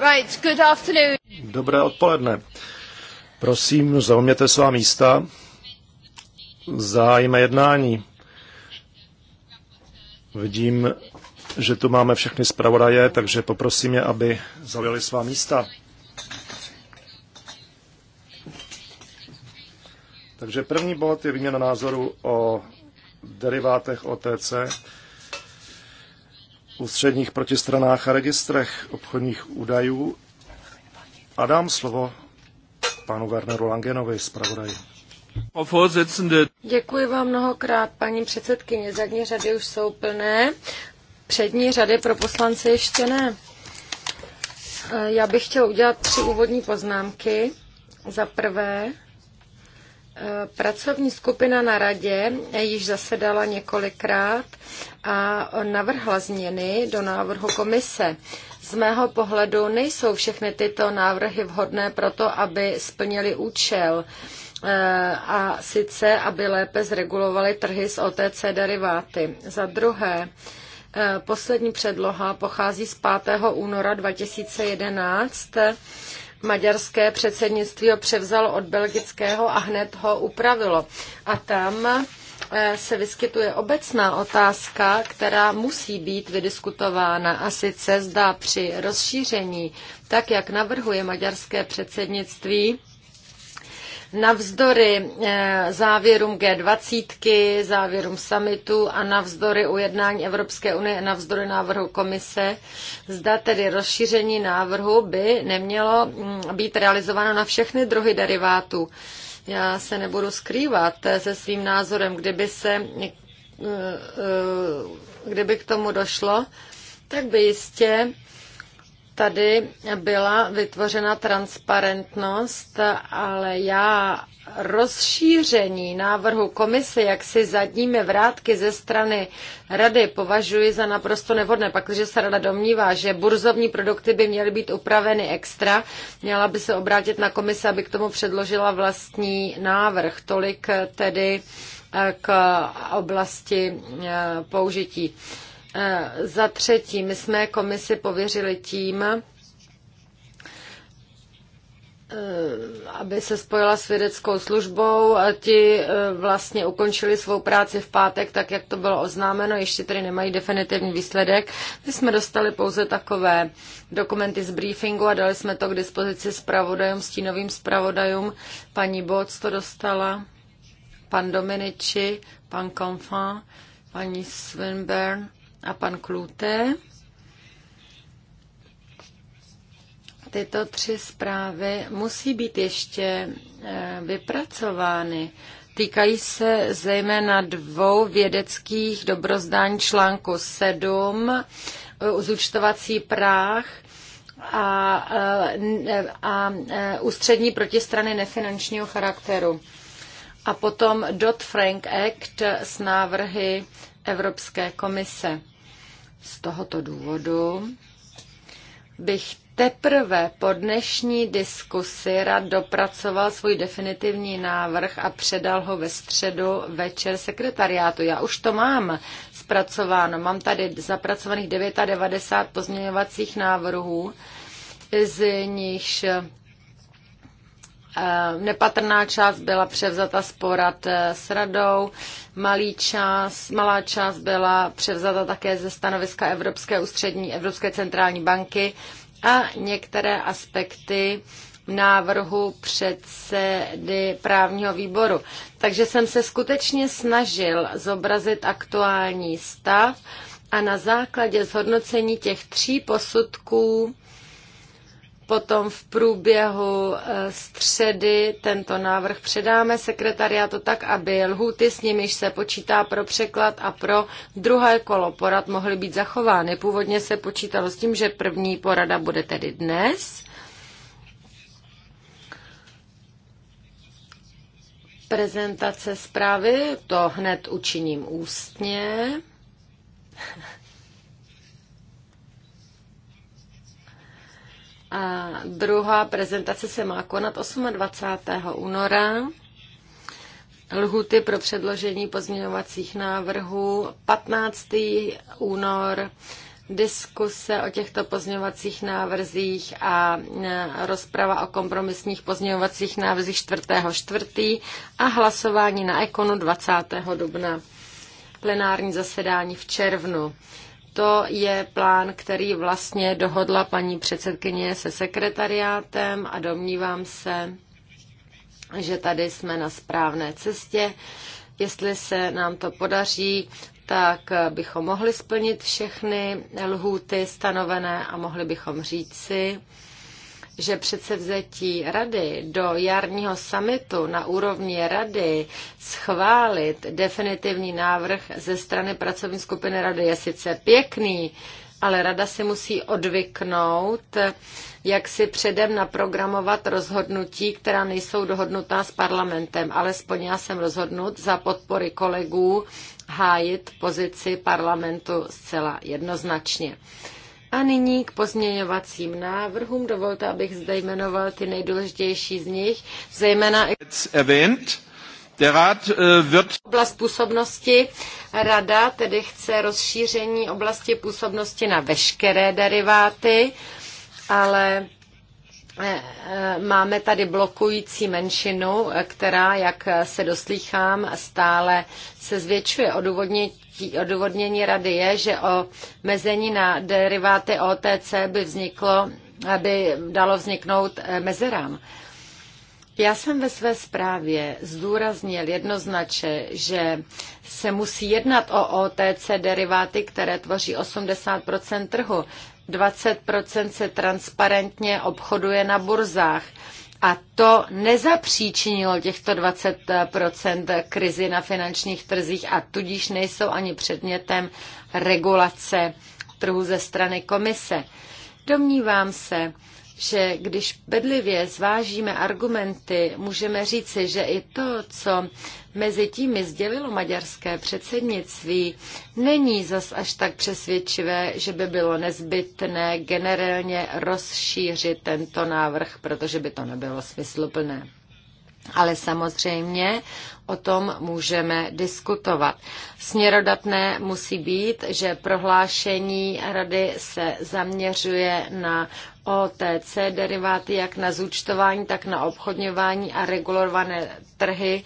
Right, good afternoon. Dobré odpoledne. Prosím, zaujměte svá místa. Zájme jednání. Vidím, že tu máme všechny zpravodaje, takže poprosím je, aby zaujali svá místa. Takže první bod je výměna názoru o derivátech OTC ústředních protistranách a registrech obchodních údajů a dám slovo panu Werneru Langenovi, Pravodají. Děkuji vám mnohokrát, paní předsedkyně. Zadní řady už jsou plné, přední řady pro poslance ještě ne. Já bych chtěl udělat tři úvodní poznámky. Za prvé, Pracovní skupina na radě již zasedala několikrát a navrhla změny do návrhu komise. Z mého pohledu nejsou všechny tyto návrhy vhodné proto, aby splnili účel eh, a sice, aby lépe zregulovaly trhy s OTC deriváty. Za druhé, eh, poslední předloha pochází z 5. února 2011 maďarské předsednictví ho převzalo od belgického a hned ho upravilo. A tam eh, se vyskytuje obecná otázka, která musí být vydiskutována a sice zdá při rozšíření, tak jak navrhuje maďarské předsednictví, Navzdory eh, závěrům G20, závěrům summitu a navzdory ujednání Evropské unie a navzdory návrhu komise, zda tedy rozšíření návrhu by nemělo mm, být realizováno na všechny druhy derivátů. Já se nebudu skrývat se svým názorem, kdyby se eh, eh, kdyby k tomu došlo, tak by jistě Tady byla vytvořena transparentnost, ale já rozšíření návrhu komise, jak si zadními vrátky ze strany rady považuji za naprosto nevhodné. Pak, když se rada domnívá, že burzovní produkty by měly být upraveny extra, měla by se obrátit na komise, aby k tomu předložila vlastní návrh. Tolik tedy eh, k oblasti eh, použití. E, za třetí, my jsme komisi pověřili tím, e, aby se spojila s vědeckou službou. A ti e, vlastně ukončili svou práci v pátek, tak jak to bylo oznámeno, ještě tedy nemají definitivní výsledek. My jsme dostali pouze takové dokumenty z briefingu a dali jsme to k dispozici zpravodajům, stínovým zpravodajům. Paní Boc to dostala, pan Dominici, pan confant, paní Swinburne a pan Klute. Tyto tři zprávy musí být ještě eh, vypracovány. Týkají se zejména dvou vědeckých dobrozdání článku 7, eh, zúčtovací práh a, eh, a, a ústřední protistrany nefinančního charakteru. A potom Dodd-Frank Act s návrhy Evropské komise. Z tohoto důvodu bych teprve po dnešní diskusi rád dopracoval svůj definitivní návrh a předal ho ve středu večer sekretariátu. Já už to mám zpracováno. Mám tady zapracovaných 99 pozměňovacích návrhů, z nichž Eh, nepatrná část byla převzata z porad eh, s radou, malý čas, malá část byla převzata také ze stanoviska Evropské ústřední, Evropské centrální banky a některé aspekty návrhu předsedy právního výboru. Takže jsem se skutečně snažil zobrazit aktuální stav a na základě zhodnocení těch tří posudků Potom v průběhu eh, středy tento návrh předáme sekretariátu tak, aby lhuty, s nimiž se počítá pro překlad a pro druhé kolo porad mohly být zachovány. Původně se počítalo s tím, že první porada bude tedy dnes. Prezentace zprávy, to hned učiním ústně. A druhá prezentace se má konat 28. února. Lhuty pro předložení pozměňovacích návrhů 15. únor diskuse o těchto pozměňovacích návrzích a e, rozprava o kompromisních pozměňovacích návrzích 4. 4. a hlasování na ekonu 20. dubna. Plenární zasedání v červnu. To je plán, který vlastně dohodla paní předsedkyně se sekretariátem a domnívám se, že tady jsme na správné cestě. Jestli se nám to podaří, tak bychom mohli splnit všechny lhůty stanovené a mohli bychom říci, že předsevzetí rady do jarního samitu na úrovni rady schválit definitivní návrh ze strany pracovní skupiny rady je sice pěkný, ale rada si musí odvyknout, jak si předem naprogramovat rozhodnutí, která nejsou dohodnutá s parlamentem. Alespoň já jsem rozhodnut za podpory kolegů hájit pozici parlamentu zcela jednoznačně. A nyní k pozměňovacím návrhům. Dovolte, abych zde jmenoval ty nejdůležitější z nich, zejména eh, Oblast působnosti rada tedy chce rozšíření oblasti působnosti na veškeré deriváty, ale eh, eh, máme tady blokující menšinu, která, jak se doslýchám, stále se zvětšuje. Odůvodnění odůvodnění rady je, že o mezení na deriváty OTC by vzniklo, aby dalo vzniknout eh, mezerám. Já jsem ve své zprávě zdůraznil jednoznačně, že se musí jednat o OTC deriváty, které tvoří 80 trhu. 20 se transparentně obchoduje na burzách a to nezapříčinilo těchto 20 krizi na finančních trzích a tudíž nejsou ani předmětem regulace trhu ze strany komise. Domnívám se, že když bedlivě zvážíme argumenty, můžeme říci, že i to, co Mezitím mi sdělilo maďarské předsednictví, není zas až tak přesvědčivé, že by bylo nezbytné generálně rozšířit tento návrh, protože by to nebylo smysluplné. Ale samozřejmě o tom můžeme diskutovat. Směrodatné musí být, že prohlášení rady se zaměřuje na OTC deriváty, jak na zúčtování, tak na obchodňování a regulované trhy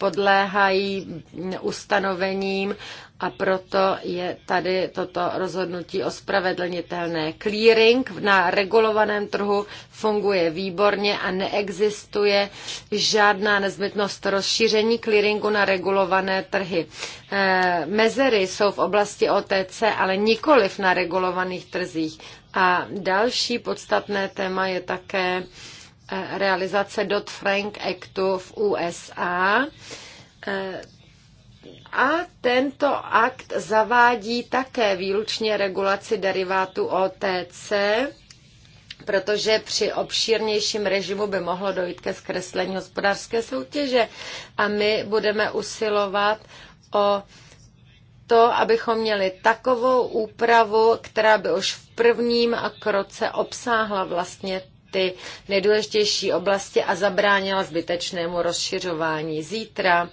podléhají ustanovením a proto je tady toto rozhodnutí ospravedlnitelné. Clearing na regulovaném trhu funguje výborně a neexistuje žádná nezbytnost rozšíření clearingu na regulované trhy. Eh, mezery jsou v oblasti OTC, ale nikoliv na regulovaných trzích. A další podstatné téma je také realizace Dot frank Actu v USA. A tento akt zavádí také výlučně regulaci derivátu OTC, protože při obšírnějším režimu by mohlo dojít ke zkreslení hospodářské soutěže. A my budeme usilovat o to, abychom měli takovou úpravu, která by už v prvním kroce obsáhla vlastně ty nejdůležitější oblasti a zabránila zbytečnému rozšiřování. Zítra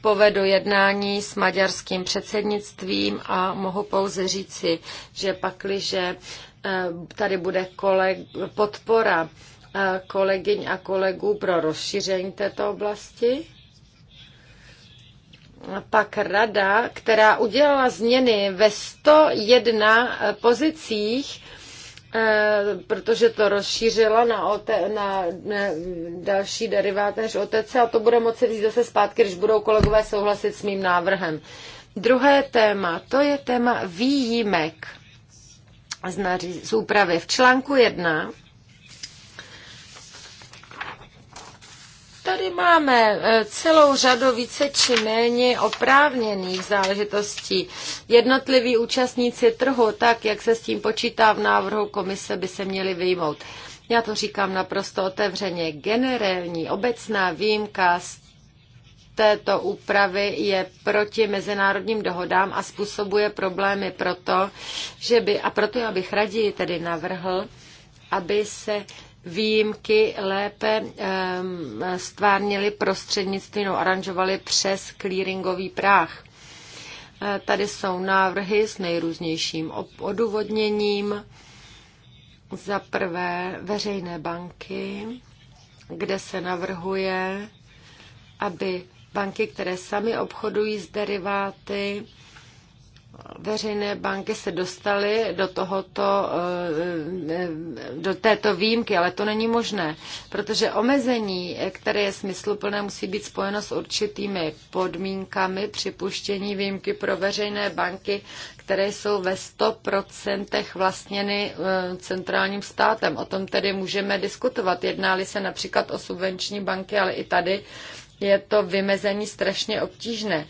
povedu jednání s maďarským předsednictvím a mohu pouze říci, že pakliže eh, tady bude koleg, podpora eh, kolegyň a kolegů pro rozšíření této oblasti, pak rada, která udělala změny ve 101 eh, pozicích, Eh, protože to rozšířila na, ote, na, na další derivát než OTC a to bude moci vzít zase zpátky, když budou kolegové souhlasit s mým návrhem. Druhé téma, to je téma výjimek z, naří, z úpravy. V článku 1 Tady máme e, celou řadu více či méně oprávněných záležitostí. Jednotliví účastníci trhu, tak jak se s tím počítá v návrhu komise, by se měli vyjmout. Já to říkám naprosto otevřeně. Generální, obecná výjimka z této úpravy je proti mezinárodním dohodám a způsobuje problémy proto, že by, a proto já bych raději tedy navrhl, aby se výjimky lépe ehm, stvárnili prostřednictvím, no, aranžovali přes clearingový práh. E, tady jsou návrhy s nejrůznějším odůvodněním. Za prvé veřejné banky, kde se navrhuje, aby banky, které sami obchodují s deriváty, veřejné banky se dostaly do, tohoto, eh, do této výjimky, ale to není možné, protože omezení, které je smysluplné, musí být spojeno s určitými podmínkami připuštění výjimky pro veřejné banky, které jsou ve 100% vlastněny eh, centrálním státem. O tom tedy můžeme diskutovat. Jednáli se například o subvenční banky, ale i tady je to vymezení strašně obtížné.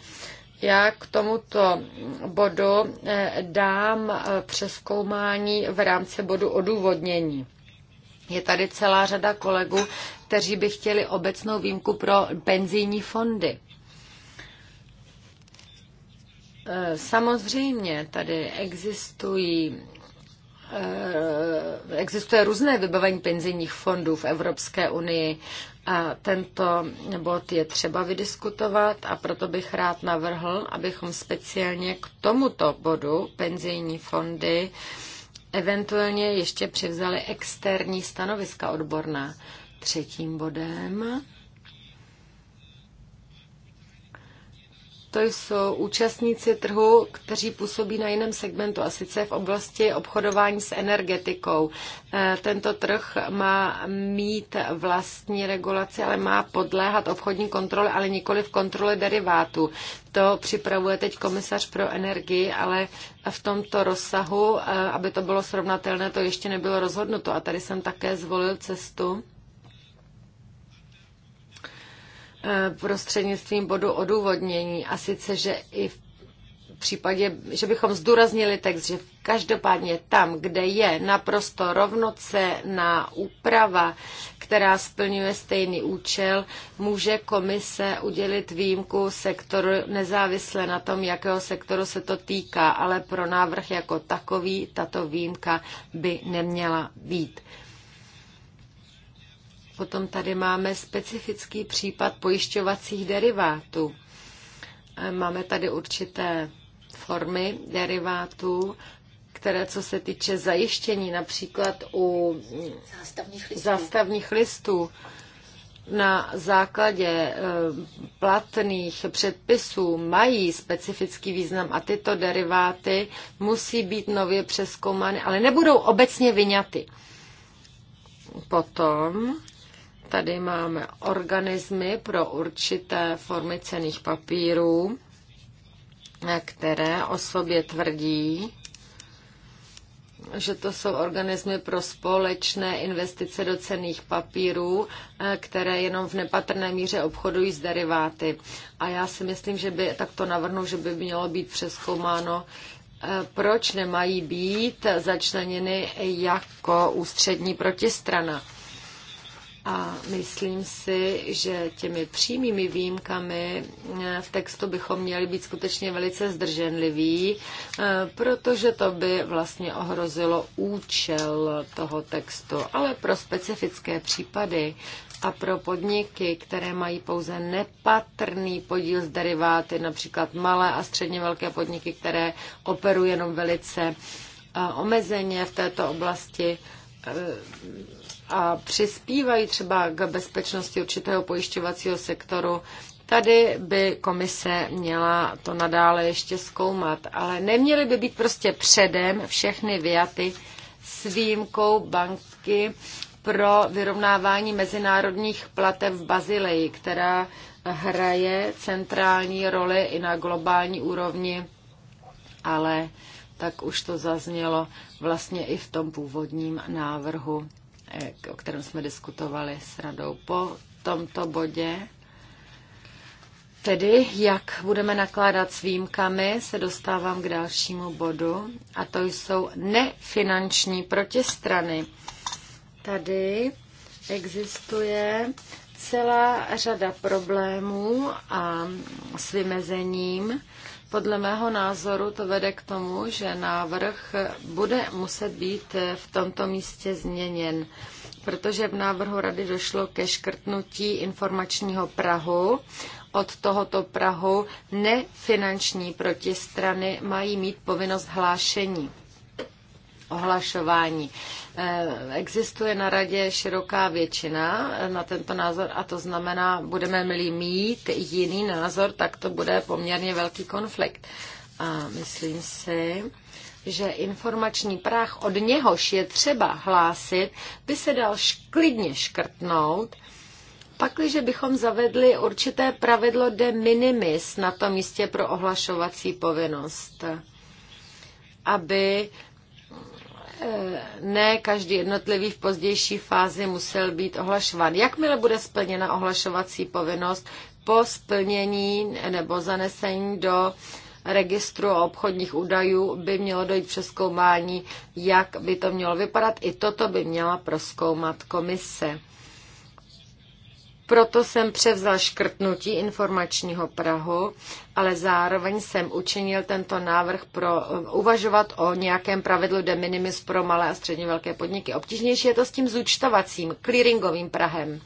Já k tomuto bodu eh, dám eh, přeskoumání v rámci bodu odůvodnění. Je tady celá řada kolegů, kteří by chtěli obecnou výjimku pro penzijní fondy. Eh, samozřejmě tady existují existuje různé vybavení penzijních fondů v Evropské unii tento bod je třeba vydiskutovat a proto bych rád navrhl, abychom speciálně k tomuto bodu penzijní fondy eventuálně ještě převzali externí stanoviska odborná. Třetím bodem to jsou účastníci trhu, kteří působí na jiném segmentu, a sice v oblasti obchodování s energetikou. E, tento trh má mít vlastní regulaci, ale má podléhat obchodní kontrole, ale nikoli v kontrole derivátů. To připravuje teď komisař pro energii, ale v tomto rozsahu, e, aby to bylo srovnatelné, to ještě nebylo rozhodnuto. A tady jsem také zvolil cestu Eh, prostřednictvím bodu odůvodnění a sice, že i v případě, že bychom zdůraznili text, že každopádně tam, kde je naprosto rovnocená úprava, která splňuje stejný účel, může komise udělit výjimku sektoru nezávisle na tom, jakého sektoru se to týká, ale pro návrh jako takový tato výjimka by neměla být. Potom tady máme specifický případ pojišťovacích derivátů. E, máme tady určité formy derivátů, které co se týče zajištění, například u zástavních listů, zástavních listů na základě e, platných předpisů mají specifický význam a tyto deriváty musí být nově přeskoumány, ale nebudou obecně vyňaty. Potom Tady máme organismy pro určité formy cených papírů, které o sobě tvrdí, že to jsou organismy pro společné investice do cených papírů, eh, které jenom v nepatrné míře obchodují s deriváty. A já si myslím, že by takto navrhnu, že by mělo být přeskoumáno, eh, proč nemají být začleněny jako ústřední protistrana. A myslím si, že těmi přímými výjimkami eh, v textu bychom měli být skutečně velice zdrženliví, eh, protože to by vlastně ohrozilo účel toho textu. Ale pro specifické případy a pro podniky, které mají pouze nepatrný podíl z deriváty, například malé a středně velké podniky, které operují jenom velice eh, omezeně v této oblasti, a přispívají třeba k bezpečnosti určitého pojišťovacího sektoru, tady by komise měla to nadále ještě zkoumat, ale neměly by být prostě předem všechny vyjaty s výjimkou banky pro vyrovnávání mezinárodních plateb v Bazileji, která hraje centrální roli i na globální úrovni, ale tak už to zaznělo vlastně i v tom původním návrhu Eh, o kterém jsme diskutovali s radou po tomto bodě. Tedy, jak budeme nakládat s výjimkami, se dostávám k dalšímu bodu, a to jsou nefinanční protistrany. Tady existuje celá řada problémů a s vymezením podle mého názoru to vede k tomu, že návrh bude muset být v tomto místě změněn, protože v návrhu rady došlo ke škrtnutí informačního Prahu. Od tohoto Prahu nefinanční protistrany mají mít povinnost hlášení ohlašování. Eh, existuje na radě široká většina eh, na tento názor a to znamená, budeme měli mít jiný názor, tak to bude poměrně velký konflikt. A myslím si, že informační práh, od něhož je třeba hlásit, by se dal klidně škrtnout, pakliže bychom zavedli určité pravidlo de minimis na tom místě pro ohlašovací povinnost, aby Eh, ne každý jednotlivý v pozdější fázi musel být ohlašován. Jakmile bude splněna ohlašovací povinnost po splnění nebo zanesení do registru obchodních údajů by mělo dojít přeskoumání, jak by to mělo vypadat. I toto by měla proskoumat komise. Proto jsem převzal škrtnutí informačního Prahu, ale zároveň jsem učinil tento návrh pro eh, uvažovat o nějakém pravidlu de minimis pro malé a středně velké podniky. Obtížnější je to s tím zúčtovacím, clearingovým Prahem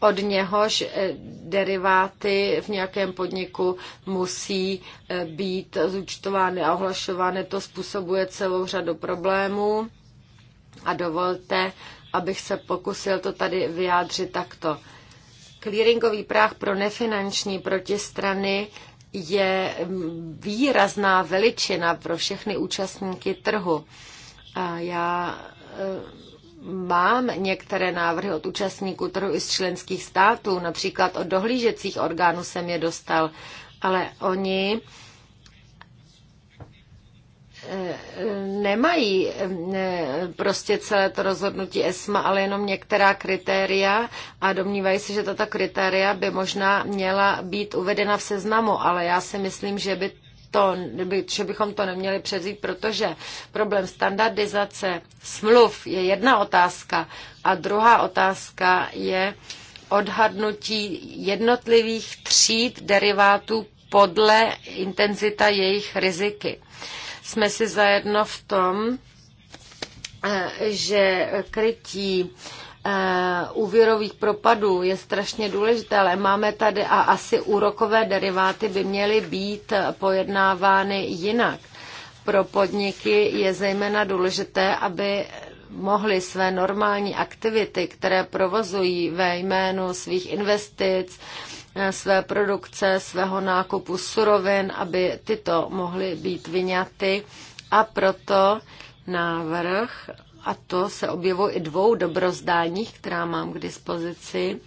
od něhož eh, deriváty v nějakém podniku musí eh, být zúčtovány a ohlašovány. To způsobuje celou řadu problémů a dovolte, abych se pokusil to tady vyjádřit takto. Clearingový práh pro nefinanční protistrany je výrazná veličina pro všechny účastníky trhu. A já eh, mám některé návrhy od účastníků trhu i z členských států, například od dohlížecích orgánů jsem je dostal, ale oni nemají prostě celé to rozhodnutí ESMA, ale jenom některá kritéria a domnívají se, že tato kritéria by možná měla být uvedena v seznamu, ale já si myslím, že by to, že bychom to neměli převzít, protože problém standardizace smluv je jedna otázka a druhá otázka je odhadnutí jednotlivých tříd derivátů podle intenzita jejich riziky jsme si zajedno v tom, eh, že krytí eh, úvěrových propadů je strašně důležité, ale máme tady a asi úrokové deriváty by měly být pojednávány jinak. Pro podniky je zejména důležité, aby mohli své normální aktivity, které provozují ve jménu svých investic, své produkce, svého nákupu surovin, aby tyto mohly být vyňaty. A proto návrh, a to se objevuje i dvou dobrozdáních, která mám k dispozici,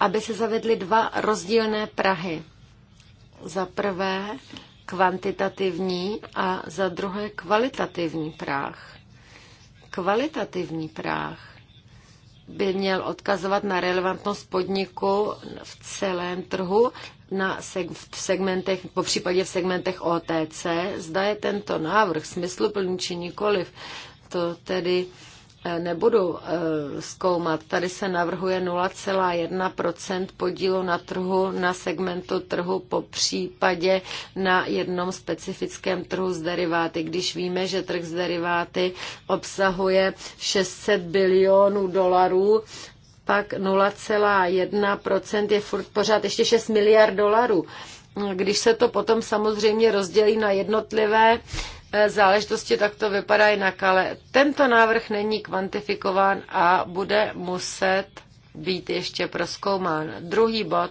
aby se zavedly dva rozdílné Prahy. Za prvé kvantitativní a za druhé kvalitativní práh. Kvalitativní práh by měl odkazovat na relevantnost podniku v celém trhu, na seg- v segmentech, po případě v segmentech OTC. Zda je tento návrh smysluplný či nikoliv, to tedy nebudu eh, zkoumat. Tady se navrhuje 0,1 podílu na trhu, na segmentu trhu, po případě na jednom specifickém trhu s deriváty. Když víme, že trh s deriváty obsahuje 600 bilionů dolarů, pak 0,1 je furt pořád ještě 6 miliard dolarů. Když se to potom samozřejmě rozdělí na jednotlivé záležitosti takto vypadají na kale. Tento návrh není kvantifikován a bude muset být ještě proskoumán. Druhý bod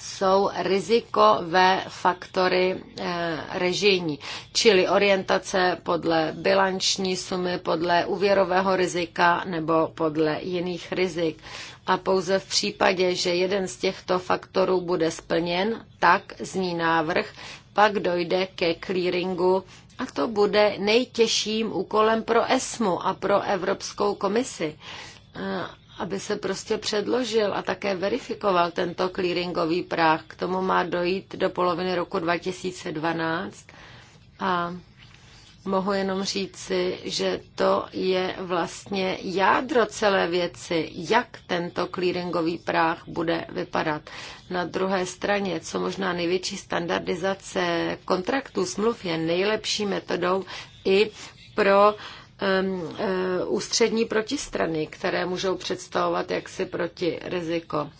jsou rizikové faktory eh, režijní, čili orientace podle bilanční sumy, podle úvěrového rizika nebo podle jiných rizik. A pouze v případě, že jeden z těchto faktorů bude splněn, tak zní návrh, pak dojde ke clearingu a to bude nejtěžším úkolem pro ESMU a pro Evropskou komisi, aby se prostě předložil a také verifikoval tento clearingový práh. K tomu má dojít do poloviny roku 2012 a mohu jenom říci, že to je vlastně jádro celé věci, jak tento clearingový práh bude vypadat. Na druhé straně, co možná největší standardizace kontraktů, smluv je nejlepší metodou i pro um, uh, ústřední protistrany, které můžou představovat jaksi proti riziko.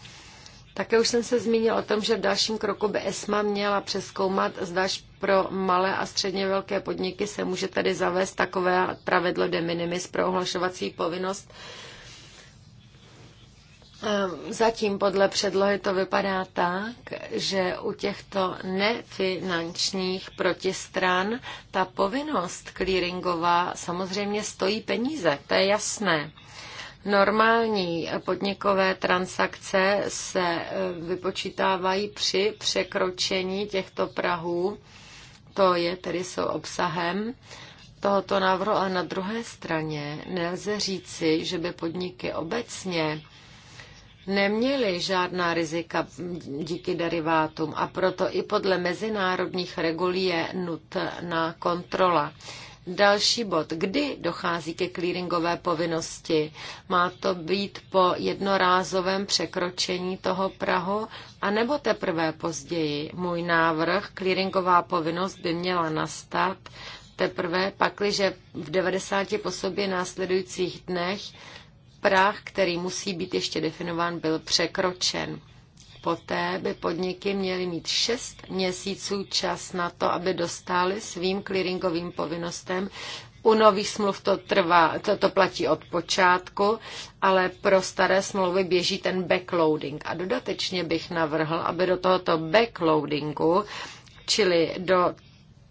Také už jsem se zmínil o tom, že v dalším kroku by ESMA měla přeskoumat, zdaž pro malé a středně velké podniky se může tedy zavést takové pravidlo de minimis pro ohlašovací povinnost. Ehm, zatím podle předlohy to vypadá tak, že u těchto nefinančních protistran ta povinnost clearingová samozřejmě stojí peníze, to je jasné. Normální podnikové transakce se eh, vypočítávají při překročení těchto prahů, to je tedy jsou obsahem tohoto návrhu, ale na druhé straně nelze říci, že by podniky obecně neměly žádná rizika díky derivátům a proto i podle mezinárodních regulí je nutná kontrola. Další bod. Kdy dochází ke clearingové povinnosti? Má to být po jednorázovém překročení toho Prahu, a nebo teprve později? Můj návrh, clearingová povinnost by měla nastat teprve, pakliže v 90 po sobě následujících dnech prah, který musí být ještě definován, byl překročen. Poté by podniky měly mít 6 měsíců čas na to, aby dostály svým clearingovým povinnostem. U nových smluv to trvá, to, to platí od počátku, ale pro staré smlouvy běží ten backloading. A dodatečně bych navrhl, aby do tohoto backloadingu, čili do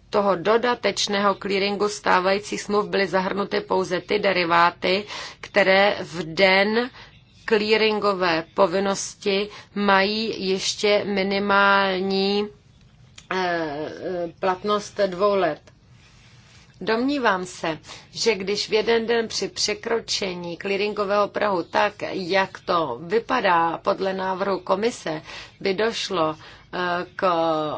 toho dodatečného clearingu stávajících smluv byly zahrnuty pouze ty deriváty, které v den clearingové povinnosti mají ještě minimální eh, eh, platnost dvou let. Domnívám se, že když v jeden den při překročení clearingového prahu tak, jak to vypadá podle návrhu komise, by došlo k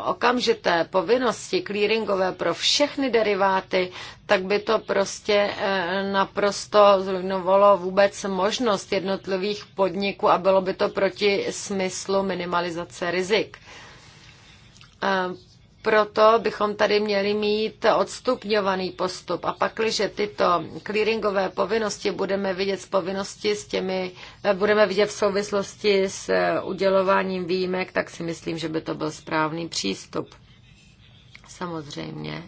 okamžité povinnosti clearingové pro všechny deriváty, tak by to prostě eh, naprosto zrujnovalo vůbec možnost jednotlivých podniků a bylo by to proti smyslu minimalizace rizik eh, proto bychom tady měli mít odstupňovaný postup. A pak, když tyto clearingové povinnosti budeme vidět s povinnosti s těmi, budeme vidět v souvislosti s udělováním výjimek, tak si myslím, že by to byl správný přístup. Samozřejmě.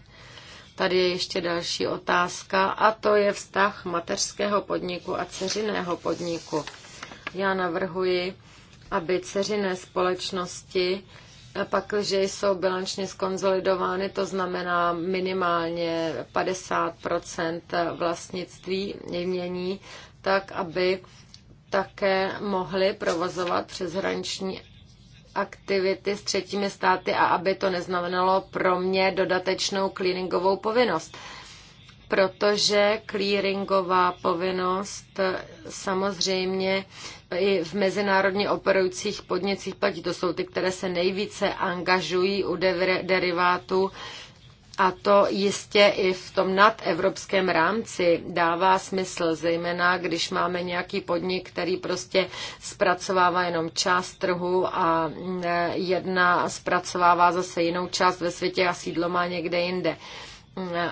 Tady je ještě další otázka a to je vztah mateřského podniku a ceřiného podniku. Já navrhuji, aby ceřiné společnosti pakliže jsou bilančně skonzolidovány, to znamená minimálně 50 vlastnictví jmění, tak aby také mohli provozovat přeshraniční aktivity s třetími státy a aby to neznamenalo pro mě dodatečnou cleaningovou povinnost protože clearingová povinnost samozřejmě i v mezinárodně operujících podnicích, platí to jsou ty, které se nejvíce angažují u derivátů, a to jistě i v tom nadevropském rámci dává smysl, zejména když máme nějaký podnik, který prostě zpracovává jenom část trhu a e, jedna zpracovává zase jinou část ve světě a sídlo má někde jinde e,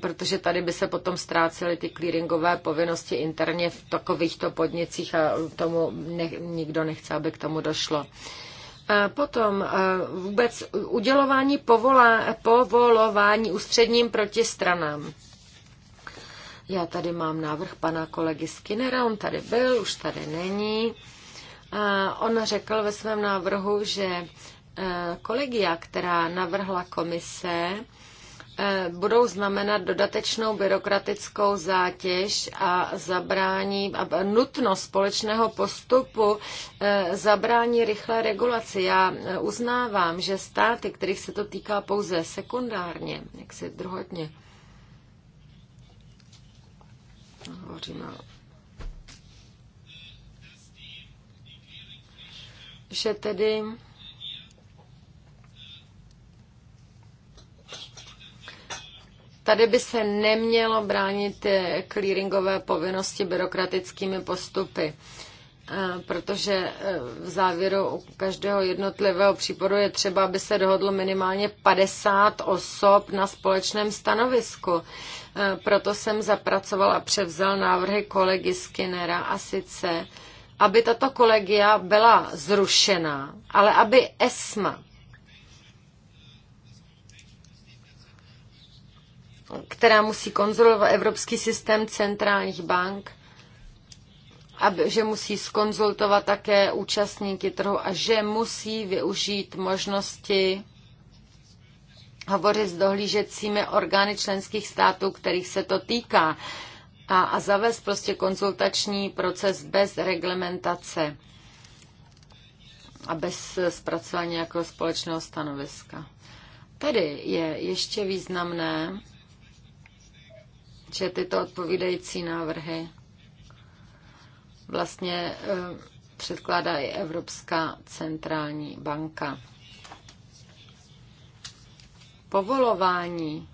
protože tady by se potom ztrácely ty clearingové povinnosti interně v takovýchto podnicích a tomu ne, nikdo nechce, aby k tomu došlo. Potom e, vůbec udělování povolá, povolování ústředním protistranám. Já tady mám návrh pana kolegy Skinnera, on tady byl, už tady není. On řekl ve svém návrhu, že e, kolegia, která navrhla komise, Eh, budou znamenat dodatečnou byrokratickou zátěž a zabrání a nutnost společného postupu eh, zabrání rychlé regulaci. Já eh, uznávám, že státy, kterých se to týká pouze sekundárně, jaksi druhotně, hovoříme že tedy Tady by se nemělo bránit eh, clearingové povinnosti byrokratickými postupy, eh, protože eh, v závěru u každého jednotlivého případu je třeba, aby se dohodlo minimálně 50 osob na společném stanovisku. Proto jsem zapracoval a převzal návrhy kolegy Skinnera a sice, aby tato kolegia byla zrušena, ale aby ESMA která musí konzolovat evropský systém centrálních bank, aby, že musí skonzultovat také účastníky trhu a že musí využít možnosti hovořit s dohlížecími orgány členských států, kterých se to týká a, a zavést prostě konzultační proces bez reglementace a bez zpracování jako společného stanoviska. Tady je ještě významné, že tyto odpovídající návrhy vlastně eh, předkládá i Evropská centrální banka. Povolování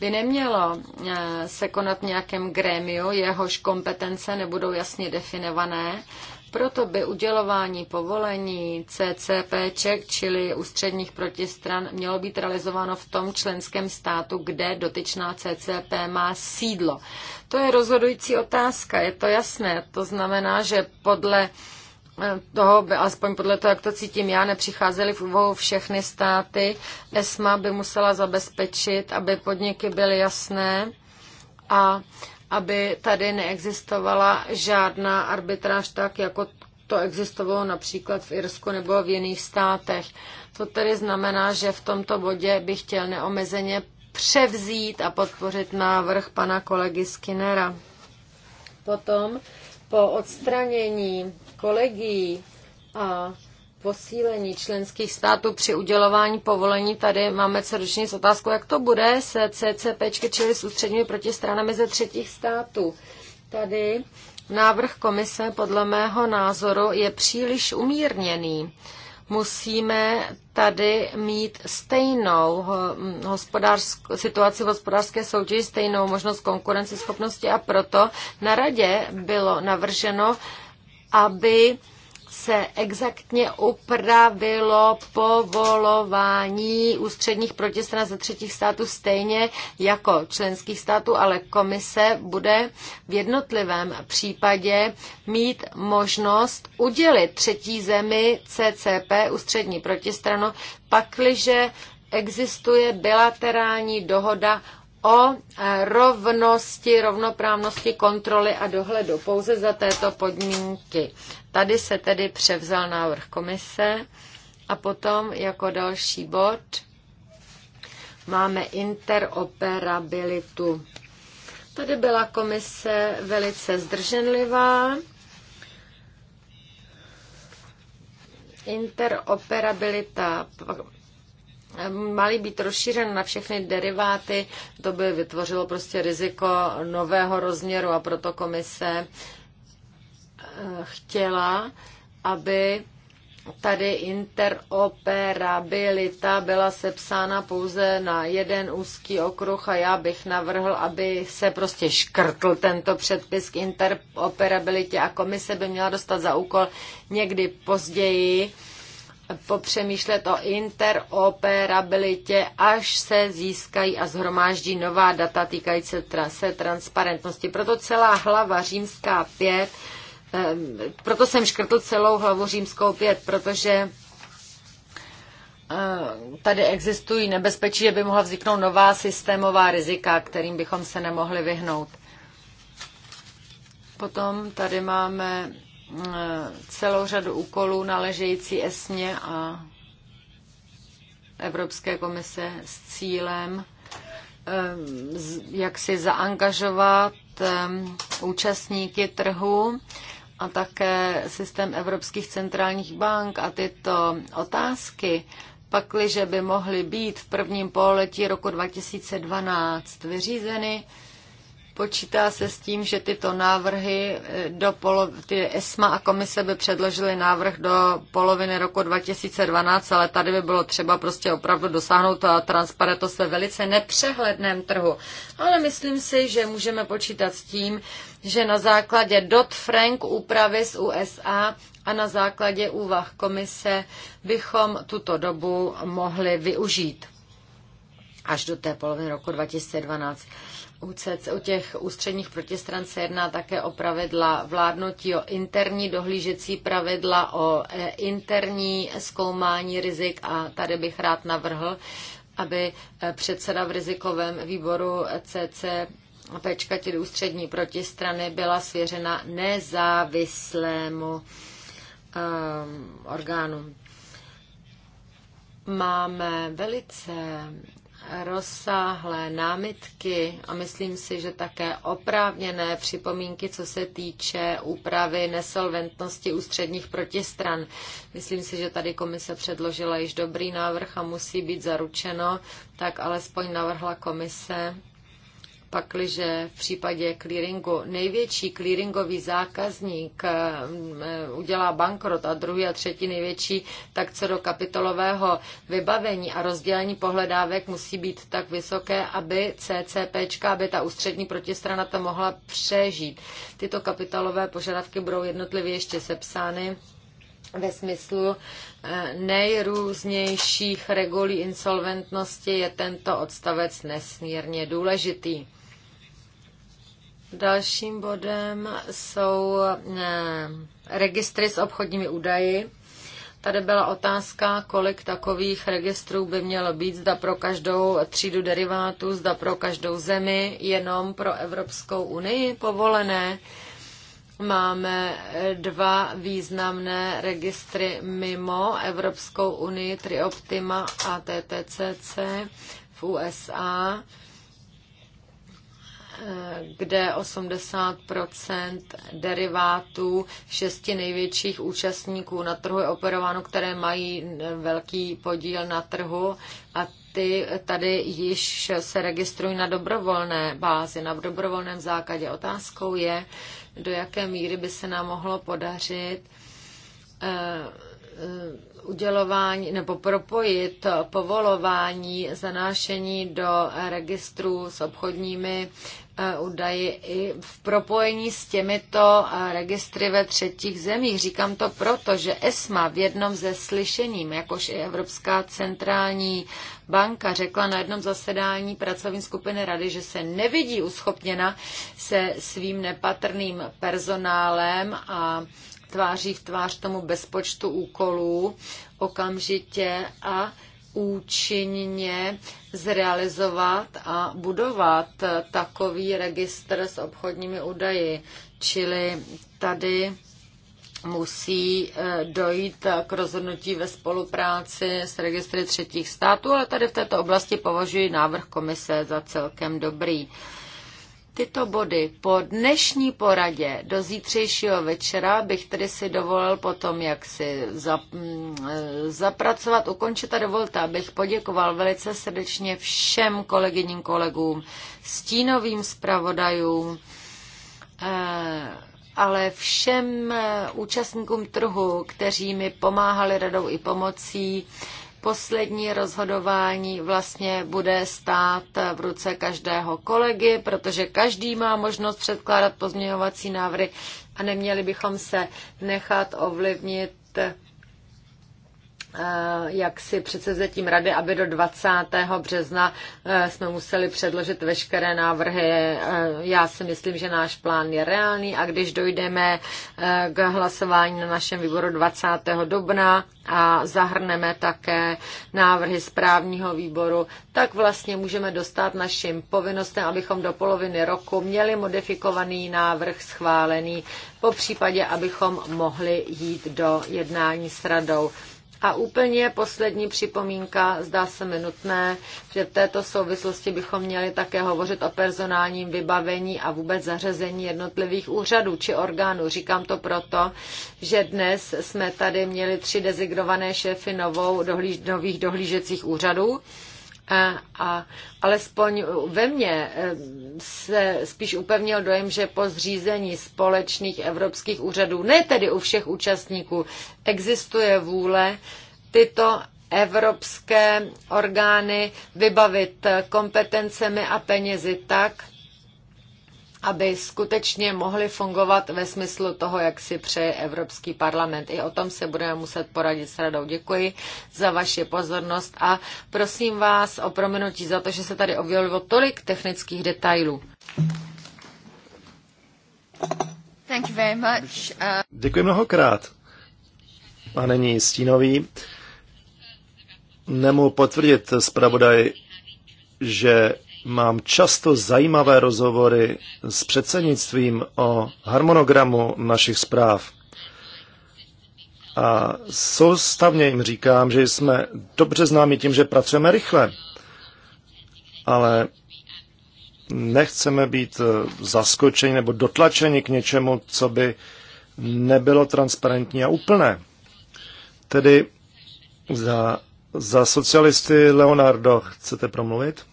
by nemělo eh, se konat v nějakém grémiu, jehož kompetence nebudou jasně definované proto by udělování povolení CCPček, čili ústředních protistran, mělo být realizováno v tom členském státu, kde dotyčná CCP má sídlo. To je rozhodující otázka, je to jasné. To znamená, že podle eh, toho, aspoň podle toho, jak to cítím já, nepřicházely v úvahu všechny státy. ESMA by musela zabezpečit, aby podniky byly jasné a aby tady neexistovala žádná arbitráž tak, jako to existovalo například v Irsku nebo v jiných státech. To tedy znamená, že v tomto bodě bych chtěl neomezeně převzít a podpořit návrh pana kolegy Skinnera. Potom po odstranění kolegí a posílení členských států při udělování povolení. Tady máme co ročně s otázkou, jak to bude se CCP, čili s ústředními protistranami ze třetích států. Tady návrh komise podle mého názoru je příliš umírněný. Musíme tady mít stejnou hospodářsk- situaci v hospodářské soutěži, stejnou možnost konkurenceschopnosti a proto na radě bylo navrženo, aby se exaktně upravilo povolování ústředních protistran ze třetích států stejně jako členských států, ale komise bude v jednotlivém případě mít možnost udělit třetí zemi CCP, ústřední protistranu, pakliže existuje bilaterální dohoda o eh, rovnosti, rovnoprávnosti kontroly a dohledu pouze za této podmínky. Tady se tedy převzal návrh komise a potom jako další bod máme interoperabilitu. Tady byla komise velice zdrženlivá. Interoperabilita mali být rozšířen na všechny deriváty, to by vytvořilo prostě riziko nového rozměru a proto komise chtěla, aby tady interoperabilita byla sepsána pouze na jeden úzký okruh a já bych navrhl, aby se prostě škrtl tento předpis k interoperabilitě a komise by měla dostat za úkol někdy později popřemýšlet o interoperabilitě, až se získají a zhromáždí nová data týkající se transparentnosti. Proto celá hlava římská 5 Ehm, proto jsem škrtl celou hlavu římskou pět, protože eh, tady existují nebezpečí, že by mohla vzniknout nová systémová rizika, kterým bychom se nemohli vyhnout. Potom tady máme eh, celou řadu úkolů naležející ESNě a Evropské komise s cílem, ehm, jak si zaangažovat ehm, účastníky trhu a také systém evropských centrálních bank a tyto otázky, pakliže by mohly být v prvním pololetí roku 2012 vyřízeny, Počítá se s tím, že tyto návrhy eh, do polo, ty ESMA a komise by předložily návrh do poloviny roku 2012, ale tady by bylo třeba prostě opravdu dosáhnout a transparentnost ve velice nepřehledném trhu. Ale myslím si, že můžeme počítat s tím, že na základě Dodd-Frank úpravy z USA a na základě úvah komise bychom tuto dobu mohli využít až do té poloviny roku 2012 u těch ústředních protistran se jedná také o pravidla vládnutí, o interní dohlížecí pravidla, o e, interní zkoumání rizik a tady bych rád navrhl, aby e, předseda v rizikovém výboru CC pečka tedy ústřední protistrany byla svěřena nezávislému um, orgánu. Máme velice rozsáhlé námitky a myslím si, že také oprávněné připomínky, co se týče úpravy nesolventnosti ústředních protistran. Myslím si, že tady komise předložila již dobrý návrh a musí být zaručeno, tak alespoň navrhla komise pakliže v případě clearingu největší clearingový zákazník eh, eh, udělá bankrot a druhý a třetí největší, tak co do kapitolového vybavení a rozdělení pohledávek musí být tak vysoké, aby CCP, aby ta ústřední protistrana to mohla přežít. Tyto kapitalové požadavky budou jednotlivě ještě sepsány ve smyslu eh, nejrůznějších regulí insolventnosti je tento odstavec nesmírně důležitý. Dalším bodem jsou eh, registry s obchodními údaji. Tady byla otázka, kolik takových registrů by mělo být, zda pro každou třídu derivátů, zda pro každou zemi, jenom pro Evropskou unii povolené máme eh, dva významné registry mimo Evropskou unii, Trioptima a TTCC v USA, eh, kde 80 derivátů šesti největších účastníků na trhu je operováno, které mají eh, velký podíl na trhu a ty tady již se registrují na dobrovolné bázi, na dobrovolném základě. Otázkou je, do jaké míry by se nám mohlo podařit eh, eh, udělování nebo propojit povolování zanášení do registru s obchodními eh, údaji i v propojení s těmito registry ve třetích zemích. Říkám to proto, že ESMA v jednom ze slyšením, jakož i Evropská centrální banka řekla na jednom zasedání pracovní skupiny rady, že se nevidí uschopněna se svým nepatrným personálem a tváří v tvář tomu bezpočtu úkolů okamžitě a účinně zrealizovat a budovat takový registr s obchodními údaji. Čili tady musí eh, dojít k rozhodnutí ve spolupráci s registry třetích států, ale tady v této oblasti považuji návrh komise za celkem dobrý. Tyto body po dnešní poradě do zítřejšího večera bych tedy si dovolil potom, jak si mm, eh, zapracovat, ukončit a dovolte, abych poděkoval velice srdečně všem kolegyním kolegům, stínovým zpravodajům, eh, ale všem eh, účastníkům trhu, kteří mi pomáhali radou i pomocí, poslední rozhodování vlastně bude stát eh, v ruce každého kolegy, protože každý má možnost předkládat pozměňovací návrhy a neměli bychom se nechat ovlivnit eh, jak si předsevzetím rady, aby do 20. března e, jsme museli předložit veškeré návrhy. E, já si myslím, že náš plán je reálný a když dojdeme e, k hlasování na našem výboru 20. dubna a zahrneme také návrhy správního výboru, tak vlastně můžeme dostat našim povinnostem, abychom do poloviny roku měli modifikovaný návrh schválený, po případě, abychom mohli jít do jednání s radou. A úplně poslední připomínka, zdá se mi nutné, že v této souvislosti bychom měli také hovořit o personálním vybavení a vůbec zařazení jednotlivých úřadů či orgánů. Říkám to proto, že dnes jsme tady měli tři dezignované šéfy novou dohlíž, nových dohlížecích úřadů. A, e, a alespoň ve mně e, se spíš upevnil dojem, že po zřízení společných evropských úřadů, ne tedy u všech účastníků, existuje vůle tyto evropské orgány vybavit kompetencemi a penězi tak, aby skutečně mohly fungovat ve smyslu toho, jak si přeje Evropský parlament. I o tom se budeme muset poradit s radou. Děkuji za vaši pozornost a prosím vás o prominutí za to, že se tady objevilo tolik technických detailů. Thank you very much. Uh, Děkuji mnohokrát. A není stínový nemohu potvrdit zpravodaj, že mám často zajímavé rozhovory s předsednictvím o harmonogramu našich zpráv. A soustavně jim říkám, že jsme dobře známi tím, že pracujeme rychle, ale nechceme být eh, zaskočeni nebo dotlačeni k něčemu, co by nebylo transparentní a úplné. Tedy za za socialisty Leonardo, chcete promluvit?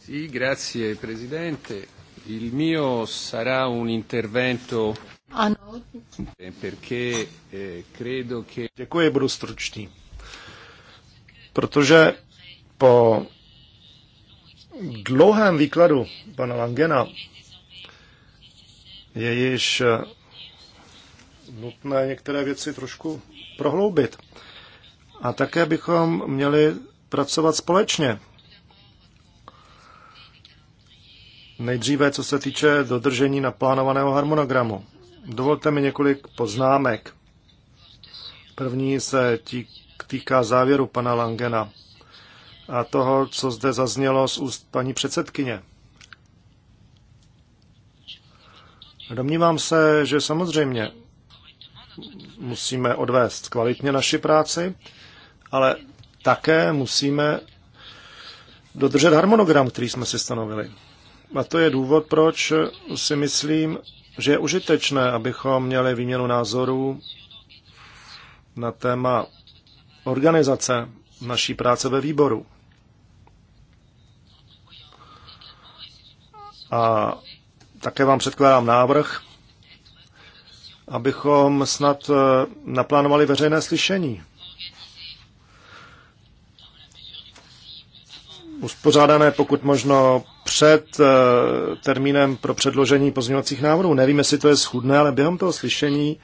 Sí, grazie Presidente. Il mio sarà un intervento ano. Perché, eh, credo che... Děkuji, budu stručný. Protože po dlouhém výkladu pana Langena je již nutné některé věci trošku prohloubit. A také bychom měli pracovat společně. Nejdříve, co se týče dodržení naplánovaného harmonogramu. Dovolte mi několik poznámek. První se týká závěru pana Langena a toho, co zde zaznělo z úst paní předsedkyně. Domnívám se, že samozřejmě musíme odvést kvalitně naši práci ale také musíme dodržet harmonogram, který jsme si stanovili. A to je důvod, proč si myslím, že je užitečné, abychom měli výměnu názorů na téma organizace naší práce ve výboru. A také vám předkládám návrh, abychom snad eh, naplánovali veřejné slyšení uspořádané pokud možno před eh, termínem pro předložení pozměňovacích návrhů. Nevím, jestli to je schudné, ale během toho slyšení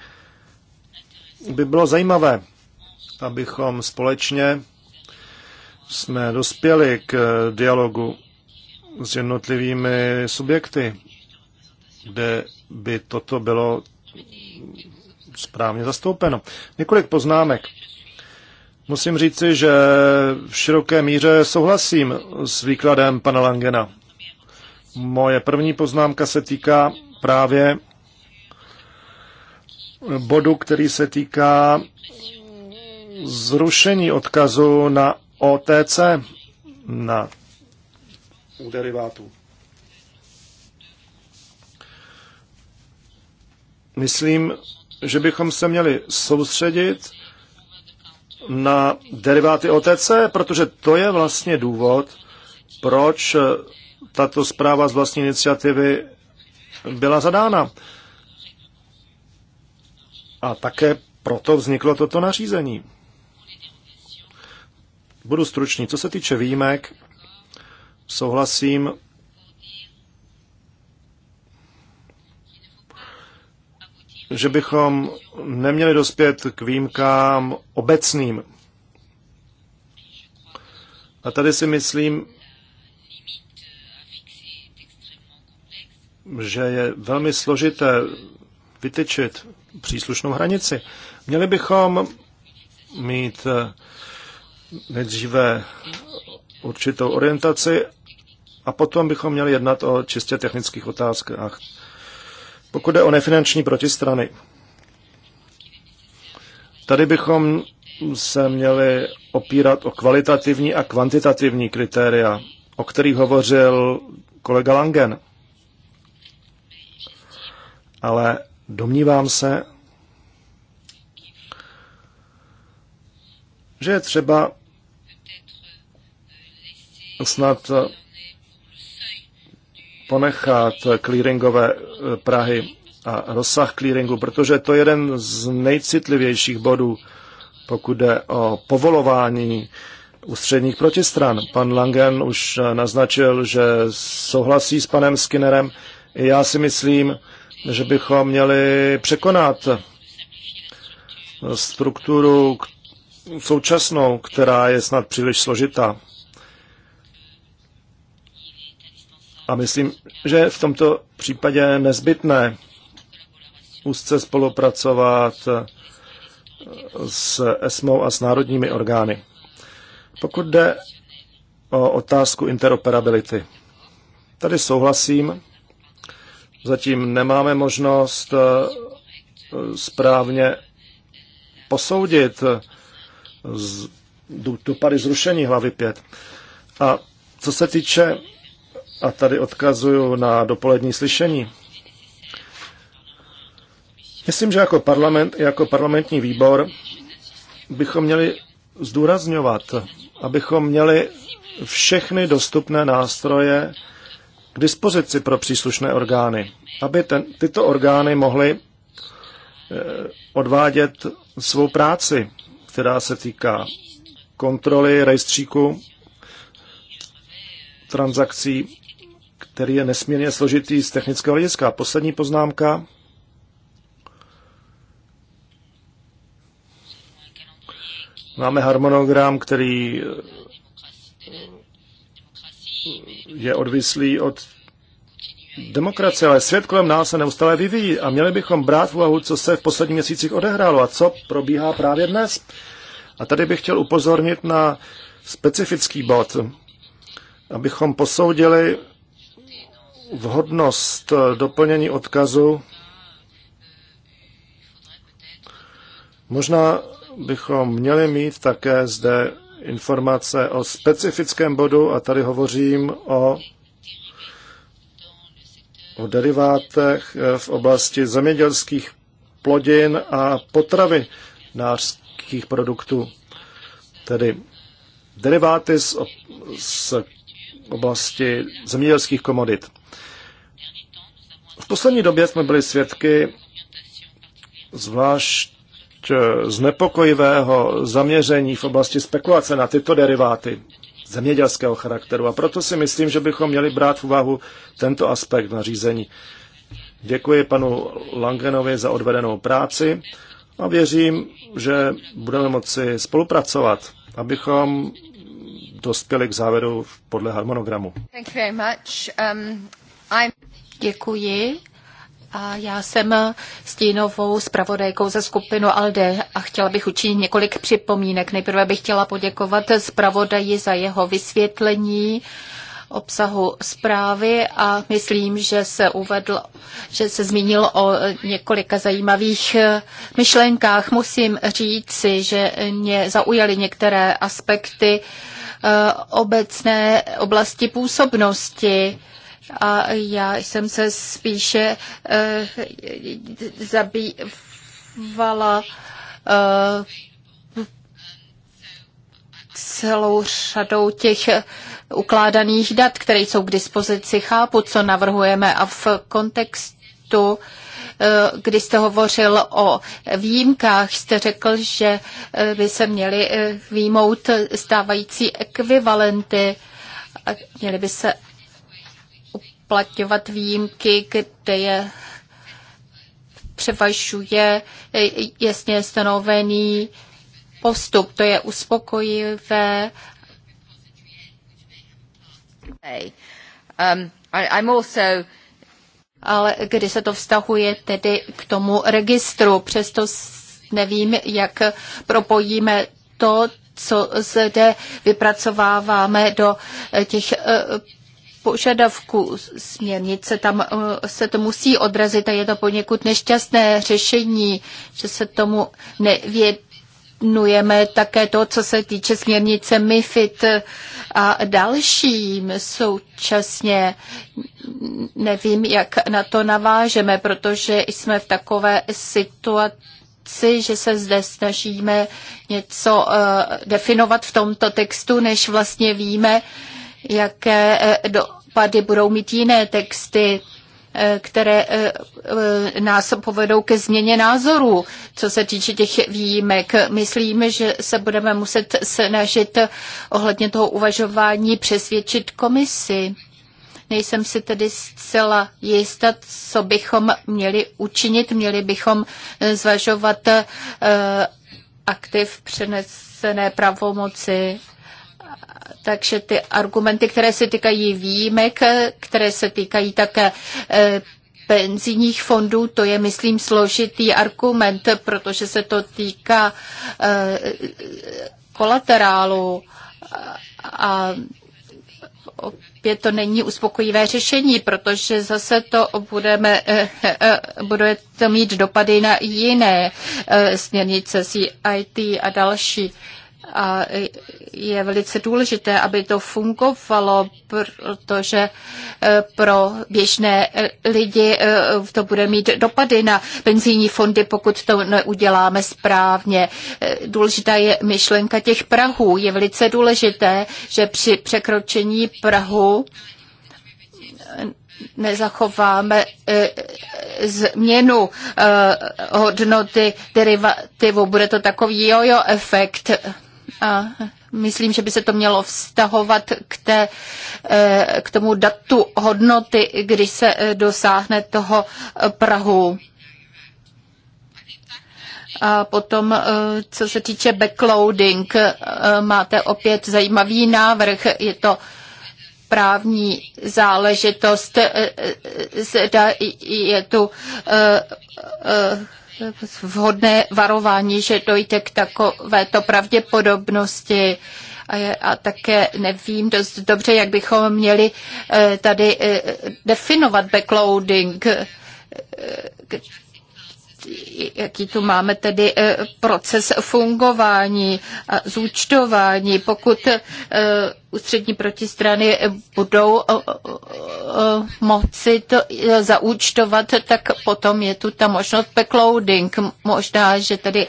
by bylo zajímavé, abychom společně jsme dospěli k eh, dialogu s jednotlivými subjekty, kde by toto bylo správně zastoupeno. Několik poznámek Musím říci, že v široké míře souhlasím s výkladem pana Langena. Moje první poznámka se týká právě bodu, který se týká zrušení odkazu na OTC, na u derivátů. Myslím, že bychom se měli soustředit na deriváty OTC, protože to je vlastně důvod, proč tato zpráva z vlastní iniciativy byla zadána. A také proto vzniklo toto nařízení. Budu stručný. Co se týče výjimek, souhlasím že bychom neměli dospět k výjimkám obecným. A tady si myslím, že je velmi složité vytyčit příslušnou hranici. Měli bychom mít eh, nejdříve určitou orientaci a potom bychom měli jednat o čistě technických otázkách. Pokud jde o nefinanční protistrany, tady bychom se měli opírat o kvalitativní a kvantitativní kritéria, o kterých hovořil kolega Langen. Ale domnívám se, že je třeba snad ponechat clearingové eh, Prahy a rozsah clearingu, protože to je jeden z nejcitlivějších bodů, pokud jde o povolování ústředních protistran. Pan Langen už eh, naznačil, že souhlasí s panem Skinnerem. já si myslím, že bychom měli překonat eh, strukturu současnou, která je snad příliš složitá. A myslím, že v tomto případě nezbytné úzce spolupracovat s ESMO a s národními orgány. Pokud jde o otázku interoperability, tady souhlasím. Zatím nemáme možnost eh, správně posoudit dopady eh, zrušení hlavy 5. A co se týče a tady odkazuju na dopolední slyšení. Myslím, že jako parlament, jako parlamentní výbor bychom měli zdůrazňovat, abychom měli všechny dostupné nástroje k dispozici pro příslušné orgány, aby ten, tyto orgány mohly eh, odvádět svou práci, která se týká kontroly rejstříku transakcí který je nesmírně složitý z technického hlediska. Poslední poznámka. Máme harmonogram, který eh, je odvislý od demokracie, ale svět kolem nás se neustále vyvíjí a měli bychom brát v úvahu, co se v posledních měsících odehrálo a co probíhá právě dnes. A tady bych chtěl upozornit na specifický bod, abychom posoudili vhodnost eh, doplnění odkazu. Možná bychom měli mít také zde informace o specifickém bodu a tady hovořím o, o derivátech eh, v oblasti zemědělských plodin a potravy nářských produktů. Tedy deriváty z, z oblasti zemědělských komodit. V poslední době jsme byli svědky zvlášť eh, znepokojivého zaměření v oblasti spekulace na tyto deriváty zemědělského charakteru. A proto si myslím, že bychom měli brát v úvahu tento aspekt nařízení. Děkuji panu Langenovi za odvedenou práci a věřím, že budeme moci spolupracovat, abychom dospěli k závěru podle harmonogramu. Thank you very much. Um, I'm... Děkuji. A já jsem stínovou zpravodajkou ze skupinu ALDE a chtěla bych učinit několik připomínek. Nejprve bych chtěla poděkovat zpravodaji za jeho vysvětlení obsahu zprávy a myslím, že se uvedl, že se zmínil o několika zajímavých myšlenkách. Musím říci, že mě zaujaly některé aspekty eh, obecné oblasti působnosti a já jsem se spíše uh, zabývala uh, celou řadou těch ukládaných dat, které jsou k dispozici. Chápu, co navrhujeme a v kontextu eh, kdy jste hovořil o výjimkách, jste řekl, že by se měly výjmout stávající ekvivalenty, měly by se uplatňovat výjimky, kde je převažuje eh, jasně stanovený postup. To je uspokojivé. Um, I, I'm also ale kdy se to vztahuje tedy k tomu registru. Přesto nevím, jak propojíme to, co zde vypracováváme do těch eh, požadavku směrnice, tam eh, se to musí odrazit a je to poněkud nešťastné řešení, že se tomu nevěnujeme také to, co se týče směrnice MIFID a dalším současně. Nevím, jak na to navážeme, protože jsme v takové situaci, že se zde snažíme něco uh, definovat v tomto textu, než vlastně víme, uh, jaké eh, dopady budou mít jiné texty, eh, které eh, nás povedou ke změně názoru, co se týče těch výjimek. Myslíme, že se budeme muset snažit ohledně toho uvažování přesvědčit komisi. Nejsem si tedy zcela jistá, co bychom měli učinit. Měli bychom zvažovat aktiv přenesené pravomoci takže ty argumenty, které se týkají výjimek, které se týkají také e, penzijních fondů, to je, myslím, složitý argument, protože se to týká e, kolaterálu a opět to není uspokojivé řešení, protože zase to budeme, e, bude to mít dopady na jiné směrnice CIT a další a je velice důležité, aby to fungovalo, protože eh, pro běžné eh, lidi eh, to bude mít dopady na penzijní fondy, pokud to neuděláme správně. Důležitá je myšlenka těch Prahů. Je velice důležité, že při překročení Prahu nezachováme změnu hodnoty derivativu. Bude to takový jojo efekt. A myslím, že by se to mělo vztahovat k, té, eh, k tomu datu hodnoty, když se eh, dosáhne toho eh, Prahu. A potom, co se týče backloading, máte opět zajímavý návrh. Je to právní záležitost. Zda je tu vhodné varování, že dojde k takovéto pravděpodobnosti. A, je, a také nevím dost dobře, jak bychom měli eh, tady eh, definovat backloading jaký tu máme tedy eh, proces fungování a zúčtování. Pokud eh, ústřední protistrany budou eh, moci to zaúčtovat, tak potom je tu ta možnost backloading. Možná, že tedy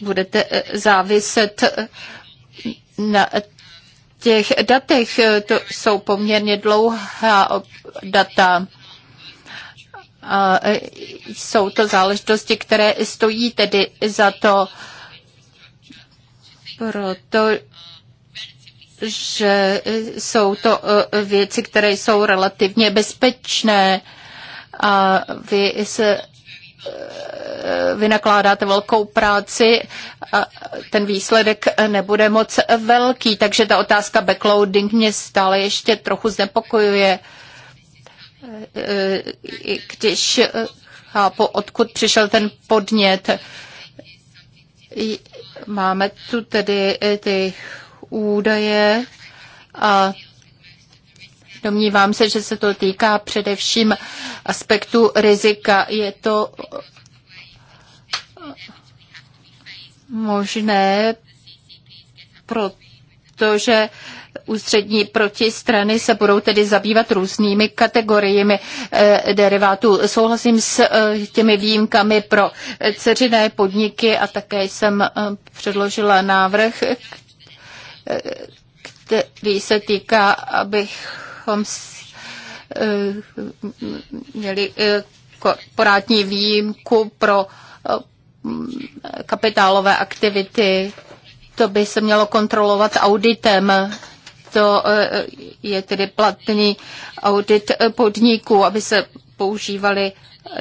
budete záviset na těch datech. To jsou poměrně dlouhá data. A jsou to záležitosti, které stojí tedy za to, proto že jsou to e, věci, které jsou relativně bezpečné a vy se e, vynakládáte velkou práci a ten výsledek nebude moc velký, takže ta otázka backloading mě stále ještě trochu znepokojuje. E, když nechápu, odkud přišel ten podnět. Máme tu tedy eh, ty údaje a domnívám se, že se to týká především aspektu rizika. Je to možné, protože ústřední protistrany se budou tedy zabývat různými kategoriemi eh, derivátů. Souhlasím s eh, těmi výjimkami pro ceřiné podniky a také jsem eh, předložila návrh, který se týká, abychom měli korporátní výjimku pro kapitálové aktivity. To by se mělo kontrolovat auditem to eh, je tedy platný audit eh, podniků, aby se používaly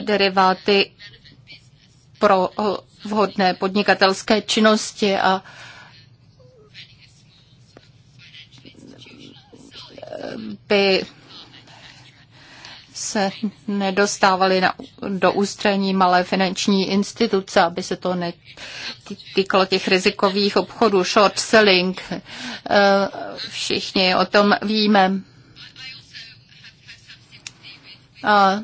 deriváty pro eh, vhodné podnikatelské činnosti a by se nedostávaly na, do ústraní malé finanční instituce, aby se to netýkalo těch rizikových obchodů, short selling. Eh, všichni o tom víme. A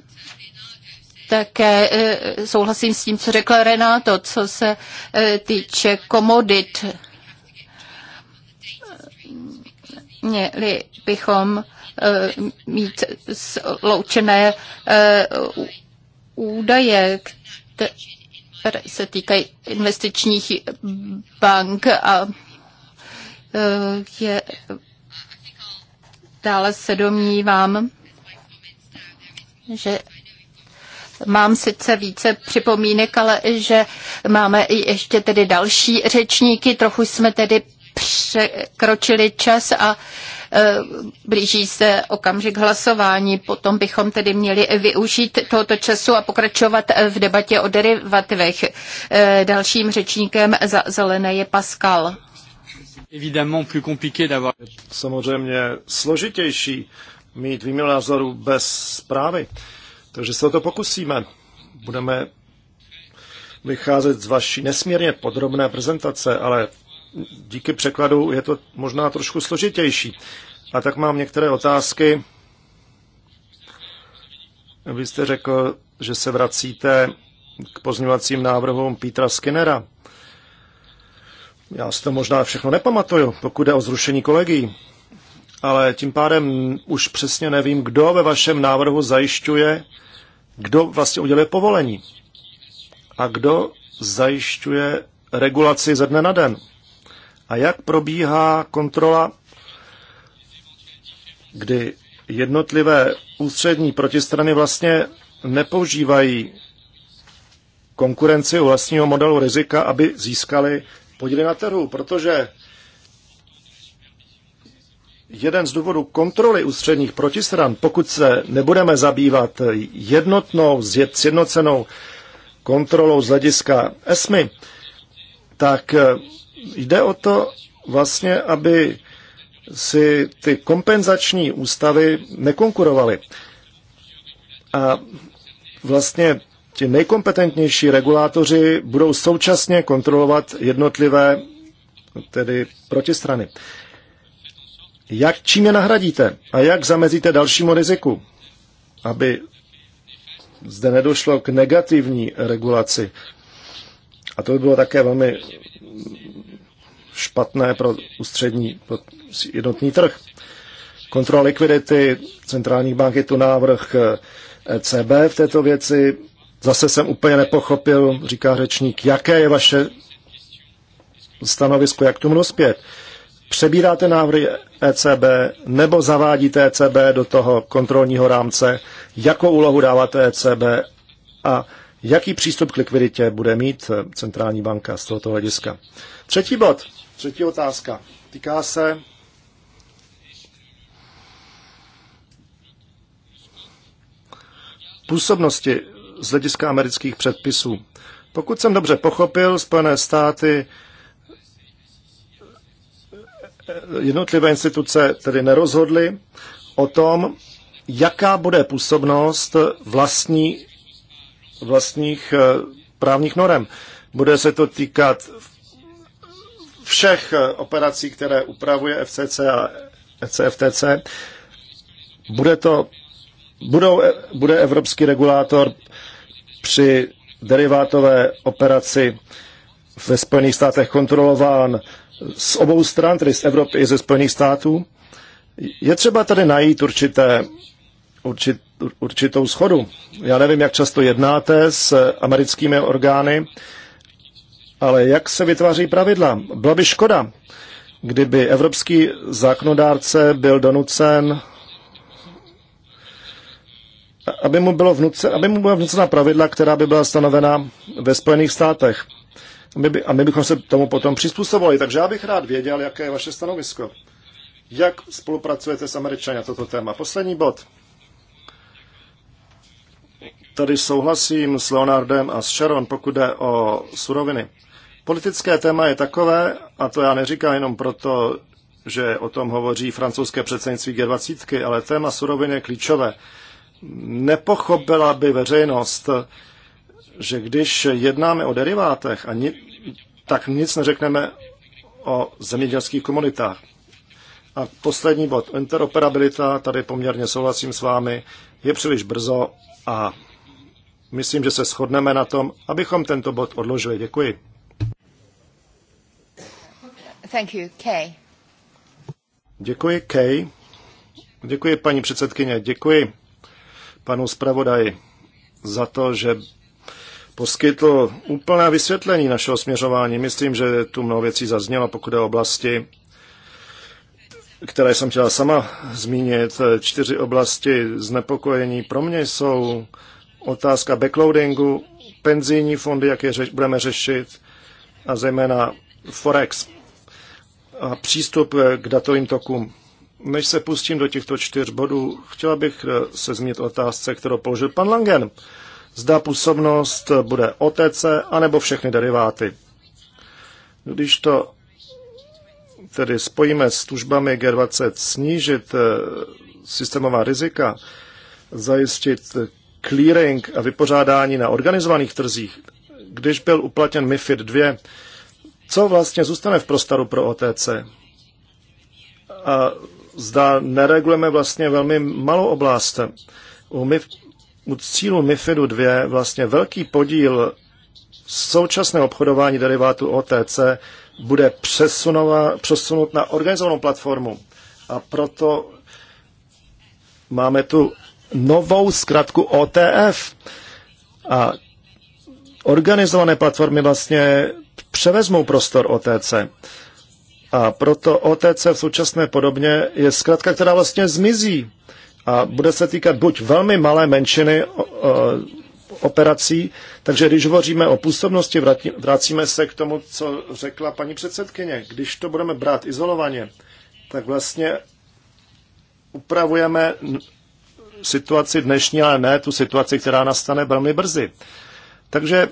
také eh, souhlasím s tím, co řekla Renato, co se eh, týče komodit. Měli bychom Eh, mít sloučené eh, údaje, které se týkají investičních bank a eh, je dále se domnívám, že Mám sice více připomínek, ale že máme i ještě tedy další řečníky. Trochu jsme tedy překročili čas a Eh, blíží se okamžik hlasování, potom bychom tedy měli využít tohoto času a pokračovat eh, v debatě o derivativech. Eh, dalším řečníkem za zelené je Pascal. Samozřejmě složitější mít výměnu názoru bez zprávy. Takže se o to pokusíme. Budeme vycházet z vaší nesmírně podrobné prezentace, ale díky překladu je to možná trošku složitější. A tak mám některé otázky. Vy jste řekl, že se vracíte k pozměňovacím návrhům Petra Skinnera. Já si to možná všechno nepamatuju, pokud je o zrušení kolegií. Ale tím pádem už přesně nevím, kdo ve vašem návrhu zajišťuje, kdo vlastně uděluje povolení a kdo zajišťuje regulaci ze dne na den a jak probíhá kontrola, kdy jednotlivé ústřední protistrany vlastně nepoužívají konkurenci u vlastního modelu rizika, aby získali podíly na trhu, protože jeden z důvodů kontroly ústředních protistran, pokud se nebudeme zabývat jednotnou, sjednocenou kontrolou z hlediska ESMY, tak jde o to vlastně, aby si ty kompenzační ústavy nekonkurovaly. A vlastně ti nejkompetentnější regulátoři budou současně kontrolovat jednotlivé tedy protistrany. Jak čím je nahradíte a jak zamezíte dalšímu riziku, aby zde nedošlo k negativní regulaci. A to by bylo také velmi špatné pro ústřední pro jednotný trh. Kontrola likvidity centrálních bank je tu návrh ECB v této věci. Zase jsem úplně nepochopil, říká řečník, jaké je vaše stanovisko, jak tomu dospět. Přebíráte návrhy ECB nebo zavádíte ECB do toho kontrolního rámce? Jakou úlohu dáváte ECB a jaký přístup k likviditě bude mít centrální banka z tohoto hlediska? Třetí bod. Třetí otázka. Týká se působnosti z hlediska amerických předpisů. Pokud jsem dobře pochopil, Spojené státy jednotlivé instituce tedy nerozhodly o tom, jaká bude působnost vlastní, vlastních eh, právních norem. Bude se to týkat všech eh, operací, které upravuje FCC a CFTC. E bude to, budou, eh, bude evropský regulátor při derivátové operaci ve Spojených státech kontrolován z obou stran, tedy z Evropy i ze Spojených států. Je třeba tady najít určité, určit, určitou schodu. Já nevím, jak často jednáte s americkými orgány, ale jak se vytváří pravidla? Byla by škoda, kdyby evropský zákonodárce byl donucen aby mu, bylo vnuce, aby mu byla vnucena pravidla, která by byla stanovena ve Spojených státech. A my, by, a my bychom se tomu potom přizpůsobovali. Takže já bych rád věděl, jaké je vaše stanovisko. Jak spolupracujete s Američany na toto téma? Poslední bod. Tady souhlasím s Leonardem a s Sharon, pokud jde o suroviny. Politické téma je takové, a to já neříkám jenom proto, že o tom hovoří francouzské předsednictví G20, ale téma surovin je klíčové. Nepochopila by veřejnost, že když jednáme o derivátech, a ni, tak nic neřekneme o zemědělských komunitách. A poslední bod, interoperabilita, tady poměrně souhlasím s vámi, je příliš brzo a myslím, že se shodneme na tom, abychom tento bod odložili. Děkuji. Thank you, Kay. Děkuji, Kay. Děkuji, paní předsedkyně. Děkuji panu zpravodaji za to, že poskytl úplné vysvětlení našeho směřování. Myslím, že tu mnoho věcí zaznělo, pokud je oblasti, které jsem chtěla sama zmínit. Čtyři oblasti znepokojení pro mě jsou otázka backloadingu, penzijní fondy, jak je budeme řešit, a zejména Forex a přístup eh, k datovým tokům. Než se pustím do těchto čtyř bodů, chtěla bych eh, se zmínit otázce, kterou položil pan Langen. Zda působnost bude OTC anebo všechny deriváty. Když to tedy spojíme s tužbami G20 snížit eh, systémová rizika, zajistit clearing a vypořádání na organizovaných trzích, když byl uplatněn MIFID 2, co vlastně zůstane v prostoru pro OTC. A zda neregulujeme vlastně velmi malou oblast. U, MIF, u cílu MIFIDu 2 vlastně velký podíl současné obchodování derivátů OTC bude přesunut na organizovanou platformu. A proto máme tu novou zkratku OTF. A organizované platformy vlastně převezmou prostor OTC. A proto OTC v současné podobně je zkrátka, která vlastně zmizí a bude se týkat buď velmi malé menšiny operací, takže když hovoříme o působnosti, vracíme se k tomu, co řekla paní předsedkyně. Když to budeme brát izolovaně, tak vlastně upravujeme situaci dnešní, ale ne tu situaci, která nastane velmi brzy. Takže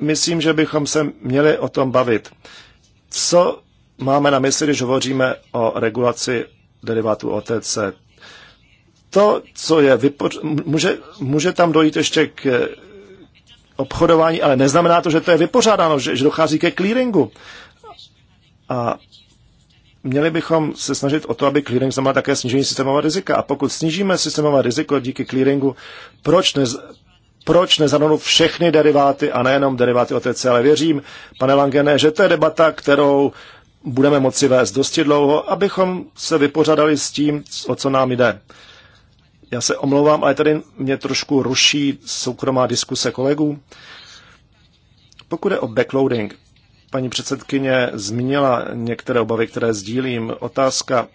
myslím, že bychom se měli o tom bavit. Co máme na mysli, když hovoříme o regulaci derivátů OTC? To, co je, vypoř- může, může tam dojít ještě k obchodování, ale neznamená to, že to je vypořádáno, že, že dochází ke clearingu. A měli bychom se snažit o to, aby clearing znamenal také snížení systémového rizika. A pokud snížíme systémové riziko díky clearingu, proč, nez, proč nezanonu všechny deriváty a nejenom deriváty OTC, ale věřím, pane Langene, že to je debata, kterou budeme moci vést dosti dlouho, abychom se vypořádali s tím, o co nám jde. Já se omlouvám, ale tady mě trošku ruší soukromá diskuse kolegů. Pokud je o backloading, paní předsedkyně zmínila některé obavy, které sdílím. Otázka,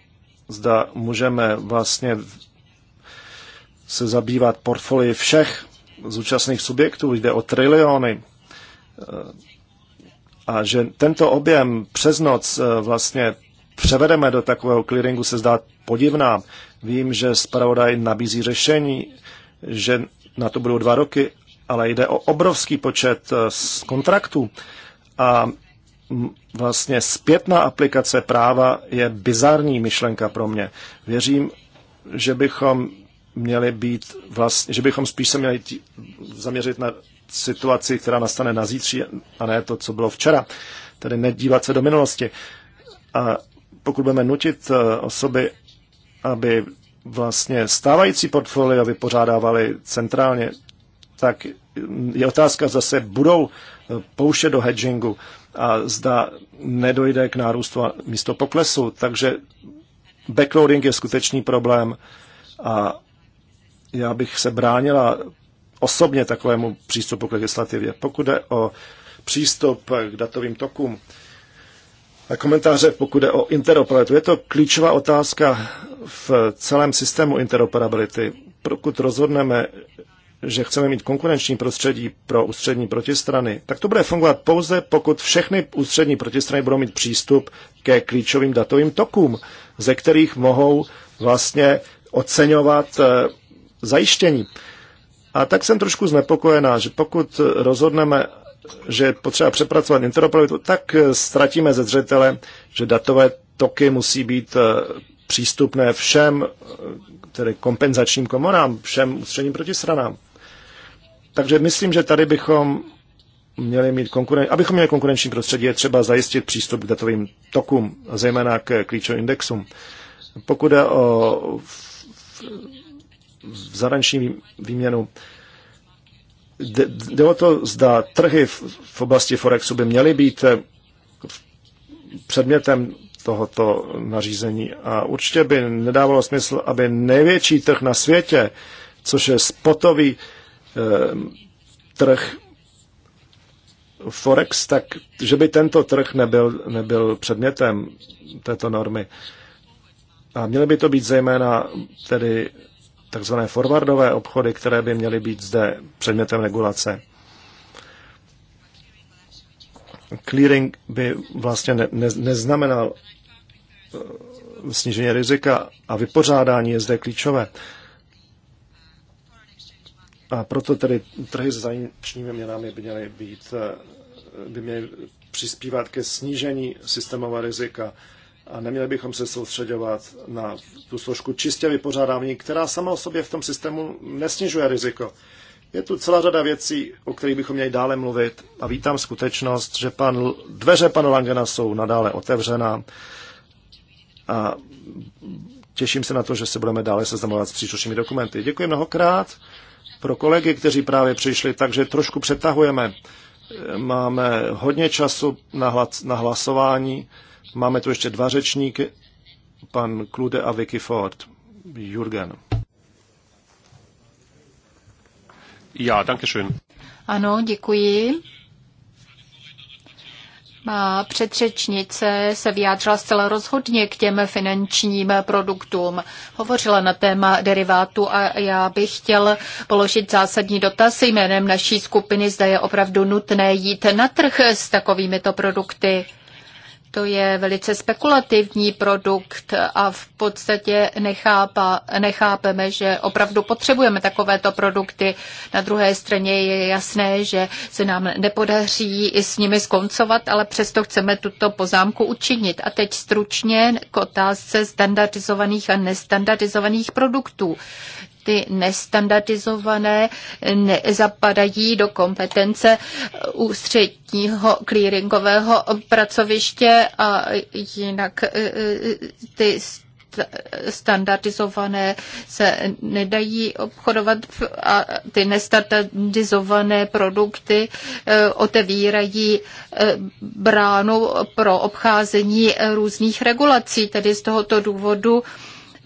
zda můžeme vlastně se zabývat portfolii všech zúčastných subjektů, jde o triliony. E, a že tento objem přes noc e, vlastně převedeme do takového clearingu se zdá podivná. Vím, že zpravodaj nabízí řešení, že na to budou dva roky, ale jde o obrovský počet e, kontraktů. A vlastně zpětná aplikace práva je bizarní myšlenka pro mě. Věřím, že bychom měli být vlastně, že bychom spíš se měli tí, zaměřit na situaci, která nastane na zítří a ne to, co bylo včera. Tedy nedívat se do minulosti. A pokud budeme nutit eh, osoby, aby vlastně stávající portfolio vypořádávali centrálně, tak je otázka zase, budou eh, pouštět do hedgingu a zda nedojde k nárůstu místo poklesu. Takže backloading je skutečný problém a já bych se bránila osobně takovému přístupu k legislativě. Pokud jde o přístup k datovým tokům a komentáře, pokud jde o interoperabilitu, je to klíčová otázka v celém systému interoperability. Pokud rozhodneme, že chceme mít konkurenční prostředí pro ústřední protistrany, tak to bude fungovat pouze, pokud všechny ústřední protistrany budou mít přístup ke klíčovým datovým tokům, ze kterých mohou vlastně oceňovat eh, zajištění. A tak jsem trošku znepokojená, že pokud rozhodneme, že je potřeba přepracovat interoperabilitu, tak eh, ztratíme ze zřetele, že datové toky musí být eh, přístupné všem eh, tedy kompenzačním komorám, všem ústředním protistranám. Takže myslím, že tady bychom měli mít konkuren... abychom měli konkurenční prostředí, je třeba zajistit přístup k datovým tokům, zejména k klíčovým indexům. Pokud je o zahraniční výměnu. Jde o to, zda trhy v oblasti Forexu by měly být eh, předmětem tohoto nařízení. A určitě by nedávalo smysl, aby největší trh na světě, což je spotový eh, trh Forex, tak že by tento trh nebyl, nebyl předmětem této normy. A měly by to být zejména tedy takzvané forwardové obchody, které by měly být zde předmětem regulace. Clearing by vlastně ne, ne, neznamenal eh, snížení rizika a vypořádání je zde klíčové. A proto tedy trhy s zahraničními měnami by měly být, eh, by měly přispívat ke snížení systémového rizika a neměli bychom se soustředovat na tu složku čistě vypořádání, která sama o sobě v tom systému nesnižuje riziko. Je tu celá řada věcí, o kterých bychom měli dále mluvit a vítám skutečnost, že pan, dveře panu Langena jsou nadále otevřená a těším se na to, že se budeme dále seznamovat s příslušnými dokumenty. Děkuji mnohokrát pro kolegy, kteří právě přišli, takže trošku přetahujeme. Máme hodně času na, hlas, na hlasování. Máme tu ještě dva řečníky, pan Klude a Vicky Ford. Jurgen. Já, danke schön. Ano, děkuji. Má předřečnice se vyjádřila zcela rozhodně k těm finančním produktům. Hovořila na téma derivátu a já bych chtěl položit zásadní dotaz jménem naší skupiny, zda je opravdu nutné jít na trh s takovýmito produkty. To je velice spekulativní produkt a v podstatě nechápa, nechápeme, že opravdu potřebujeme takovéto produkty. Na druhé straně je jasné, že se nám nepodaří i s nimi skoncovat, ale přesto chceme tuto pozámku učinit. A teď stručně k otázce standardizovaných a nestandardizovaných produktů ty nestandardizované nezapadají do kompetence ústředního clearingového pracoviště a jinak e, e, ty standardizované se nedají obchodovat a ty nestandardizované produkty e, otevírají bránu pro obcházení různých regulací. Tedy z tohoto důvodu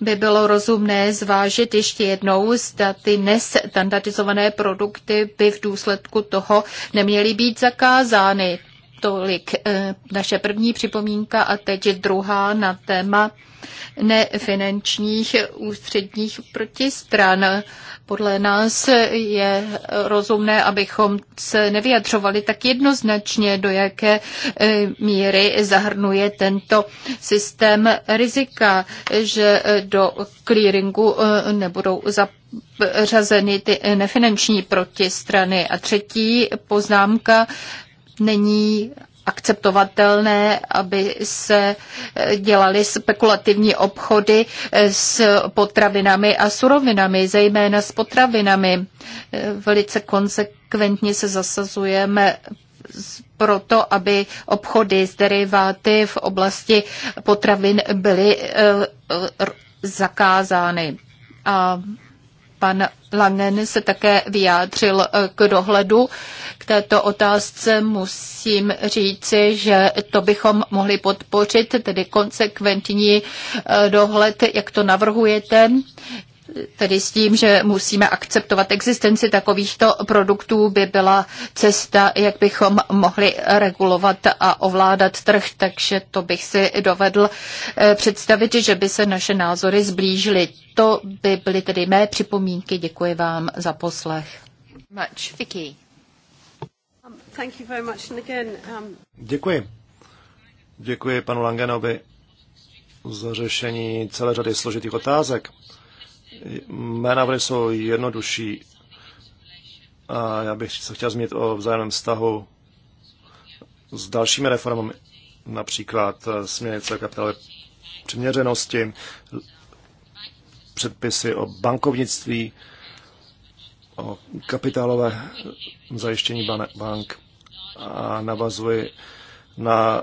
by bylo rozumné zvážit ještě jednou, zda ty nestandardizované produkty by v důsledku toho neměly být zakázány. Tolik eh, naše první připomínka a teď druhá na téma nefinančních ústředních protistran. Podle nás je rozumné, abychom se nevyjadřovali tak jednoznačně, do jaké eh, míry zahrnuje tento systém rizika, že eh, do clearingu nebudou zařazeny ty nefinanční protistrany. A třetí poznámka není akceptovatelné, aby se dělaly spekulativní obchody s potravinami a surovinami, zejména s potravinami. Velice konsekventně se zasazujeme proto, aby obchody s deriváty v oblasti potravin byly eh, zakázány. A Pan Langen se také vyjádřil eh, k dohledu. K této otázce musím říci, že to bychom mohli podpořit, tedy konsekventní eh, dohled, jak to navrhujete tedy s tím, že musíme akceptovat existenci takovýchto produktů, by byla cesta, jak bychom mohli regulovat a ovládat trh, takže to bych si dovedl eh, představit, že by se naše názory zblížily. To by byly tedy mé připomínky. Děkuji vám za poslech. Um, thank you very much. Um, Děkuji. Děkuji panu Langenovi za řešení celé řady složitých otázek. Mé návrhy jsou jednodušší a já bych se chtěl zmínit o vzájemném vztahu s dalšími reformami, například směrnice o kapitálové přiměřenosti, předpisy o bankovnictví, o kapitálové zajištění bank a navazuji na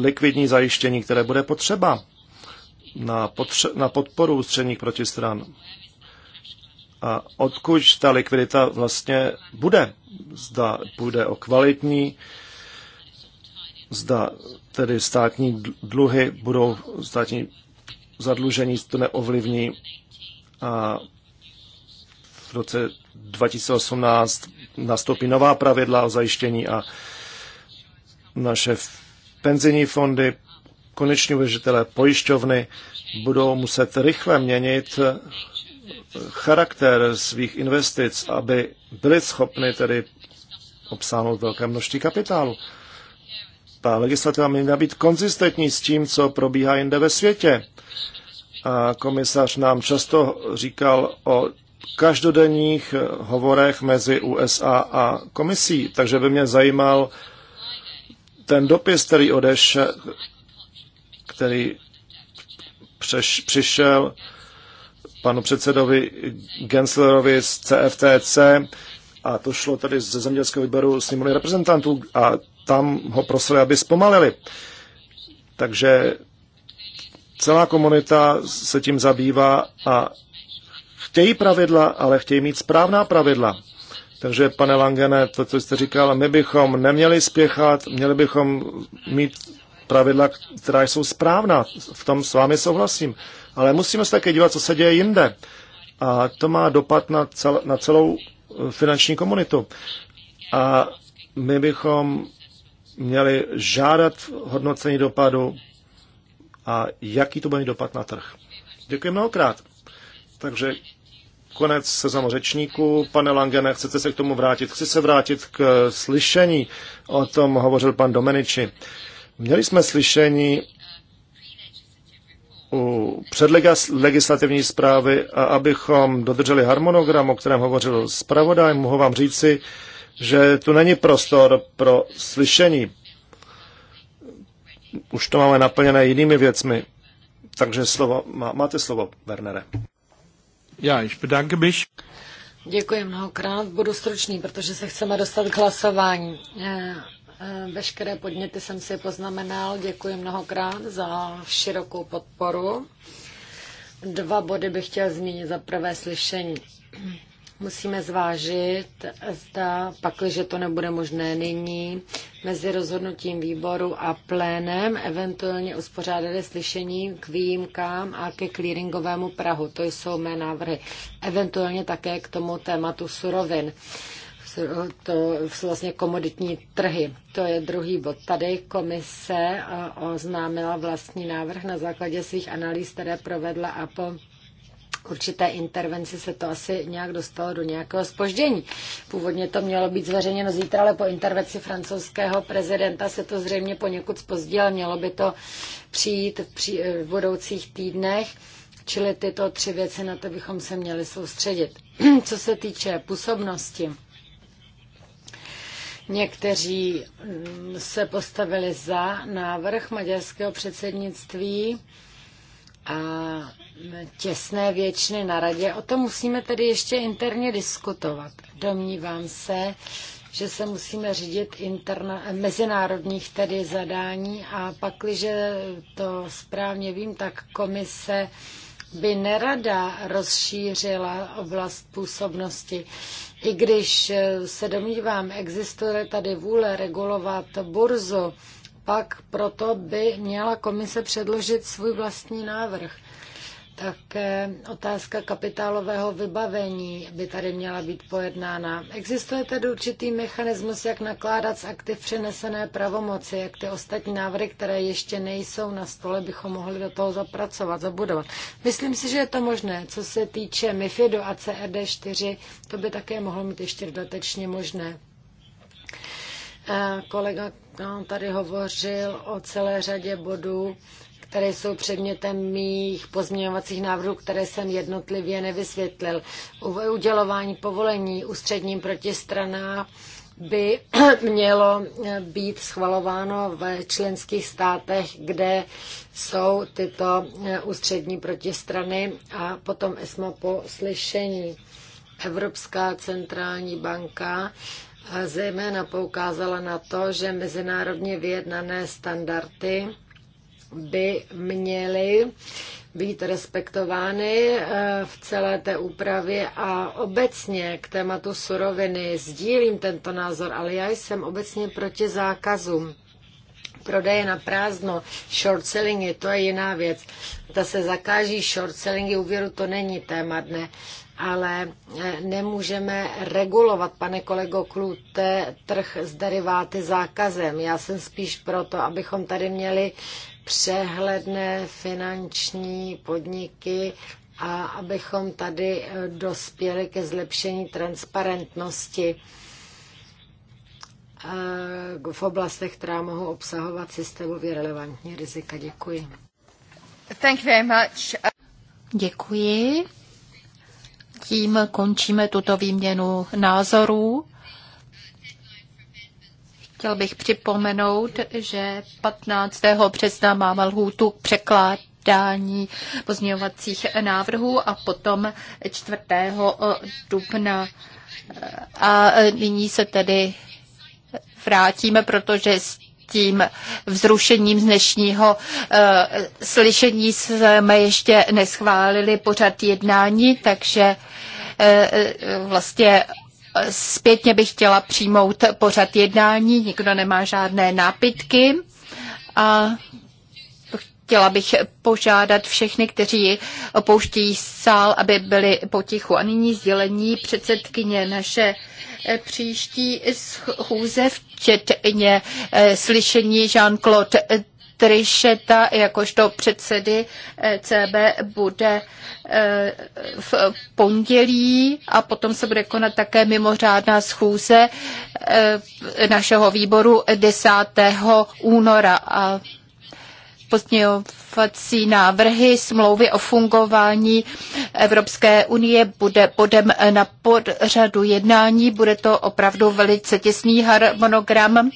likvidní zajištění, které bude potřeba na, potře- na podporu ústředních protistran. A odkud ta likvidita vlastně bude? Zda bude o kvalitní, zda tedy státní dluhy budou, státní zadlužení to neovlivní. A v roce 2018 nastoupí nová pravidla o zajištění a naše penzijní fondy koneční uvěřitelé pojišťovny budou muset rychle měnit eh, charakter svých investic, aby byly schopni tedy obsáhnout velké množství kapitálu. Ta legislativa měla být konzistentní s tím, co probíhá jinde ve světě. A komisař nám často říkal o každodenních eh, hovorech mezi USA a komisí, takže by mě zajímal ten dopis, který odešel, který přeš, přišel panu předsedovi Genslerovi z CFTC a to šlo tady ze zemědělského výboru sněmovny reprezentantů a tam ho prosili, aby zpomalili. Takže celá komunita se tím zabývá a chtějí pravidla, ale chtějí mít správná pravidla. Takže, pane Langene, to, co jste říkal, my bychom neměli spěchat, měli bychom mít pravidla, která jsou správná. V tom s vámi souhlasím. Ale musíme se také dívat, co se děje jinde. A to má dopad na, cel, na celou eh, finanční komunitu. A my bychom měli žádat hodnocení dopadu a jaký to bude mít dopad na trh. Děkuji mnohokrát. Takže konec se řečníků. Pane Langene, chcete se k tomu vrátit? Chci se vrátit k slyšení. O tom hovořil pan Domeniči. Měli jsme slyšení u předlegislativní zprávy a abychom dodrželi harmonogram, o kterém hovořil zpravodaj, mohu vám říci, že tu není prostor pro slyšení. Už to máme naplněné jinými věcmi. Takže slovo, má, máte slovo, Wernere. Já již bedanke Děkuji mnohokrát, budu stručný, protože se chceme dostat k hlasování. Eh, Eh, veškeré podněty jsem si poznamenal. Děkuji mnohokrát za širokou podporu. Dva body bych chtěl zmínit za prvé slyšení. Musíme zvážit, zda pakliže to nebude možné nyní, mezi rozhodnutím výboru a plénem eventuálně uspořádané slyšení k výjimkám a ke clearingovému Prahu. To jsou mé návrhy. Eventuálně také k tomu tématu surovin. Uh, to jsou vlastně komoditní trhy. To je druhý bod. Tady komise oznámila vlastní návrh na základě svých analýz, které provedla a po určité intervenci se to asi nějak dostalo do nějakého spoždění. Původně to mělo být zveřejněno zítra, ale po intervenci francouzského prezidenta se to zřejmě poněkud spozdilo. Mělo by to přijít v, při, eh, v budoucích týdnech. Čili tyto tři věci na to bychom se měli soustředit. Co se týče působnosti, Někteří mm, se postavili za návrh maďarského předsednictví a těsné většiny na radě. O tom musíme tedy ještě interně diskutovat. Domnívám se, že se musíme řídit interna, mezinárodních tedy zadání a pak, když to správně vím, tak komise by nerada rozšířila oblast působnosti. I když eh, se domnívám, existuje tady vůle regulovat burzu, pak proto by měla komise předložit svůj vlastní návrh. Také otázka kapitálového vybavení by tady měla být pojednána. Existuje tedy určitý mechanismus, jak nakládat s aktiv přenesené pravomoci, jak ty ostatní návrhy, které ještě nejsou na stole, bychom mohli do toho zapracovat, zabudovat. Myslím si, že je to možné. Co se týče MIFIDu a CRD4, e to by také mohlo mít ještě dodatečně možné. Eh, kolega no, tady hovořil o celé řadě bodů, které jsou předmětem mých pozměňovacích návrhů, které jsem jednotlivě nevysvětlil. Udělování povolení ústředním protistranám by mělo eh, být schvalováno v členských státech, kde jsou tyto ústřední eh, protistrany a potom ESMA po slyšení. Evropská centrální banka eh, zejména poukázala na to, že mezinárodně vyjednané standardy by měly být respektovány eh, v celé té úpravě a obecně k tématu suroviny sdílím tento názor, ale já jsem obecně proti zákazům. Prodeje na prázdno, short sellingy, to je jiná věc. Ta se zakáží short sellingy úvěru, to není téma dne ale eh, nemůžeme regulovat, pane kolego Klute, trh s deriváty zákazem. Já jsem spíš proto, abychom tady měli přehledné finanční podniky a abychom tady eh, dospěli ke zlepšení transparentnosti eh, v oblastech, která mohou obsahovat systémově relevantní rizika. Děkuji. Thank you very much. Děkuji. Tím končíme tuto výměnu názorů. Chtěl bych připomenout, že 15. března máme lhůtu k překládání pozměňovacích návrhů a potom 4. Eh, dubna. Eh, a eh, nyní se tedy vrátíme, protože s tím vzrušením z dnešního uh, slyšení jsme ještě neschválili pořad jednání, takže uh, vlastně Zpětně bych chtěla přijmout pořad jednání, nikdo nemá žádné nápitky. A chtěla bych požádat všechny, kteří opouštějí sál, aby byli potichu. A nyní sdělení předsedkyně naše příští schůze, včetně eh, slyšení Jean-Claude Trišeta jakožto předsedy ECB eh, bude eh, v pondělí a potom se bude konat také mimořádná schůze eh, našeho výboru 10. února. A pozdějovací návrhy smlouvy o fungování Evropské unie bude bodem na podřadu jednání. Bude to opravdu velice těsný harmonogram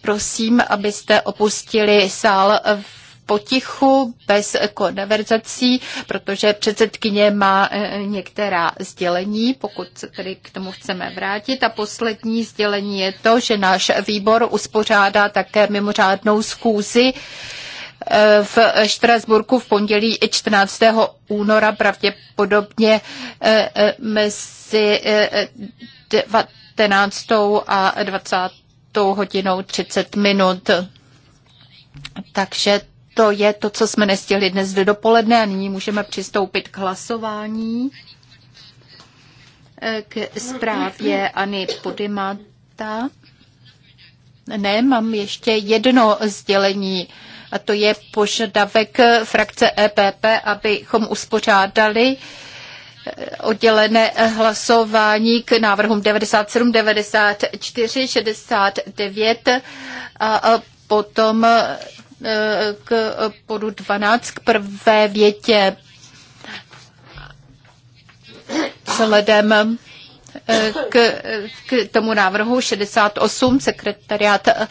prosím, abyste opustili sál potichu, bez konverzací, protože předsedkyně má eh, některá sdělení, pokud se tedy k tomu chceme vrátit. A poslední sdělení je to, že náš výbor uspořádá také mimořádnou schůzi eh, v Štrasburku v pondělí 14. února, pravděpodobně eh, mezi 19. a 20 tou hodinou 30 minut. Takže to je to, co jsme nestihli dnes do dopoledne a nyní můžeme přistoupit k hlasování k zprávě Ani Podimata. Ne, mám ještě jedno sdělení a to je požadavek frakce EPP, abychom uspořádali uh, oddělené hlasování k návrhům 97, 94, 69 a potom e, k bodu 12 k prvé větě vzhledem e, k, k tomu návrhu 68 sekretariát e,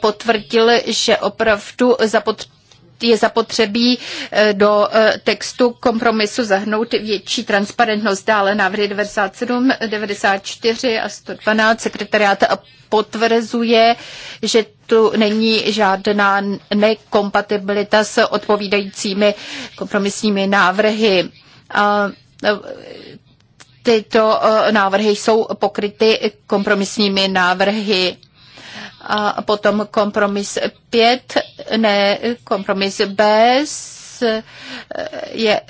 potvrdil, že opravdu zapotřebí je zapotřebí eh, do eh, textu kompromisu zahnout větší transparentnost. Dále návrhy 97, 94 a 112 sekretariát potvrzuje, že tu není žádná nekompatibilita s odpovídajícími kompromisními návrhy. A eh, tyto návrhy jsou pokryty kompromisními návrhy a potom kompromis 5, ne, kompromis B eh, je eh,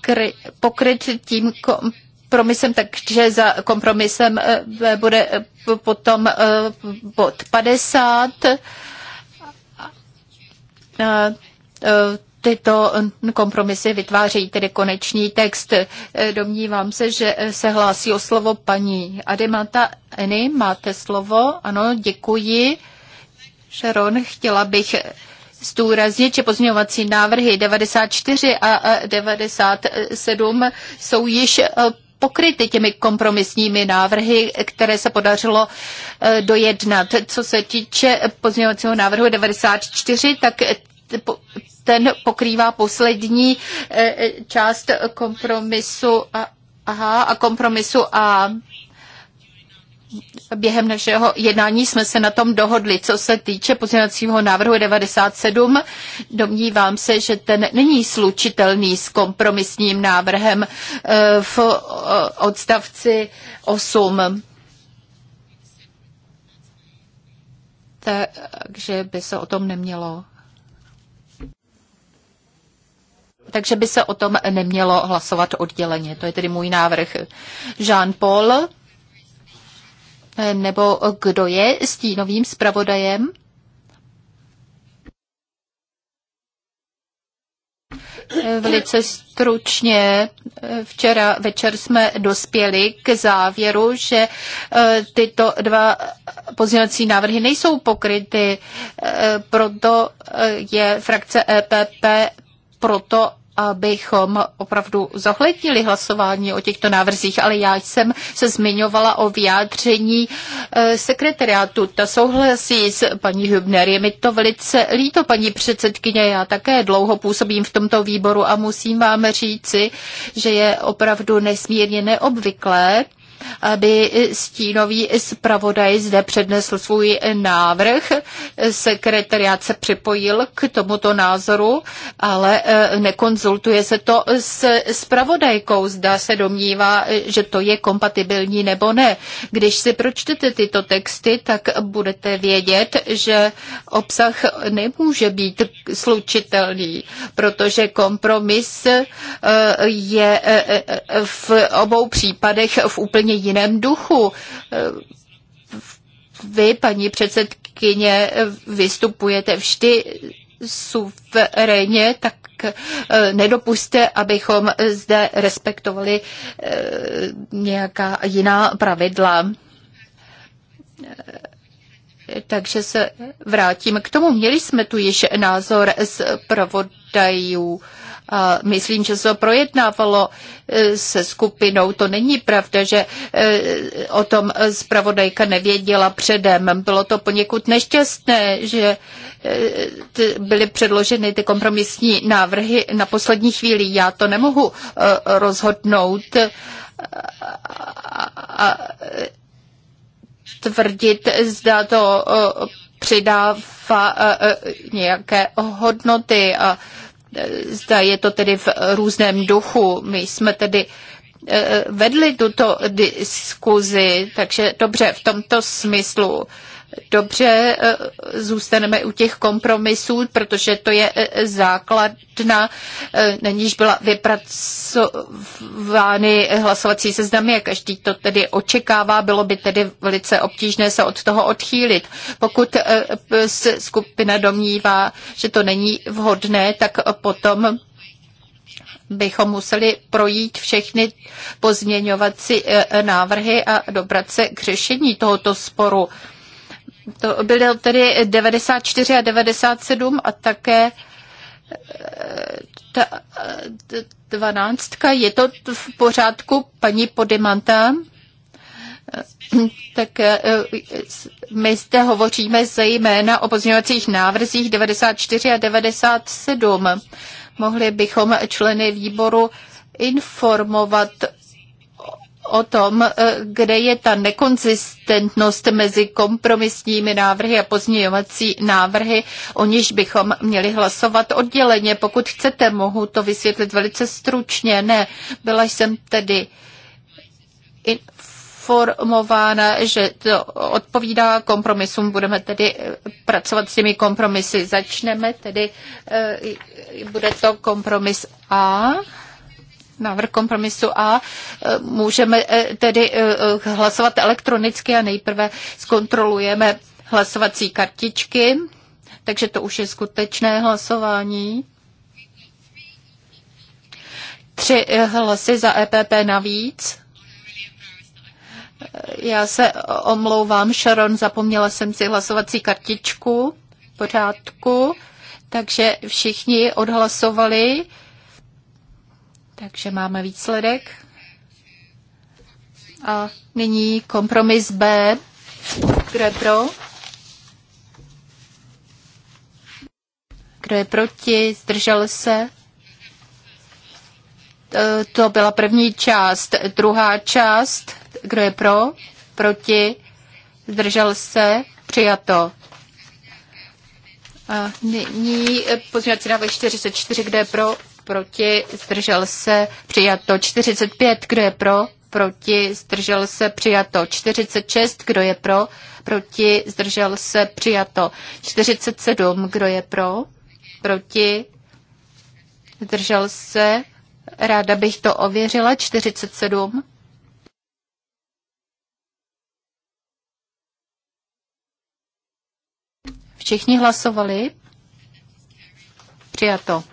kry, pokryt tím kompromisem, takže za kompromisem eh, B bude potom bod 50. A tyto kompromisy vytvářejí tedy konečný text. Domnívám se, že se hlásí o slovo paní Ademata. Eny. Máte slovo? Ano, děkuji. Sharon, chtěla bych zdůraznit, že pozměňovací návrhy 94 a 97 jsou již pokryty těmi kompromisními návrhy, které se podařilo eh, dojednat. Co se týče pozměňovacího návrhu 94, tak ten pokrývá poslední eh, eh, část kompromisu a, aha, a kompromisu a během našeho jednání jsme se na tom dohodli. Co se týče pozměňovacího návrhu 97, domnívám se, že ten není slučitelný s kompromisním návrhem eh, v odstavci 8. Takže by se o tom nemělo takže by se o tom nemělo hlasovat odděleně. To je tedy můj návrh. Jean-Paul, nebo kdo je stínovým zpravodajem? Velice stručně včera večer jsme dospěli k závěru, že eh, tyto dva pozměňovací návrhy nejsou pokryty, eh, proto eh, je frakce EPP proto, abychom opravdu zohlednili hlasování o těchto návrzích, ale já jsem se zmiňovala o vyjádření e, sekretariátu. Ta souhlasí s paní Hübner. Je mi to velice líto, paní předsedkyně. Já také dlouho působím v tomto výboru a musím vám říci, že je opravdu nesmírně neobvyklé, aby stínový zpravodaj zde přednesl svůj návrh. Sekretariat se připojil k tomuto názoru, ale e, nekonzultuje se to s zpravodajkou. Zda se domnívá, že to je kompatibilní nebo ne. Když si pročtete tyto texty, tak budete vědět, že obsah nemůže být slučitelný, protože kompromis e, je e, v obou případech v úplně úplně jiném duchu. Vy, paní předsedkyně, vystupujete vždy suverénně, tak eh, nedopuste, abychom zde respektovali eh, nějaká jiná pravidla. Eh, takže se vrátím k tomu. Měli jsme tu již názor z provodajů. A myslím, že se to projednávalo e, se skupinou. To není pravda, že e, o tom zpravodajka nevěděla předem. Bylo to poněkud nešťastné, že e, byly předloženy ty kompromisní návrhy na poslední chvíli. Já to nemohu rozhodnout. A tvrdit, zda to přidává nějaké hodnoty a zda je to tedy v různém duchu. My jsme tedy eh, vedli tuto diskuzi, takže dobře, v tomto smyslu dobře, e, zůstaneme u těch kompromisů, protože to je e, základna, e, na níž byla vypracovány hlasovací seznamy a každý to tedy očekává, bylo by tedy velice obtížné se od toho odchýlit. Pokud se skupina domnívá, že to není vhodné, tak potom bychom museli projít všechny pozměňovací návrhy a dobrat se k řešení tohoto sporu. To byly tedy 94 a 97 a také eh, ta eh, dvanáctka. Je to v pořádku, paní Podimanta? Eh, tak my zde hovoříme zejména o pozměňovacích návrzích 94 a 97. Mohli bychom členy výboru informovat o tom, eh, kde je ta nekonzistentnost mezi kompromisními návrhy a pozměňovací návrhy, o níž bychom měli hlasovat odděleně. Pokud chcete, mohu to vysvětlit velice stručně. Ne, byla jsem tedy informována, že to odpovídá kompromisům. Budeme tedy eh, pracovat s těmi kompromisy. Začneme tedy, eh, bude to kompromis A návrh kompromisu A. E, můžeme e, tedy e, hlasovat elektronicky a nejprve zkontrolujeme hlasovací kartičky, takže to už je skutečné hlasování. Tři hlasy za EPP navíc. Já se omlouvám, Sharon, zapomněla jsem si hlasovací kartičku. pořádku. Takže všichni odhlasovali. Takže máme výsledek. A nyní kompromis B. Kdo je pro? Kdo je proti? Zdržel se? E, to byla první část. Druhá část. Kdo je pro? Proti? Zdržel se? Přijato. A nyní pozměňovací návrh 44. Kdo je pro? proti, zdržel se, přijato 45, kdo je pro, proti, zdržel se, přijato 46, kdo je pro, proti, zdržel se, přijato 47, kdo je pro, proti, zdržel se, ráda bych to ověřila, 47. Všichni hlasovali? Přijato.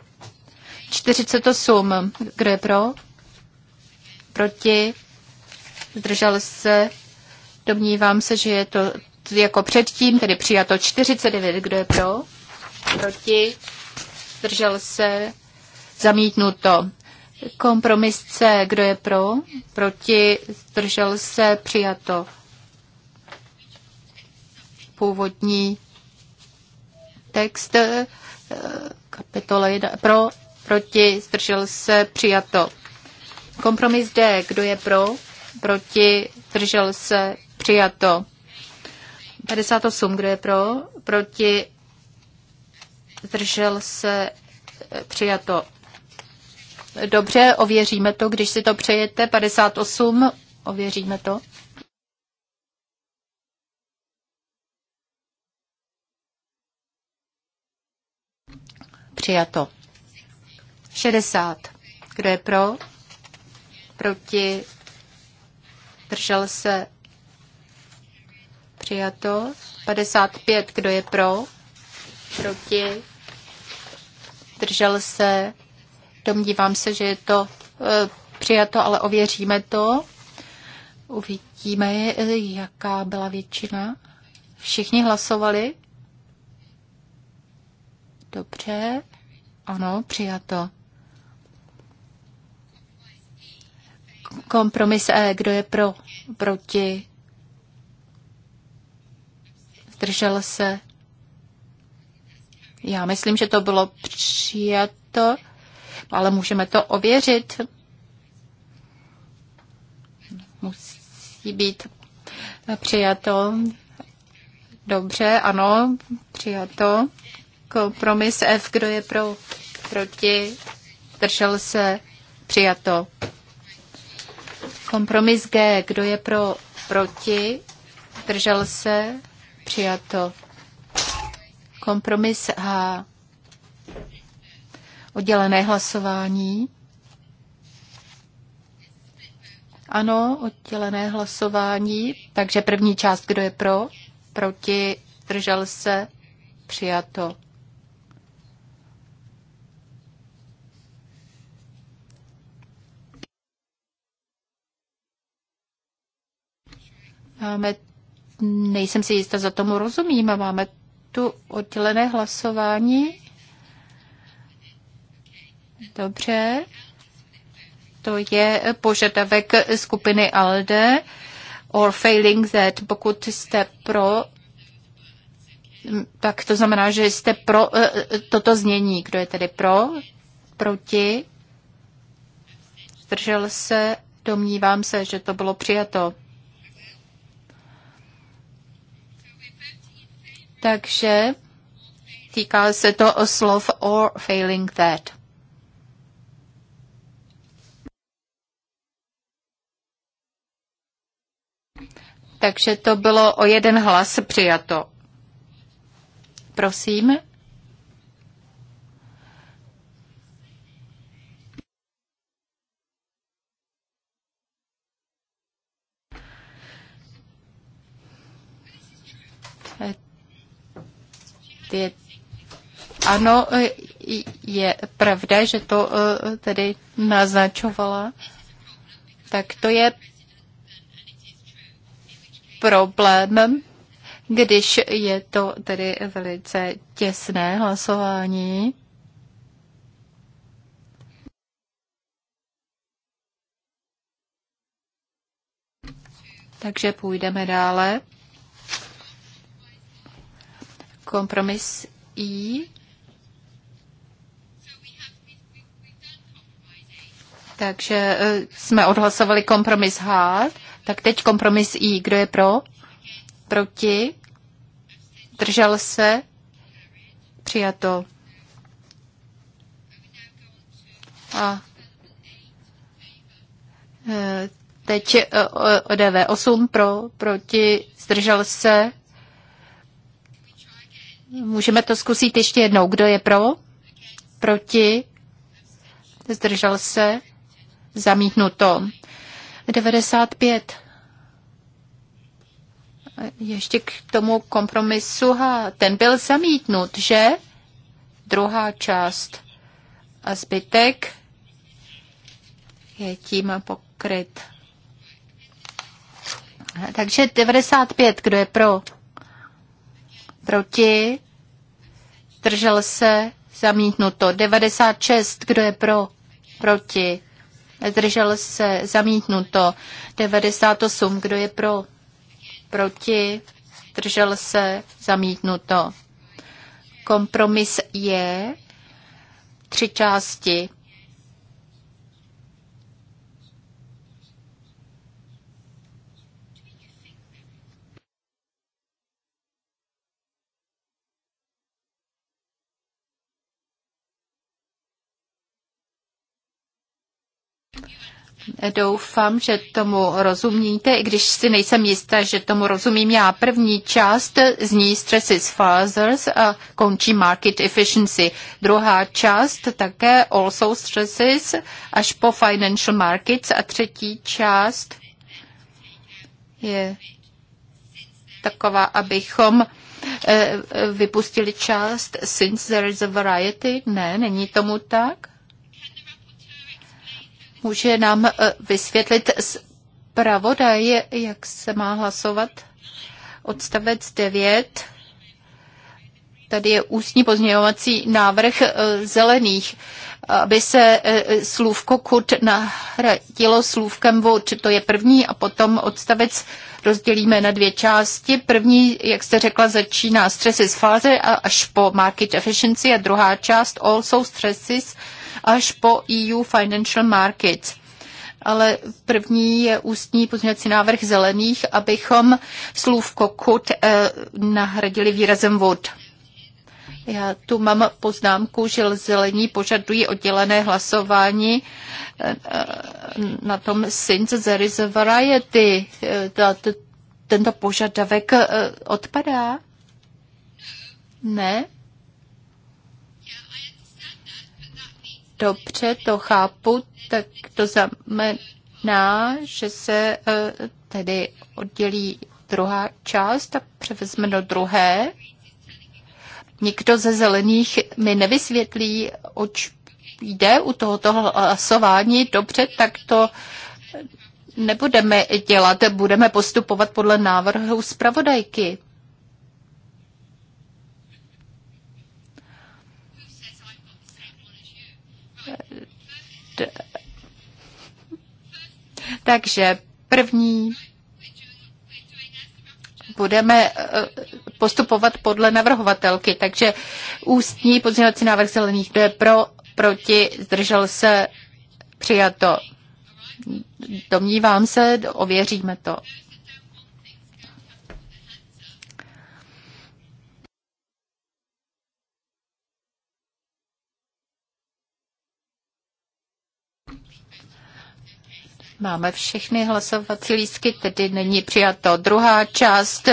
48. Kdo je pro? Proti? Zdržel se? Domnívám se, že je to jako předtím, tedy přijato 49. Kdo je pro? Proti? Zdržel se? Zamítnuto. Kompromis C. Kdo je pro? Proti? Zdržel se? Přijato. Původní text eh, kapitola 1. Pro? proti, zdržel se, přijato. Kompromis D, kdo je pro, proti, zdržel se, přijato. 58, kdo je pro, proti, zdržel se, přijato. Dobře, ověříme to, když si to přejete. 58, ověříme to. Přijato. 60. Kdo je pro? Proti? Držel se? Přijato. 55. Kdo je pro? Proti? Držel se? Domnívám se, že je to e, přijato, ale ověříme to. Uvidíme, jaká byla většina. Všichni hlasovali? Dobře. Ano, přijato. Kompromis A, e, kdo je pro, proti, zdržel se. Já myslím, že to bylo přijato, ale můžeme to ověřit. Musí být přijato. Dobře, ano, přijato. Kompromis F, kdo je pro, proti, držel se, přijato. Kompromis G. Kdo je pro, proti? Držel se? Přijato. Kompromis H. Oddělené hlasování. Ano, oddělené hlasování. Takže první část, kdo je pro, proti, držel se, přijato. Máme, nejsem si jistá, za tomu rozumím. Máme tu oddělené hlasování. Dobře. To je požadavek skupiny ALDE or failing that, pokud jste pro, tak to znamená, že jste pro eh, eh, toto znění. Kdo je tedy pro? Proti? Zdržel se? Domnívám se, že to bylo přijato. Takže týká se to o slov or failing that. Takže to bylo o jeden hlas přijato. Prosím. je ano, je pravda, že to eh, tedy naznačovala. Tak to je problém, když je to tedy velice těsné hlasování. Takže půjdeme dále. Kompromis I. Takže e, jsme odhlasovali kompromis H. Tak teď kompromis I. Kdo je pro? Proti? Držel se? Přijato. A e, teď e, ODV 8 pro, proti, zdržel se, Můžeme to zkusit ještě jednou. Kdo je pro? Proti? Zdržel se? Zamítnuto. 95. Ještě k tomu kompromisu Ha, Ten byl zamítnut, že? Druhá část. A zbytek je tím pokryt. Takže 95, kdo je pro? Proti? Držel se? Zamítnuto. 96. Kdo je pro? Proti? držel se? Zamítnuto. 98. Kdo je pro? Proti? Držel se? Zamítnuto. Kompromis je tři části. Doufám, že tomu rozumíte, i když si nejsem jistá, že tomu rozumím já. První část zní Stresses Fathers a končí Market Efficiency. Druhá část také Also Stresses až po Financial Markets a třetí část je taková, abychom eh, eh, vypustili část Since there is a variety. Ne, není tomu tak. Může nám eh, vysvětlit zpravodaj, jak se má hlasovat? Odstavec 9. Tady je ústní pozměňovací návrh eh, zelených, aby se eh, slůvko kut nahradilo slůvkem vod. To je první a potom odstavec rozdělíme na dvě části. První, jak jste řekla, začíná stresses fáze a až po market efficiency a druhá část also stresses až po EU Financial Markets ale první je ústní pozměňovací návrh zelených, abychom slůvko eh, nahradili výrazem vod. Já tu mám poznámku, že zelení požadují oddělené hlasování eh, eh, na tom since there is a variety. Eh, tento požadavek odpadá? Ne? dobře to chápu, tak to znamená, že se eh, tedy oddělí druhá část a převezme do druhé. Nikdo ze zelených mi nevysvětlí, oč jde u tohoto hlasování. Dobře, tak to nebudeme dělat, budeme postupovat podle návrhu zpravodajky. Takže první budeme eh, postupovat podle navrhovatelky. Takže ústní pozměňovací návrh zelených, kdo je pro, proti, zdržel se, přijato. Domnívám se, ověříme to Máme všechny hlasovací lístky, tedy není přijato. Druhá část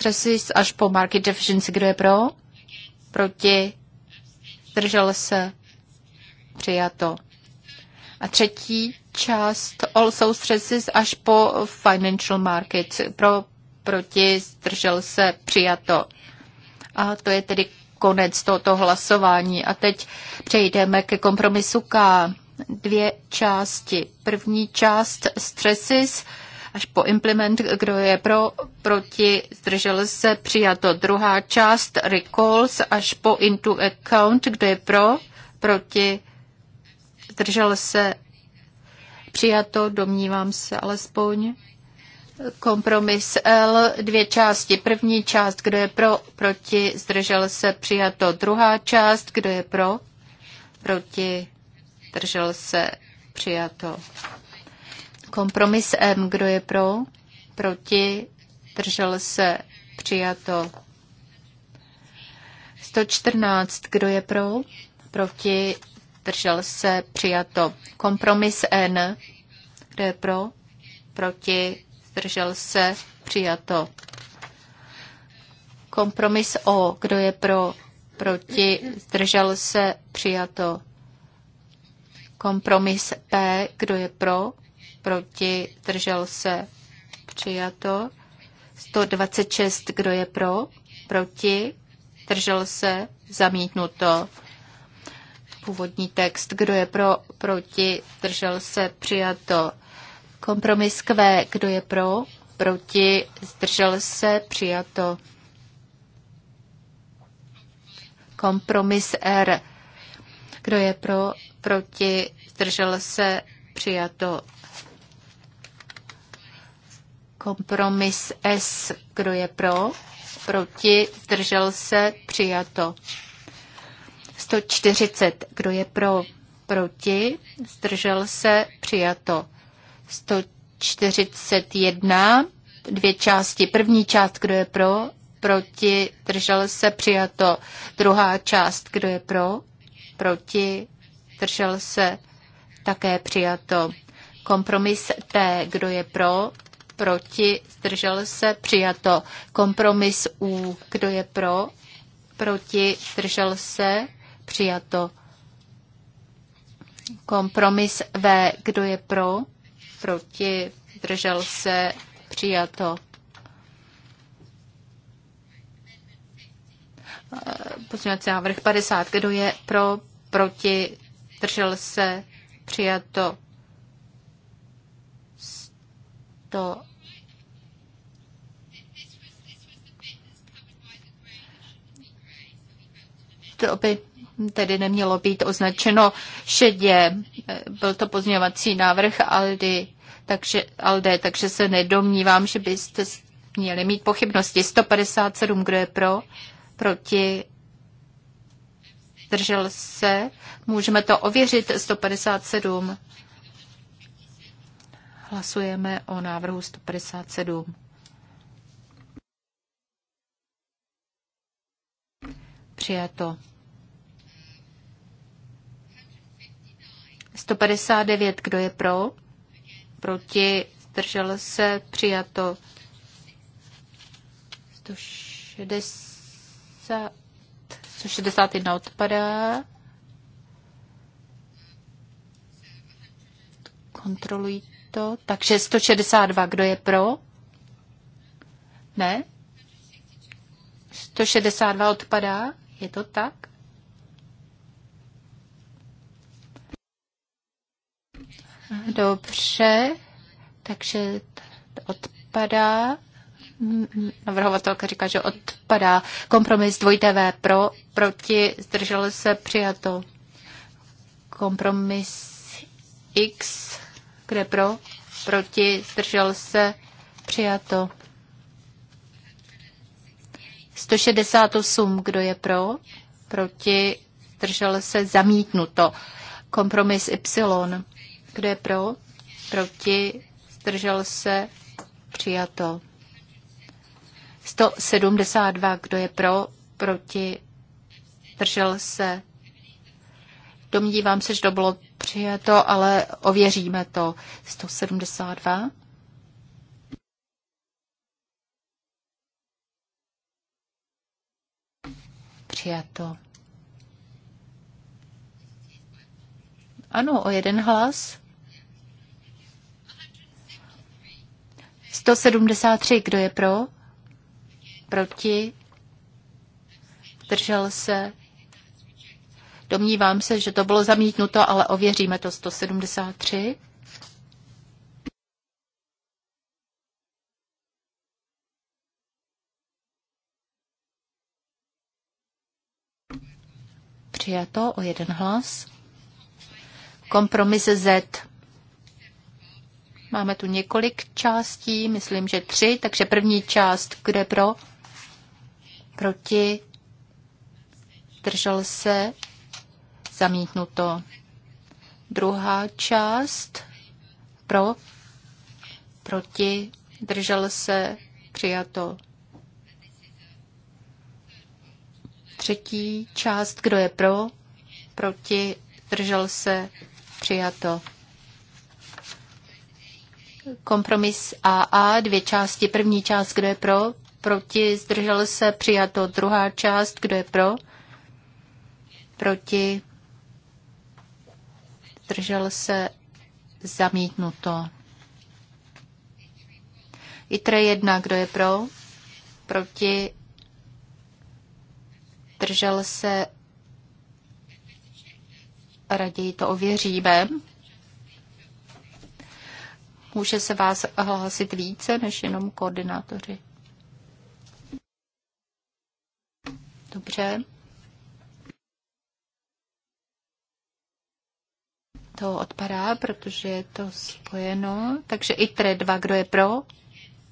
s až po market deficiency. Kdo je pro? Proti? zdržel se? Přijato. A třetí část also stresses až po financial market Pro, proti? zdržel se? Přijato. A to je tedy konec tohoto hlasování. A teď přejdeme ke kompromisu K dvě části. První část stresis až po implement, kdo je pro, proti, zdržel se, přijato. Druhá část recalls až po into account, kdo je pro, proti, zdržel se, přijato, domnívám se alespoň. Kompromis L, dvě části. První část, kdo je pro, proti, zdržel se, přijato. Druhá část, kdo je pro, proti, zdržel se, přijato. Kompromis M, kdo je pro, proti, zdržel se, přijato. 114, kdo je pro, proti, zdržel se, přijato. Kompromis N, kdo je pro, proti, zdržel se, přijato. Kompromis O, kdo je pro, proti, zdržel se, přijato. Kompromis P, kdo je pro, proti, držel se, přijato. 126, kdo je pro, proti, držel se, zamítnuto. Původní text, kdo je pro, proti, držel se, přijato. Kompromis Q, kdo je pro, proti, zdržel se, přijato. Kompromis R, kdo je pro, proti, zdržel se, přijato. Kompromis S, kdo je pro, proti, zdržel se, přijato. 140, kdo je pro, proti, zdržel se, přijato. 141, dvě části. První část, kdo je pro, proti, držel se, přijato. Druhá část, kdo je pro, proti, zdržel se, také přijato. Kompromis T, kdo je pro, proti, zdržel se, přijato. Kompromis U, kdo je pro, proti, zdržel se, přijato. Kompromis V, kdo je pro, proti, zdržel se, přijato. Eh, pozměňovací návrh 50, kdo je pro, proti, držel se, přijato 100. To by tedy nemělo být označeno šedě. Byl to pozměňovací návrh Aldy, takže, Alde, takže se nedomnívám, že byste měli mít pochybnosti. 157, kdo je pro, proti, zdržel se, můžeme to ověřit, 157. Hlasujeme o návrhu 157. Přijato. 159, kdo je pro? Proti, zdržel se, přijato. 160. 161 odpadá. Kontrolují to. Takže 162, kdo je pro? Ne? 162 odpadá? Je to tak? Dobře, takže odpadá. Navrhovatelka říká, že odpadá kompromis 2TV pro, proti, zdržel se přijato. Kompromis X, kde pro, proti, zdržel se přijato. 168, kdo je pro, proti, zdržel se zamítnuto. Kompromis Y, kdo je pro, proti, zdržel se přijato. 172, kdo je pro, proti, držel se. Domnívám se, že to bylo přijeto, ale ověříme to. 172. Přijato. Ano, o jeden hlas. 173, kdo je pro? proti, držel se. Domnívám se, že to bylo zamítnuto, ale ověříme to 173. Přijato o jeden hlas. Kompromis Z. Máme tu několik částí, myslím, že tři, takže první část, kde pro? proti, držel se, zamítnuto. Druhá část pro, proti, držel se, přijato. Třetí část, kdo je pro, proti, držel se, přijato. Kompromis AA, dvě části. První část, kdo je pro, proti, zdržel se, přijato. Druhá část, kdo je pro, proti, zdržel se, zamítnuto. ITRE 1, kdo je pro, proti, zdržel se, raději to ověříme. Může se vás hlásit více než jenom koordinátoři. Dobře. To odpadá, protože je to spojeno. Takže i tre 2, kdo je pro?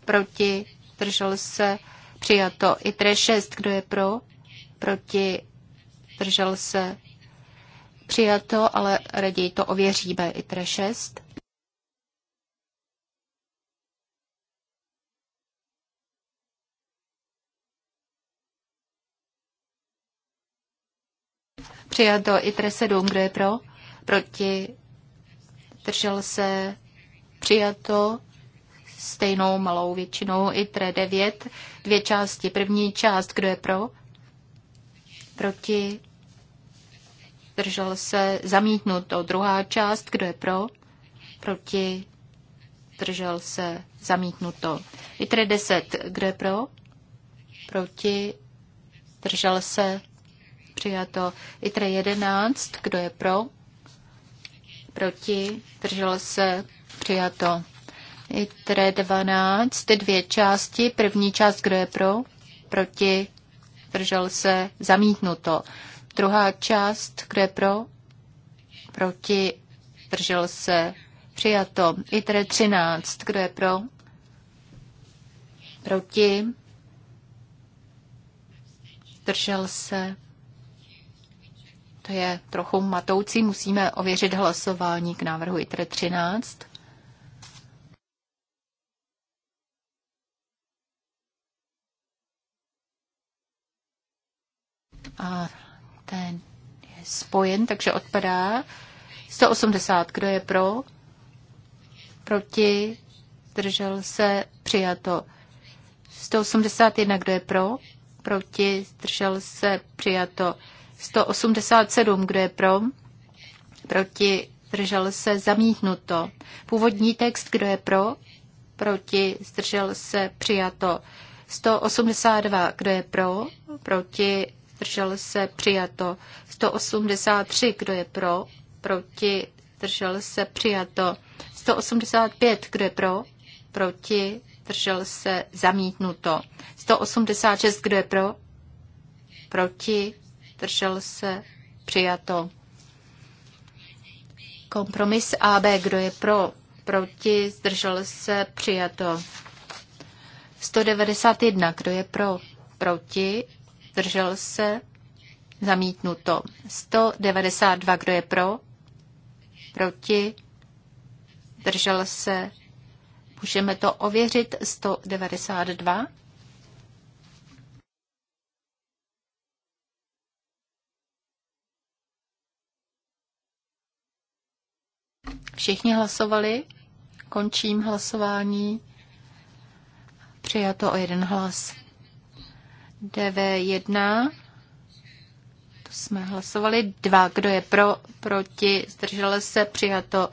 Proti, držel se, přijato. I tre 6, kdo je pro? Proti, držel se, přijato, ale raději to ověříme. I tre 6. Přijato i 7, kdo je pro? Proti? Držel se? Přijato stejnou malou většinou i 9, dvě části. První část, kdo je pro? Proti? Držel se? Zamítnuto. Druhá část, kdo je pro? Proti? Držel se? Zamítnuto. I 10, kdo je pro? Proti? Držel se? přijato. ITRE 11, kdo je pro, proti, Držel se, přijato. ITRE 12, dvě části, první část, kdo je pro, proti, držel se, zamítnuto. Druhá část, kdo je pro, proti, držel se, přijato. ITRE 13, kdo je pro, proti, držel se, to je trochu matoucí, musíme ověřit hlasování k návrhu ITRE 13. A ten je spojen, takže odpadá. 180, kdo je pro? Proti? Zdržel se? Přijato. 181, kdo je pro? Proti? Zdržel se? Přijato. 187, kdo je pro, proti, zdržel se, zamítnuto. Původní text, kdo je pro, proti, zdržel se, přijato. 182, kdo je pro, proti, zdržel se, přijato. 183, kdo je pro, proti, zdržel se, přijato. 185, kdo je pro, proti, zdržel se, zamítnuto. 186, kdo je pro, proti, zdržel se, přijato. Kompromis AB, kdo je pro, proti, zdržel se, přijato. 191, kdo je pro, proti, zdržel se, zamítnuto. 192, kdo je pro, proti, zdržel se, můžeme to ověřit, 192. Všichni hlasovali. Končím hlasování. Přijato o jeden hlas. DV1. To jsme hlasovali. Dva. Kdo je pro, proti, zdržel se, přijato.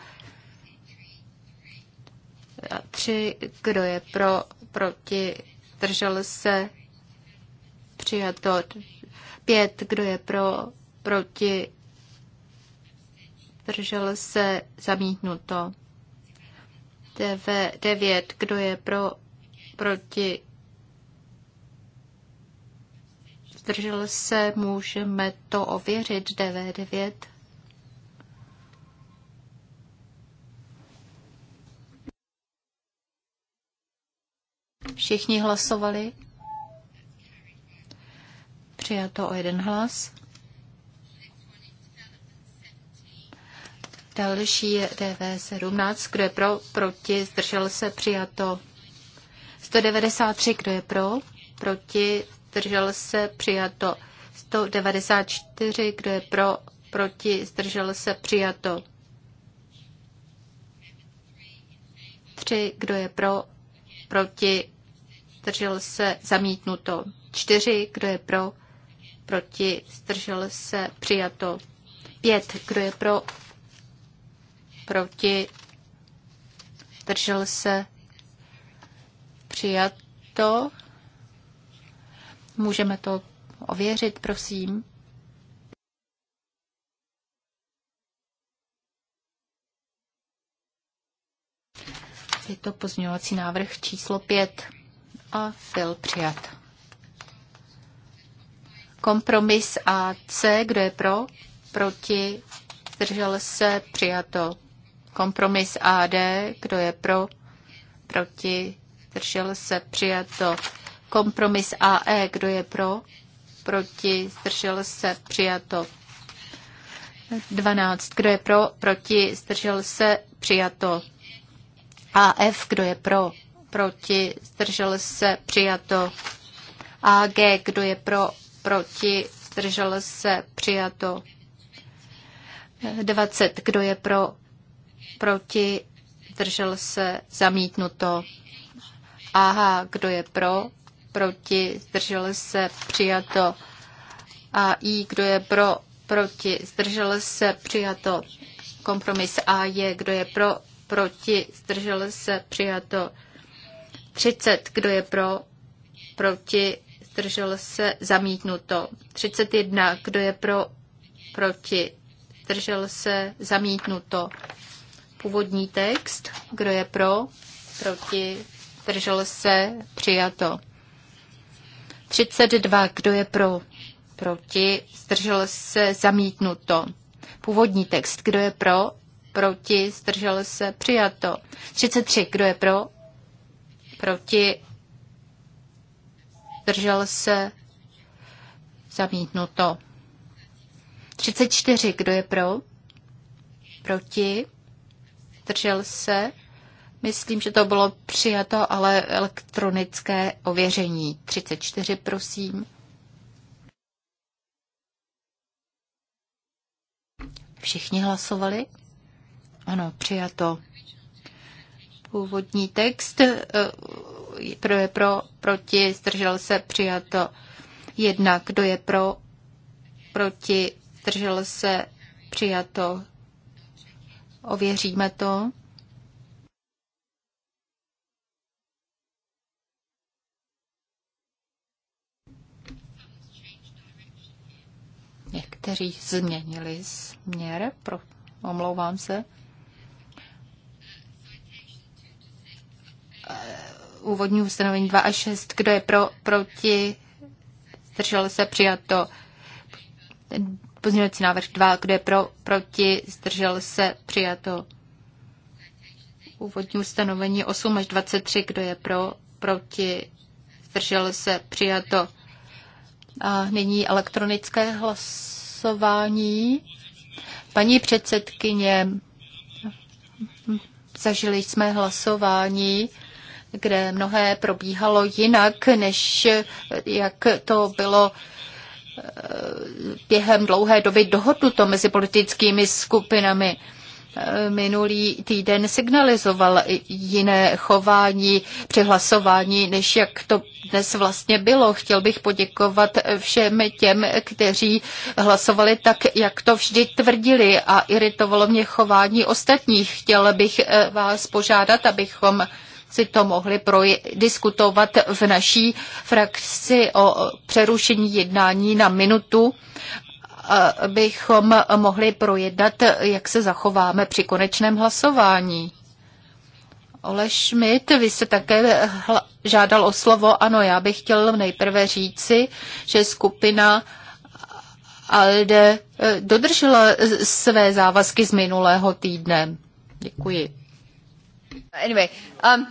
A Tři. Kdo je pro, proti, zdržel se, přijato. Pět. Kdo je pro, proti, zdržel se, zamítnuto. 9, kdo je pro, proti, zdržel se, můžeme to ověřit, 9 Všichni hlasovali. Přijato o jeden hlas. Další je DV17, kdo je pro, proti, zdržel se, přijato. 193, kdo je pro, proti, zdržel se, přijato. 194, kdo je pro, proti, zdržel se, přijato. 3, kdo je pro, proti, zdržel se, zamítnuto. 4, kdo je pro, proti, zdržel se, přijato. 5, kdo je pro, proti, držel se, přijato. Můžeme to ověřit, prosím. Je to pozměňovací návrh číslo 5 a byl přijat. Kompromis AC, kdo je pro? Proti? Zdržel se? Přijato. Kompromis AD, kdo je pro, proti, zdržel se, přijato. Kompromis AE, kdo je pro, proti, zdržel se, přijato. 12, kdo je pro, proti, zdržel se, přijato. AF, kdo je pro, proti, zdržel se, přijato. AG, kdo je pro, proti, zdržel se, přijato. 20, kdo je pro, proti, zdržel se, zamítnuto. Aha, kdo je pro, proti, zdržel se, přijato. A I, kdo je pro, proti, zdržel se, přijato. Kompromis A je, kdo je pro, proti, zdržel se, přijato. 30, kdo je pro, proti, zdržel se, zamítnuto. 31, kdo je pro, proti, zdržel se, zamítnuto. Původní text, kdo je pro, proti, držel se, přijato. 32, kdo je pro, proti, zdržel se, zamítnuto. Původní text, kdo je pro, proti, zdržel se, přijato. 33, kdo je pro, proti, zdržel se, zamítnuto. 34, kdo je pro, proti, zdržel se. Myslím, že to bylo přijato, ale elektronické ověření. 34, prosím. Všichni hlasovali? Ano, přijato. Původní text pro je pro, proti, zdržel se, přijato. Jedna, kdo je pro, proti, zdržel se, přijato. Ověříme to. Někteří změnili směr, pro, omlouvám se. Eh, úvodní ustanovení 2 a 6. Kdo je pro, proti? Zdržel se přijat to. Pozměňovací návrh 2, kde pro, proti, zdržel se, přijato. Úvodní ustanovení 8 až 23, kdo je pro, proti, zdržel se, přijato. A nyní elektronické hlasování. Paní předsedkyně, zažili jsme hlasování, kde mnohé probíhalo jinak, než jak to bylo Eh, během dlouhé doby dohodnuto mezi politickými skupinami. Eh, minulý týden signalizoval jiné chování při hlasování, než jak to dnes vlastně bylo. Chtěl bych poděkovat všem těm, kteří hlasovali tak, jak to vždy tvrdili a iritovalo mě chování ostatních. Chtěl bych eh, vás požádat, abychom si to mohli diskutovat v naší frakci o přerušení jednání na minutu, abychom mohli projednat, jak se zachováme při konečném hlasování. Ole Schmidt, vy jste také žádal o slovo. Ano, já bych chtěl nejprve říci, že skupina ALDE eh, dodržela své závazky z minulého týdne. Děkuji. Anyway, um,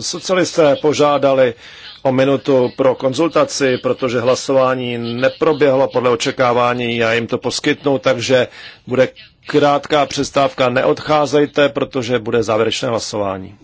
Socialisté požádali o minutu pro konzultaci, protože hlasování neproběhlo podle očekávání, já jim to poskytnu, takže bude krátká přestávka, neodcházejte, protože bude závěrečné hlasování.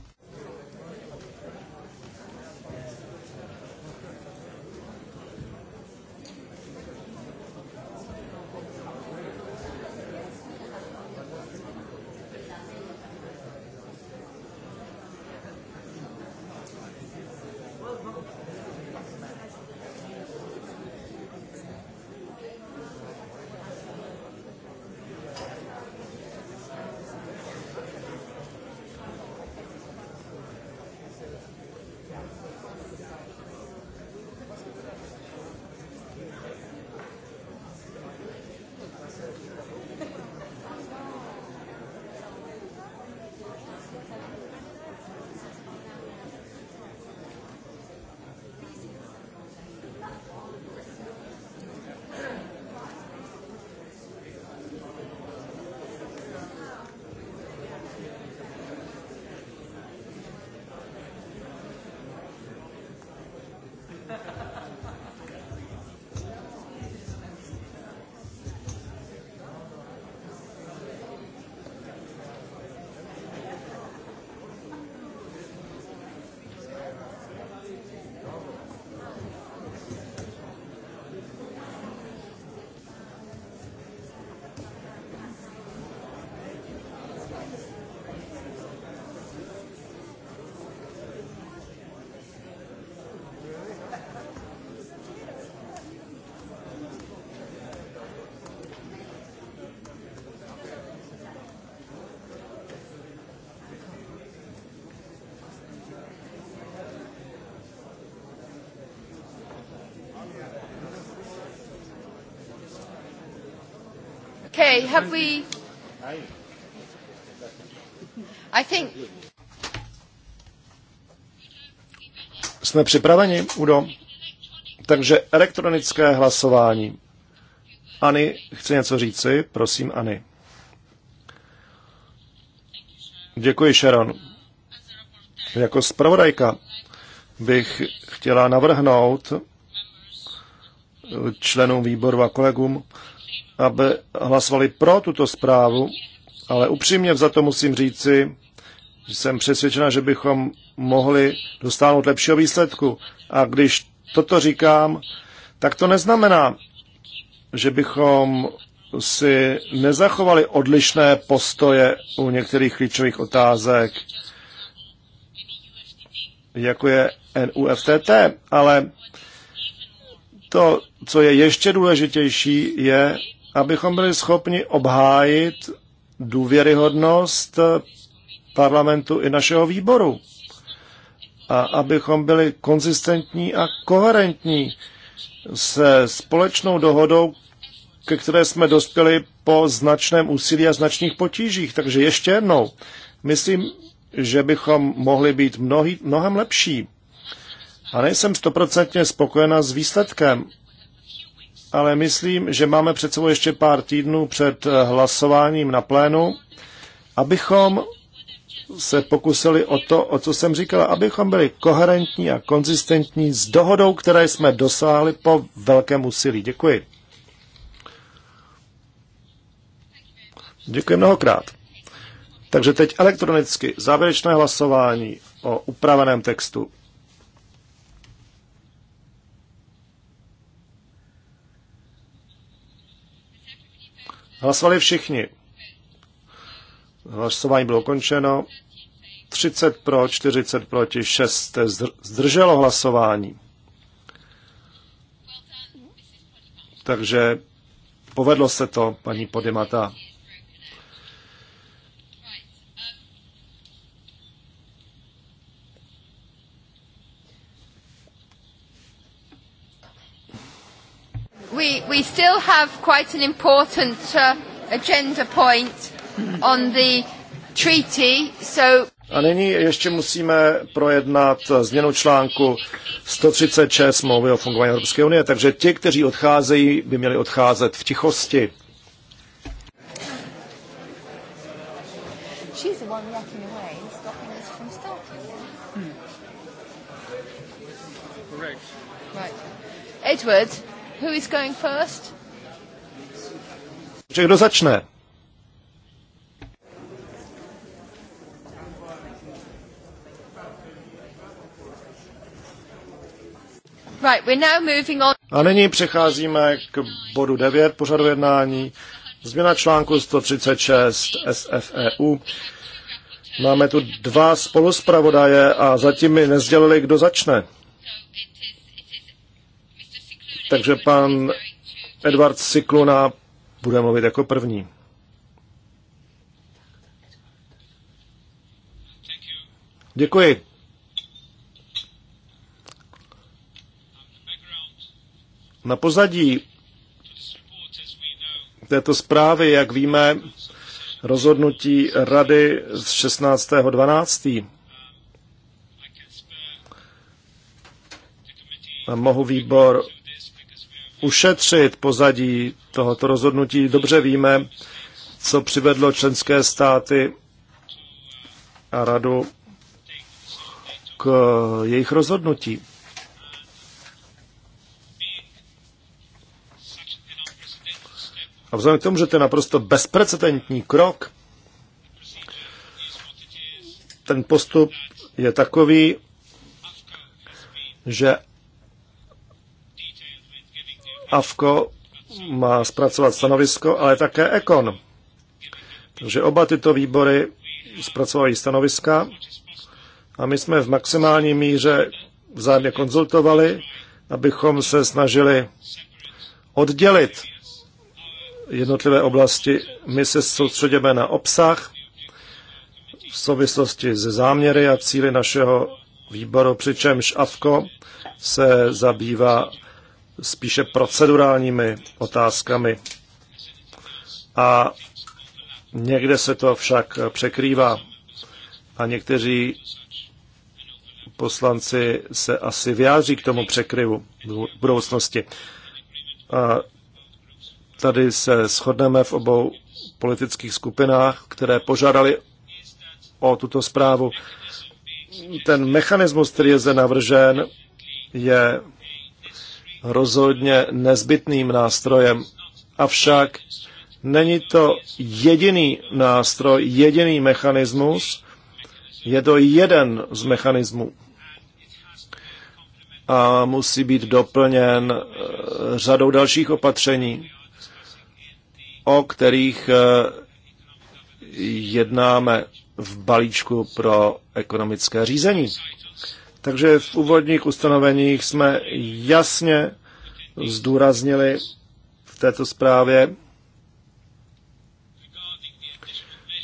have we... I think... Jsme připraveni, Udo? Takže elektronické hlasování. Ani chce něco říci? Prosím, Ani. Děkuji, Sharon. Jako zpravodajka bych chtěla navrhnout členům výboru a kolegům, aby hlasovali pro tuto zprávu, ale upřímně za to musím říci, že jsem přesvědčena, že bychom mohli dostáhnout lepšího výsledku. A když toto říkám, tak to neznamená, že bychom si nezachovali odlišné postoje u některých klíčových otázek, jako je NUFTT, ale to, co je ještě důležitější, je, abychom byli schopni obhájit důvěryhodnost parlamentu i našeho výboru. A abychom byli konzistentní a koherentní se společnou dohodou, ke které jsme dospěli po značném úsilí a značných potížích. Takže ještě jednou, myslím, že bychom mohli být mnohý, mnohem lepší. A nejsem stoprocentně spokojena s výsledkem, ale myslím, že máme před sebou ještě pár týdnů před eh, hlasováním na plénu, abychom se pokusili o to, o co jsem říkala, abychom byli koherentní a konzistentní s dohodou, které jsme dosáhli po velkém úsilí. Děkuji. Děkuji mnohokrát. Takže teď elektronicky závěrečné hlasování o upraveném textu. Hlasovali všichni. Hlasování bylo ukončeno. 30 pro, 40 proti, 6 zdrželo hlasování. Takže povedlo se to, paní Podimata. we, we still have quite an important uh, agenda point on the treaty, so... A nyní ještě musíme projednat změnu článku 136 smlouvy o fungování Evropské unie, takže ti, kteří odcházejí, by měli odcházet v tichosti. Hmm. Edward, Who is going first? Že kdo začne? Right, we're now moving on. A nyní přecházíme k bodu 9 pořadu jednání. Změna článku 136 SFEU. Máme tu dva spoluspravodaje a zatím mi nezdělili, kdo začne. Takže pan Edward Cykluna bude mluvit jako první. Děkuji. Na pozadí této zprávy, jak víme, rozhodnutí rady z 16.12. mohu výbor ušetřit pozadí tohoto rozhodnutí. Dobře víme, co přivedlo členské státy a radu k jejich rozhodnutí. A vzhledem k tomu, že to je naprosto bezprecedentní krok, ten postup je takový, že AFKO má zpracovat stanovisko, ale také EKON. Takže oba tyto výbory zpracovají stanoviska a my jsme v maximální míře vzájemně konzultovali, abychom se snažili oddělit jednotlivé oblasti. My se soustředíme na obsah v souvislosti se záměry a cíly našeho výboru, přičemž AFKO se zabývá spíše procedurálními otázkami. A někde se to však překrývá a někteří poslanci se asi vyjádří k tomu překryvu v budoucnosti. A tady se shodneme v obou politických skupinách, které požádali o tuto zprávu. Ten mechanismus, který je zde navržen, je rozhodně nezbytným nástrojem, avšak není to jediný nástroj, jediný mechanismus, je to jeden z mechanismů. A musí být doplněn eh, řadou dalších opatření, o kterých eh, jednáme v balíčku pro ekonomické řízení. Takže v úvodních ustanoveních jsme jasně zdůraznili v této zprávě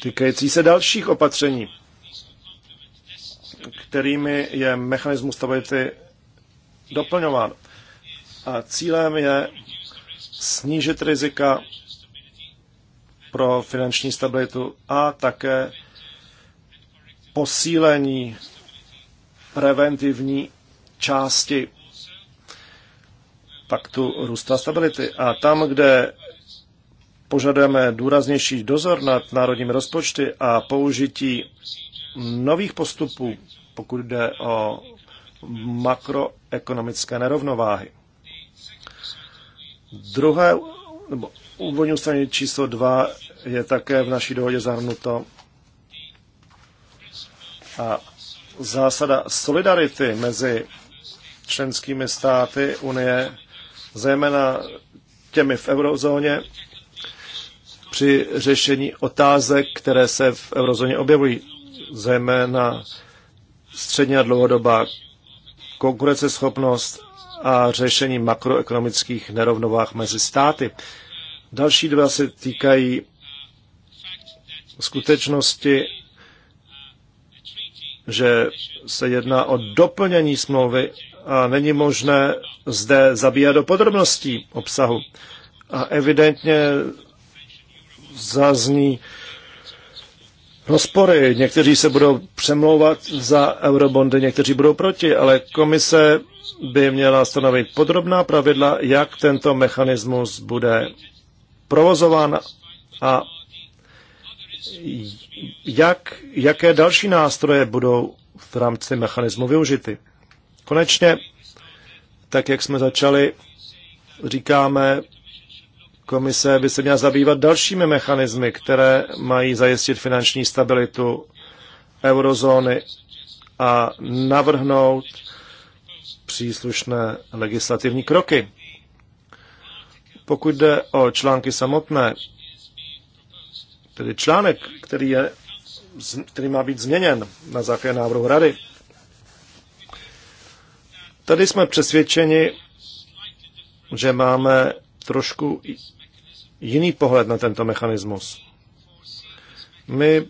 týkající se dalších opatření, kterými je mechanismus stability doplňován. A cílem je snížit rizika pro finanční stabilitu a také posílení preventivní části paktu růsta stability. A tam, kde požadujeme důraznější dozor nad národními rozpočty a použití nových postupů, pokud jde o makroekonomické nerovnováhy. Druhé, nebo úvodní ustanovení číslo 2 je také v naší dohodě zahrnuto. A zásada solidarity mezi členskými státy Unie, zejména těmi v eurozóně, při řešení otázek, které se v eurozóně objevují, zejména střední a dlouhodobá konkurenceschopnost a řešení makroekonomických nerovnovách mezi státy. Další dva se týkají skutečnosti, že se jedná o doplnění smlouvy a není možné zde zabíjat do podrobností obsahu. A evidentně zazní rozpory. Někteří se budou přemlouvat za eurobondy, někteří budou proti, ale komise by měla stanovit podrobná pravidla, jak tento mechanismus bude provozován a jak, jaké další nástroje budou v rámci mechanismu využity. Konečně, tak jak jsme začali, říkáme, komise by se měla zabývat dalšími mechanismy, které mají zajistit finanční stabilitu eurozóny a navrhnout příslušné legislativní kroky. Pokud jde o články samotné, tedy článek, který, je, který má být změněn na základě návrhu Rady. Tady jsme přesvědčeni, že máme trošku jiný pohled na tento mechanismus. My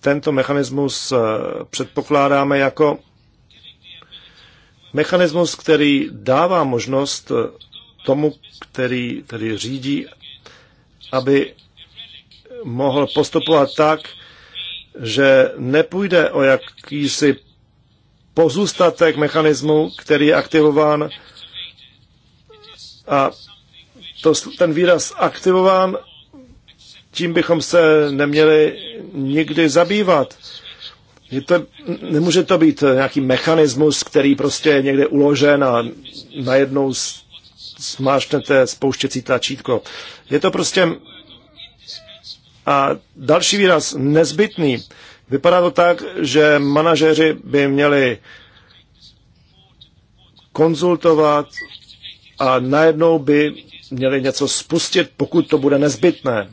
tento mechanismus eh, předpokládáme jako mechanismus, který dává možnost eh, tomu, který tedy řídí, aby mohl postupovat tak, že nepůjde o jakýsi pozůstatek mechanismu, který je aktivován a to, ten výraz aktivován, tím bychom se neměli nikdy zabývat. Je to, nemůže to být nějaký mechanismus, který prostě je někde uložen a najednou smášnete spouštěcí tlačítko. Je to prostě a další výraz, nezbytný. Vypadá to tak, že manažeři by měli konzultovat a najednou by měli něco spustit, pokud to bude nezbytné.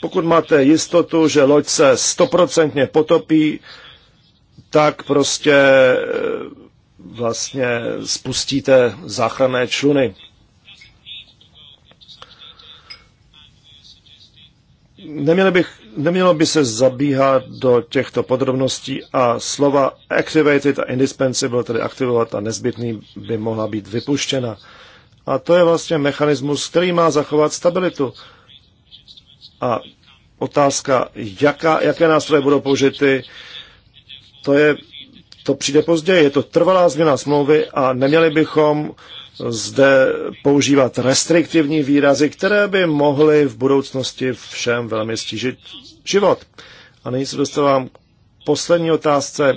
Pokud máte jistotu, že loď se stoprocentně potopí, tak prostě e, vlastně spustíte záchranné čluny. Neměl bych, nemělo by se zabíhat do těchto podrobností a slova activated a indispensable, tedy aktivovat a nezbytný, by mohla být vypuštěna. A to je vlastně mechanismus, který má zachovat stabilitu. A otázka, jaká, jaké nástroje budou použity, to, je, to přijde později. Je to trvalá změna smlouvy a neměli bychom zde používat restriktivní výrazy, které by mohly v budoucnosti všem velmi stížit život. A nyní se dostávám k poslední otázce,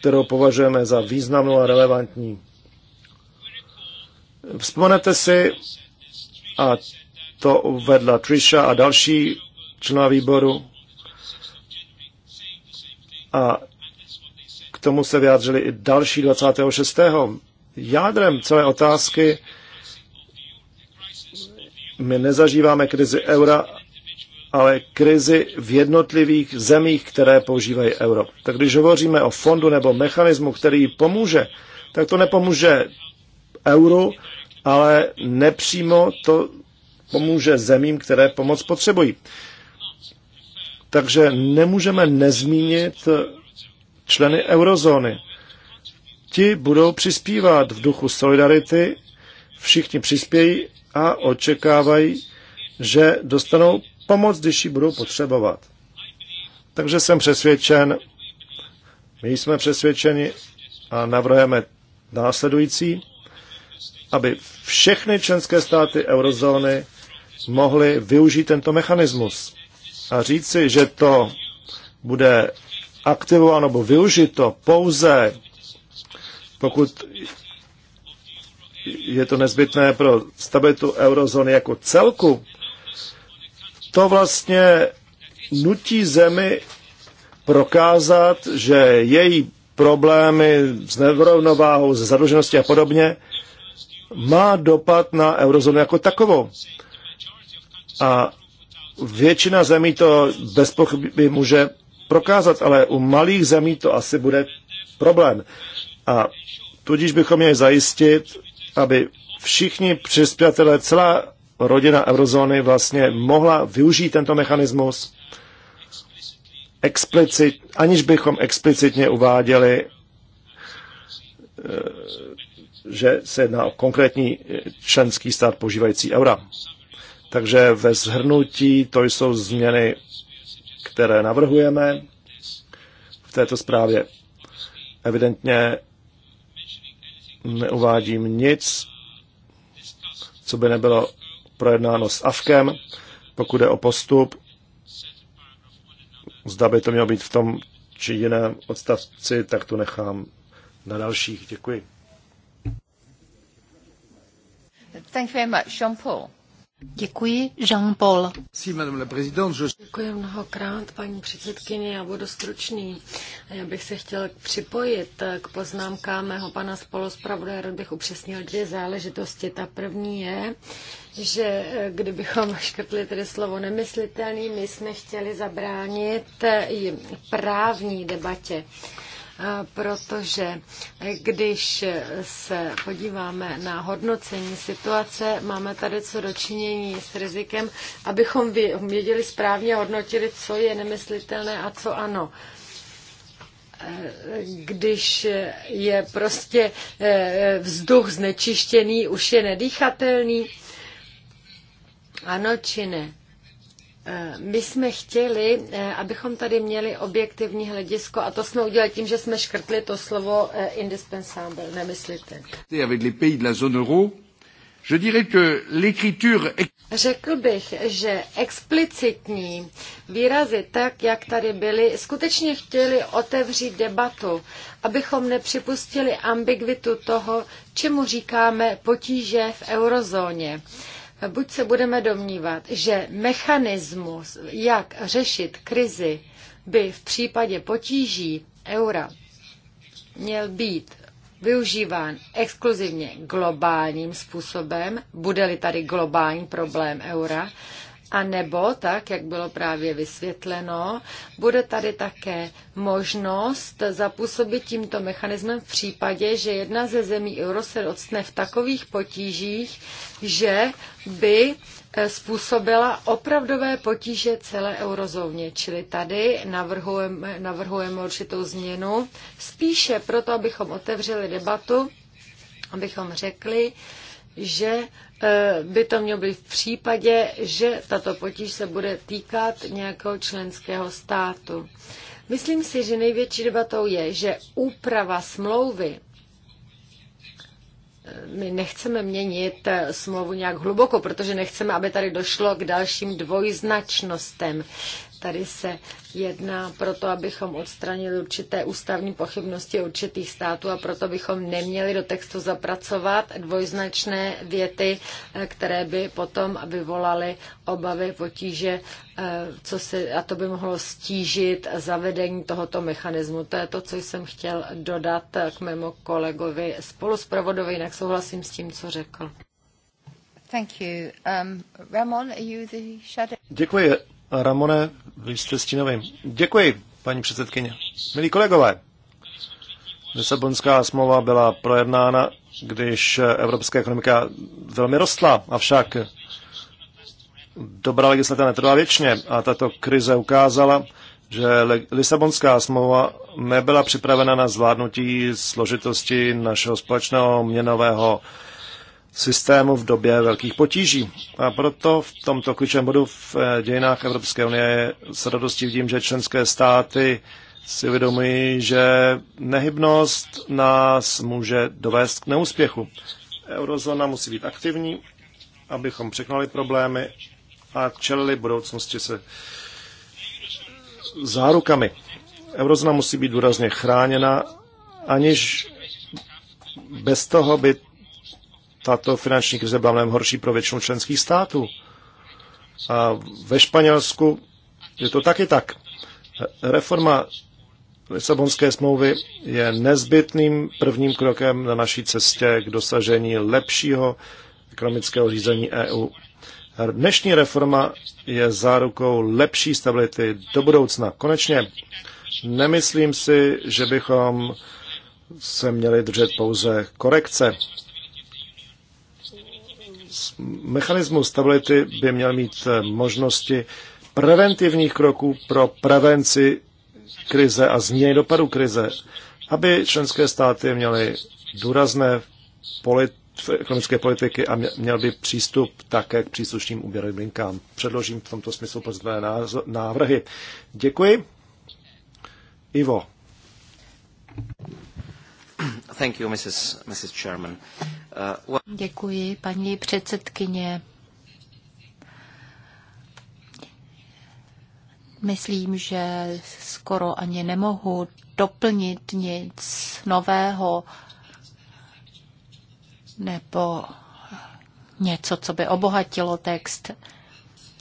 kterou považujeme za významnou a relevantní. Vzpomenete si, a to uvedla Trisha a další členové výboru, a k tomu se vyjádřili i další 26 jádrem celé otázky. My nezažíváme krizi eura, ale krizi v jednotlivých zemích, které používají euro. Tak když hovoříme o fondu nebo mechanismu, který pomůže, tak to nepomůže euru, ale nepřímo to pomůže zemím, které pomoc potřebují. Takže nemůžeme nezmínit členy eurozóny ti budou přispívat v duchu solidarity, všichni přispějí a očekávají, že dostanou pomoc, když ji budou potřebovat. Takže jsem přesvědčen, my jsme přesvědčeni a navrhujeme následující, aby všechny členské státy eurozóny mohly využít tento mechanismus a říci, že to bude aktivováno nebo využito pouze pokud je to nezbytné pro stabilitu eurozóny jako celku, to vlastně nutí zemi prokázat, že její problémy s nerovnováhou, s zadlužeností a podobně má dopad na eurozónu jako takovou. A většina zemí to bez pochyby může prokázat, ale u malých zemí to asi bude problém. A tudíž bychom měli zajistit, aby všichni přispěvatelé, celá rodina eurozóny vlastně mohla využít tento mechanismus, explicit, aniž bychom explicitně uváděli, eh, že se jedná o konkrétní eh, členský stát požívající eura. Takže ve zhrnutí to jsou změny, které navrhujeme v této zprávě. Evidentně neuvádím nic, co by nebylo projednáno s Avkem, pokud je o postup, zda by to mělo být v tom či jiném odstavci, tak to nechám na dalších. Děkuji. Thank you very much, Jean-Paul. Děkuji, Jean-Paul. Děkuji mnohokrát, paní předsedkyně, já budu stručný. Já bych se chtěl připojit k poznámkám mého pana spoluspravodaje, rád bych upřesnil dvě záležitosti. Ta první je, že eh, kdybychom škrtli tedy slovo nemyslitelný, my jsme chtěli zabránit eh, právní debatě protože když se podíváme na hodnocení situace, máme tady co dočinění s rizikem, abychom věděli správně hodnotili, co je nemyslitelné a co ano když je prostě eh, vzduch znečištěný, už je nedýchatelný? Ano či ne? Eh, my jsme chtěli, eh, abychom tady měli objektivní hledisko a to jsme udělali tím, že jsme škrtli to slovo eh, indispensable, nemyslíte. Řekl bych, že explicitní výrazy, tak jak tady byly, skutečně chtěli otevřít debatu, abychom nepřipustili ambiguitu toho, čemu říkáme potíže v eurozóně. Buď se budeme domnívat, že mechanismus, jak řešit krizi, by v případě potíží eura měl být využíván exkluzivně globálním způsobem, bude-li tady globální problém eura, a nebo, tak jak bylo právě vysvětleno, bude tady také možnost zapůsobit tímto mechanismem v případě, že jedna ze zemí euro se odstne v takových potížích, že by eh, způsobila opravdové potíže celé eurozóně. Čili tady navrhujeme, navrhujeme určitou změnu, spíše proto, abychom otevřeli debatu, abychom řekli, že eh, by to mělo být v případě, že tato potíž se bude týkat nějakého členského státu. Myslím si, že největší debatou je, že úprava smlouvy eh, my nechceme měnit eh, smlouvu nějak hluboko, protože nechceme, aby tady došlo k dalším dvojznačnostem. Tady se jedná proto, abychom odstranili určité ústavní pochybnosti určitých států a proto bychom neměli do textu zapracovat dvojznačné věty, eh, které by potom vyvolaly obavy, potíže, eh, co se, a to by mohlo stížit zavedení tohoto mechanismu. To je to, co jsem chtěl dodat eh, k mému kolegovi spolu s provodovi, jinak souhlasím s tím, co řekl. Thank you. Um, Ramon, are you the shadow? Děkuji. Ramone, vy jste stínovým. Děkuji, paní předsedkyně. Milí kolegové, Lisabonská smlouva byla projednána, když evropská ekonomika velmi rostla, avšak dobrá legislativa netrvá věčně a tato krize ukázala, že Lisabonská smlouva nebyla připravena na zvládnutí složitosti našeho společného měnového systému v době velkých potíží. A proto v tomto klíčovém bodu v eh, dějinách Evropské unie se radostí vidím, že členské státy si uvědomují, že nehybnost nás může dovést k neúspěchu. Eurozóna musí být aktivní, abychom překonali problémy a čelili budoucnosti se zárukami. Eurozóna musí být důrazně chráněna, aniž bez toho by tato finanční krize byla mnohem horší pro většinu členských států. A ve Španělsku je to taky tak. Reforma Lisabonské smlouvy je nezbytným prvním krokem na naší cestě k dosažení lepšího ekonomického řízení EU. Dnešní reforma je zárukou lepší stability do budoucna. Konečně nemyslím si, že bychom se měli držet pouze korekce mechanismus stability by měl mít eh, možnosti preventivních kroků pro prevenci krize a změny dopadu krize, aby členské státy měly důrazné polit, ekonomické politiky a měl by přístup také k příslušným úběrovým linkám. Předložím v tomto smyslu pozdravé návrhy. Děkuji. Ivo. Uh, Děkuji, paní předsedkyně. Myslím, že skoro ani nemohu doplnit nic nového nebo něco, co by obohatilo text.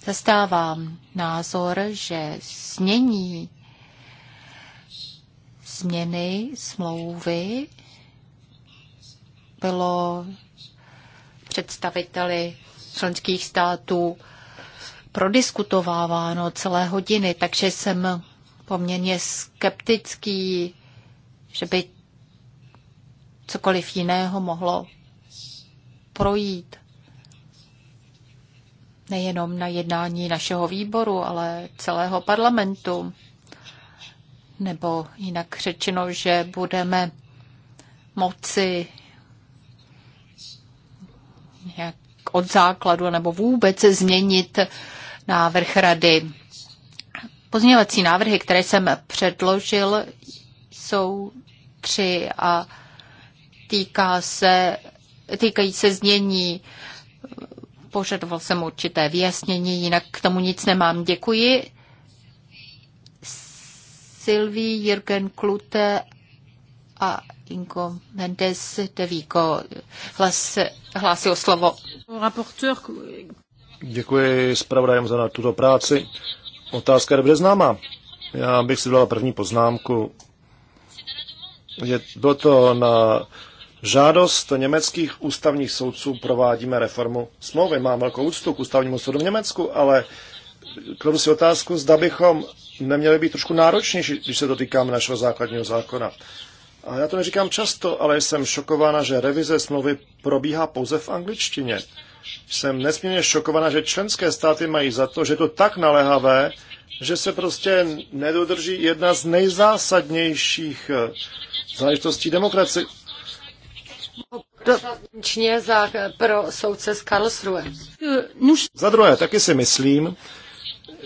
Zastávám názor, že znění změny smlouvy bylo představiteli členských států prodiskutováváno celé hodiny, takže jsem poměrně skeptický, že by cokoliv jiného mohlo projít. Nejenom na jednání našeho výboru, ale celého parlamentu. Nebo jinak řečeno, že budeme moci jak od základu nebo vůbec změnit návrh rady. Pozměňovací návrhy, které jsem předložil, jsou tři a týká se, týkají se změní. Požadoval jsem určité vyjasnění, jinak k tomu nic nemám. Děkuji. Sylvie, Jürgen Klute a Ingo Mendes de Vigo hlas, hlásí o slovo. Děkuji zpravodajem za tuto práci. Otázka je dobře známa. Já bych si dala první poznámku. Je, bylo to na žádost německých ústavních soudců provádíme reformu smlouvy. Mám velkou úctu k ústavnímu soudu v Německu, ale kladu si otázku, zda bychom neměli být trošku náročnější, když se dotýkáme našeho základního zákona. A já to neříkám často, ale jsem šokována, že revize smlouvy probíhá pouze v angličtině. Jsem nesmírně šokována, že členské státy mají za to, že je to tak naléhavé, že se prostě nedodrží jedna z nejzásadnějších eh, záležitostí demokracie. Dodatečně za, eh, pro soudce z Karlsruhe. Za druhé, taky si myslím,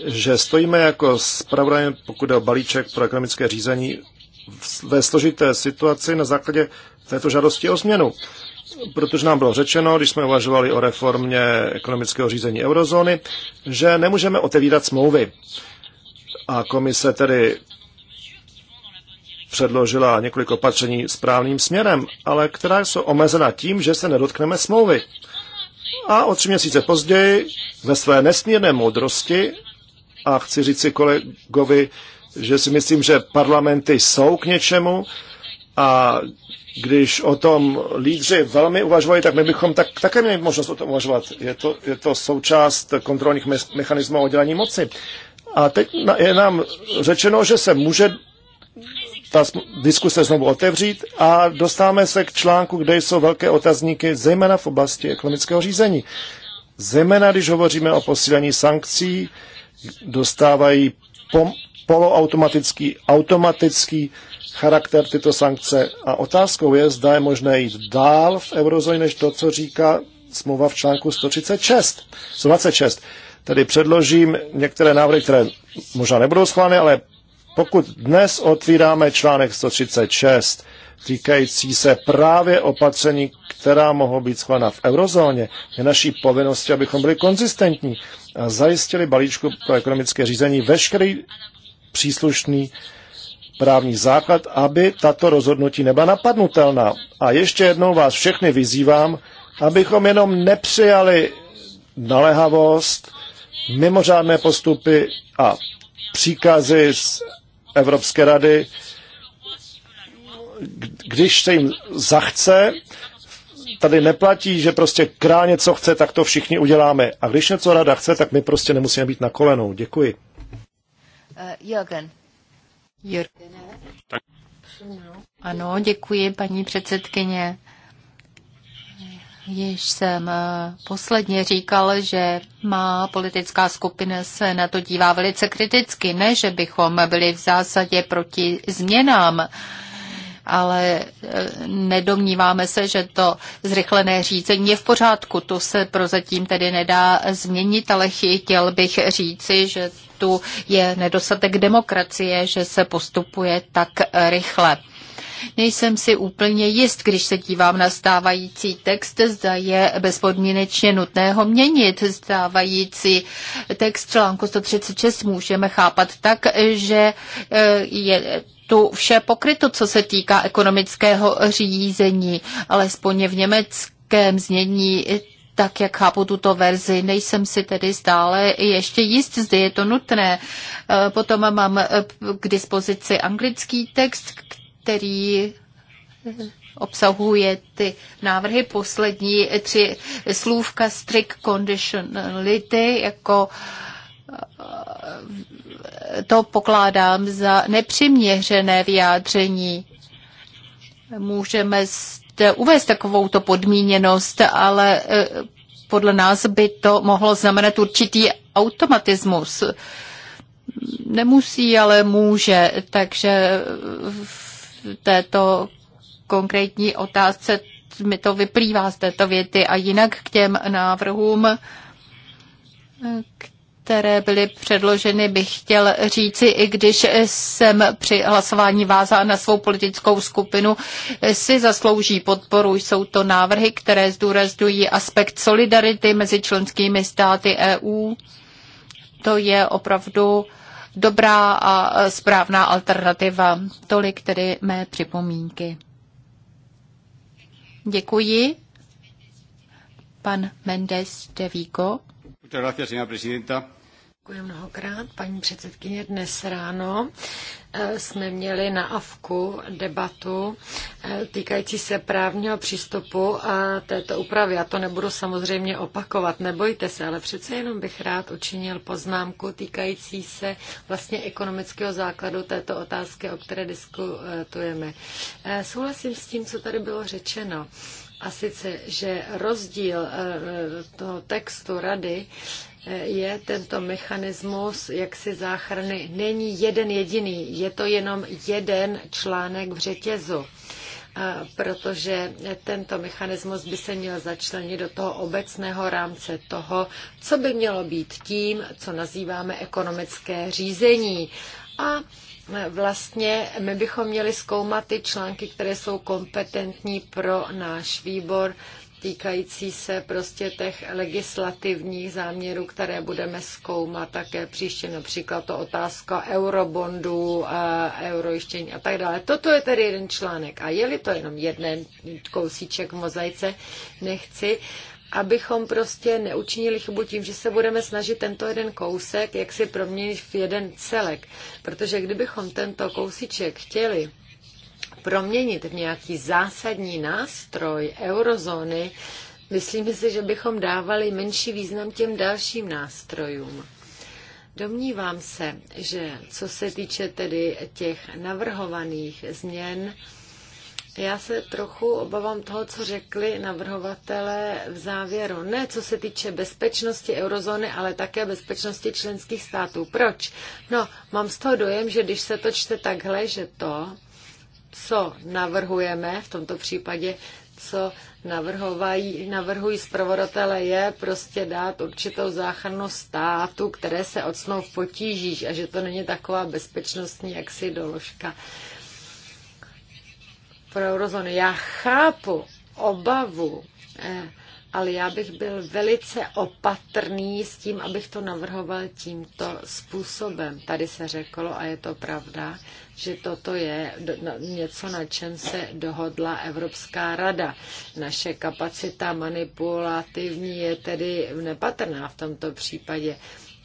že stojíme jako spravodajem, pokud je o balíček pro ekonomické řízení ve složité situaci na základě této žádosti o změnu. Protože nám bylo řečeno, když jsme uvažovali o reformě ekonomického řízení eurozóny, že nemůžeme otevírat smlouvy. A komise tedy předložila několik opatření správným směrem, ale která jsou omezena tím, že se nedotkneme smlouvy. A o tři měsíce později ve své nesmírné moudrosti, a chci říct si kolegovi že si myslím, že parlamenty jsou k něčemu a když o tom lídři velmi uvažují, tak my bychom tak, také měli možnost o tom uvažovat. Je to, je to součást kontrolních me- mechanismů oddělení moci. A teď je nám řečeno, že se může ta diskuse znovu otevřít a dostáváme se k článku, kde jsou velké otazníky, zejména v oblasti ekonomického řízení. Zejména, když hovoříme o posílení sankcí, dostávají pom- poloautomatický, automatický charakter tyto sankce. A otázkou je, zda je možné jít dál v eurozóně, než to, co říká smlouva v článku 136. 126. Tedy předložím některé návrhy, které možná nebudou schváleny, ale pokud dnes otvíráme článek 136, týkající se právě opatření, která mohou být schválena v eurozóně, je naší povinnosti, abychom byli konzistentní a zajistili balíčku pro ekonomické řízení veškerý příslušný právní základ, aby tato rozhodnutí nebyla napadnutelná. A ještě jednou vás všechny vyzývám, abychom jenom nepřijali nalehavost, mimořádné postupy a příkazy z Evropské rady, když se jim zachce, tady neplatí, že prostě král něco chce, tak to všichni uděláme. A když něco rada chce, tak my prostě nemusíme být na kolenou. Děkuji. Eh, Jürgen. Jürgen. Ano, děkuji, paní předsedkyně. Již jsem eh, posledně říkal, že má politická skupina se na to dívá velice kriticky. Ne, že bychom byli v zásadě proti změnám ale e, nedomníváme se, že to zrychlené řízení je v pořádku. To se prozatím tedy nedá změnit, ale chtěl bych říci, že tu je nedostatek demokracie, že se postupuje tak rychle. Nejsem si úplně jist, když se dívám na stávající text, zda je bezpodmínečně nutné ho měnit. Stávající text článku 136 můžeme chápat tak, že e, je tu vše pokryto, co se týká ekonomického řízení, alespoň v německém znění tak jak chápu tuto verzi, nejsem si tedy stále ještě jist, zde je to nutné. Eh, potom mám eh, k dispozici anglický text, který eh, obsahuje ty návrhy poslední tři slůvka strict conditionality jako uh, to pokládám za nepřiměřené vyjádření. Můžeme zde uvést takovouto podmíněnost, ale e, podle nás by to mohlo znamenat určitý automatismus. Nemusí, ale může, takže v této konkrétní otázce mi to vyplývá z této věty a jinak k těm návrhům, k které byly předloženy, bych chtěl říci, i když jsem při hlasování vázal na svou politickou skupinu, si zaslouží podporu. Jsou to návrhy, které zdůrazňují aspekt solidarity mezi členskými státy EU. To je opravdu dobrá a správná alternativa. Tolik tedy mé připomínky. Děkuji. Pan Mendes de Vigo. Muchas gracias, señora presidenta. Děkuji mnohokrát, paní předsedkyně. Dnes ráno eh, jsme měli na Afku debatu eh, týkající se právního přístupu a této úpravy. Já to nebudu samozřejmě opakovat, nebojte se, ale přece jenom bych rád učinil poznámku týkající se vlastně ekonomického základu této otázky, o které diskutujeme. Eh, souhlasím s tím, co tady bylo řečeno. A sice, že rozdíl toho textu rady je tento mechanismus jaksi záchrany. Není jeden jediný, je to jenom jeden článek v řetězu protože tento mechanismus by se měl začlenit do toho obecného rámce toho, co by mělo být tím, co nazýváme ekonomické řízení. A vlastně my bychom měli zkoumat ty články, které jsou kompetentní pro náš výbor, týkající se prostě těch legislativních záměrů, které budeme zkoumat také příště, například to otázka eurobondů, eurojištění a tak dále. Toto je tedy jeden článek a je-li to jenom jeden kousíček v mozaice, nechci, abychom prostě neučinili chybu tím, že se budeme snažit tento jeden kousek jak si proměnit v jeden celek. Protože kdybychom tento kousíček chtěli proměnit v nějaký zásadní nástroj eurozóny, myslím si, že bychom dávali menší význam těm dalším nástrojům. Domnívám se, že co se týče tedy těch navrhovaných změn, já se trochu obávám toho, co řekli navrhovatelé v závěru. Ne co se týče bezpečnosti eurozóny, ale také bezpečnosti členských států. Proč? No, mám z toho dojem, že když se to čte takhle, že to co navrhujeme v tomto případě, co navrhovají, navrhují zpravodatele, je prostě dát určitou záchranu státu, které se odsnou v potížích a že to není taková bezpečnostní jaksi doložka pro eurozónu. Já chápu obavu eh, ale já bych byl velice opatrný s tím, abych to navrhoval tímto způsobem. Tady se řeklo, a je to pravda, že toto je něco, na čem se dohodla Evropská rada. Naše kapacita manipulativní je tedy nepatrná v tomto případě.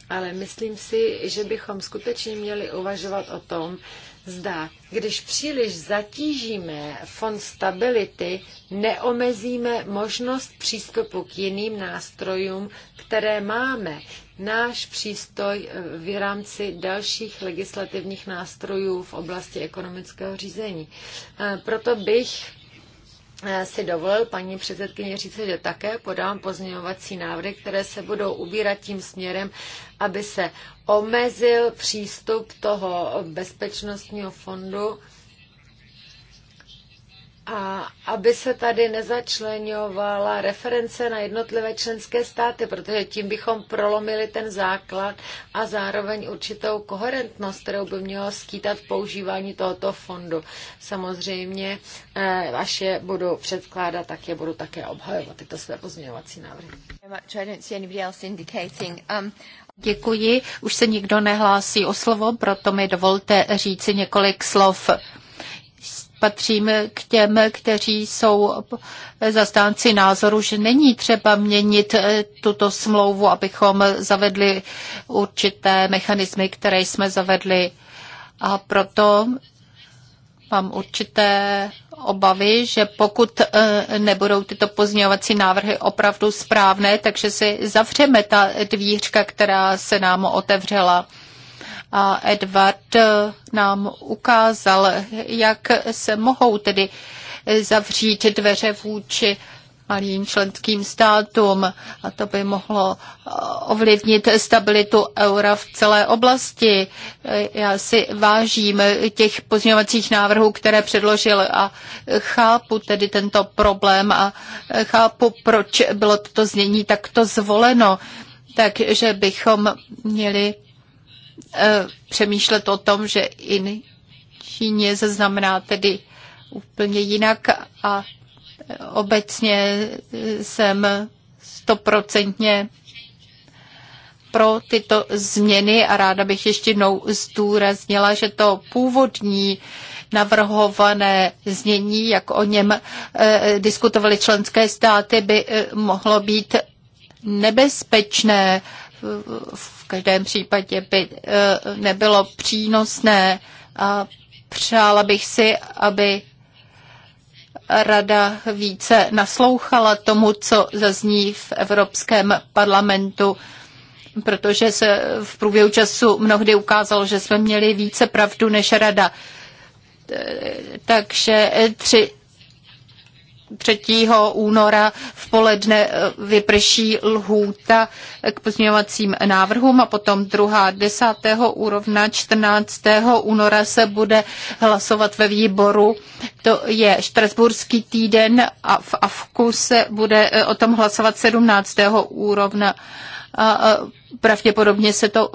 Ale myslím si, že bychom skutečně měli uvažovat o tom, zda, když příliš zatížíme fond stability, neomezíme možnost přístupu k jiným nástrojům, které máme. Náš přístoj eh, v rámci dalších legislativních nástrojů v oblasti ekonomického řízení. Eh, proto bych si dovolil paní předsedkyně říct, že také podám pozměňovací návrhy, které se budou ubírat tím směrem, aby se omezil přístup toho bezpečnostního fondu a aby se tady nezačlenovala reference na jednotlivé členské státy, protože tím bychom prolomili ten základ a zároveň určitou koherentnost, kterou by mělo skýtat používání tohoto fondu. Samozřejmě, eh, až je budu předkládat, tak je budu také obhajovat tyto své pozměňovací návrhy. Děkuji. Už se nikdo nehlásí o slovo, proto mi dovolte říci několik slov patřím k těm, kteří jsou zastánci názoru, že není třeba měnit eh, tuto smlouvu, abychom zavedli určité mechanismy, které jsme zavedli. A proto mám určité obavy, že pokud eh, nebudou tyto pozměňovací návrhy opravdu správné, takže si zavřeme ta dvířka, která se nám otevřela. A Edward eh, nám ukázal, jak se mohou tedy zavřít dveře vůči malým členským státům a to by mohlo eh, ovlivnit stabilitu eura v celé oblasti. Eh, já si vážím těch pozměňovacích návrhů, které předložil a chápu tedy tento problém a chápu, proč bylo toto znění takto zvoleno. Takže bychom měli E, přemýšlet o tom, že i Číně se znamená tedy úplně jinak a obecně jsem stoprocentně pro tyto změny a ráda bych ještě jednou zdůraznila, že to původní navrhované znění, jak o něm eh, diskutovali členské státy, by eh, mohlo být nebezpečné v, v každém případě by eh, nebylo přínosné a přála bych si, aby rada více naslouchala tomu, co zazní v Evropském parlamentu, protože se v průběhu času mnohdy ukázalo, že jsme měli více pravdu než rada. Eh, takže tři 3. února v poledne eh, vyprší lhůta k pozměňovacím návrhům a potom druhá 10. úrovna 14. února se bude hlasovat ve výboru. To je Štrasburský týden a v AFKu se bude eh, o tom hlasovat 17. úrovna. A pravděpodobně se to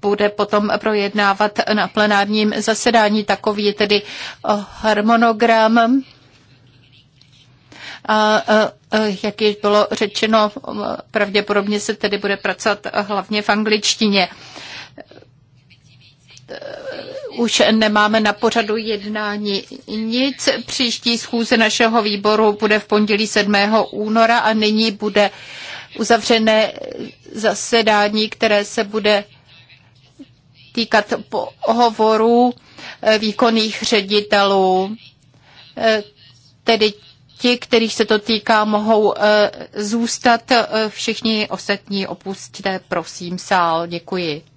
bude potom projednávat na plenárním zasedání. Takový je tedy eh, harmonogram. A, jak již bylo řečeno, pravděpodobně se tedy bude pracovat hlavně v angličtině. Už nemáme na pořadu jednání nic. Příští schůze našeho výboru bude v pondělí 7. února a nyní bude uzavřené zasedání, které se bude týkat pohovorů výkonných ředitelů, tedy ti, kterých se to týká, mohou eh, zůstat. Eh, všichni ostatní opustíte, prosím, sál. Děkuji.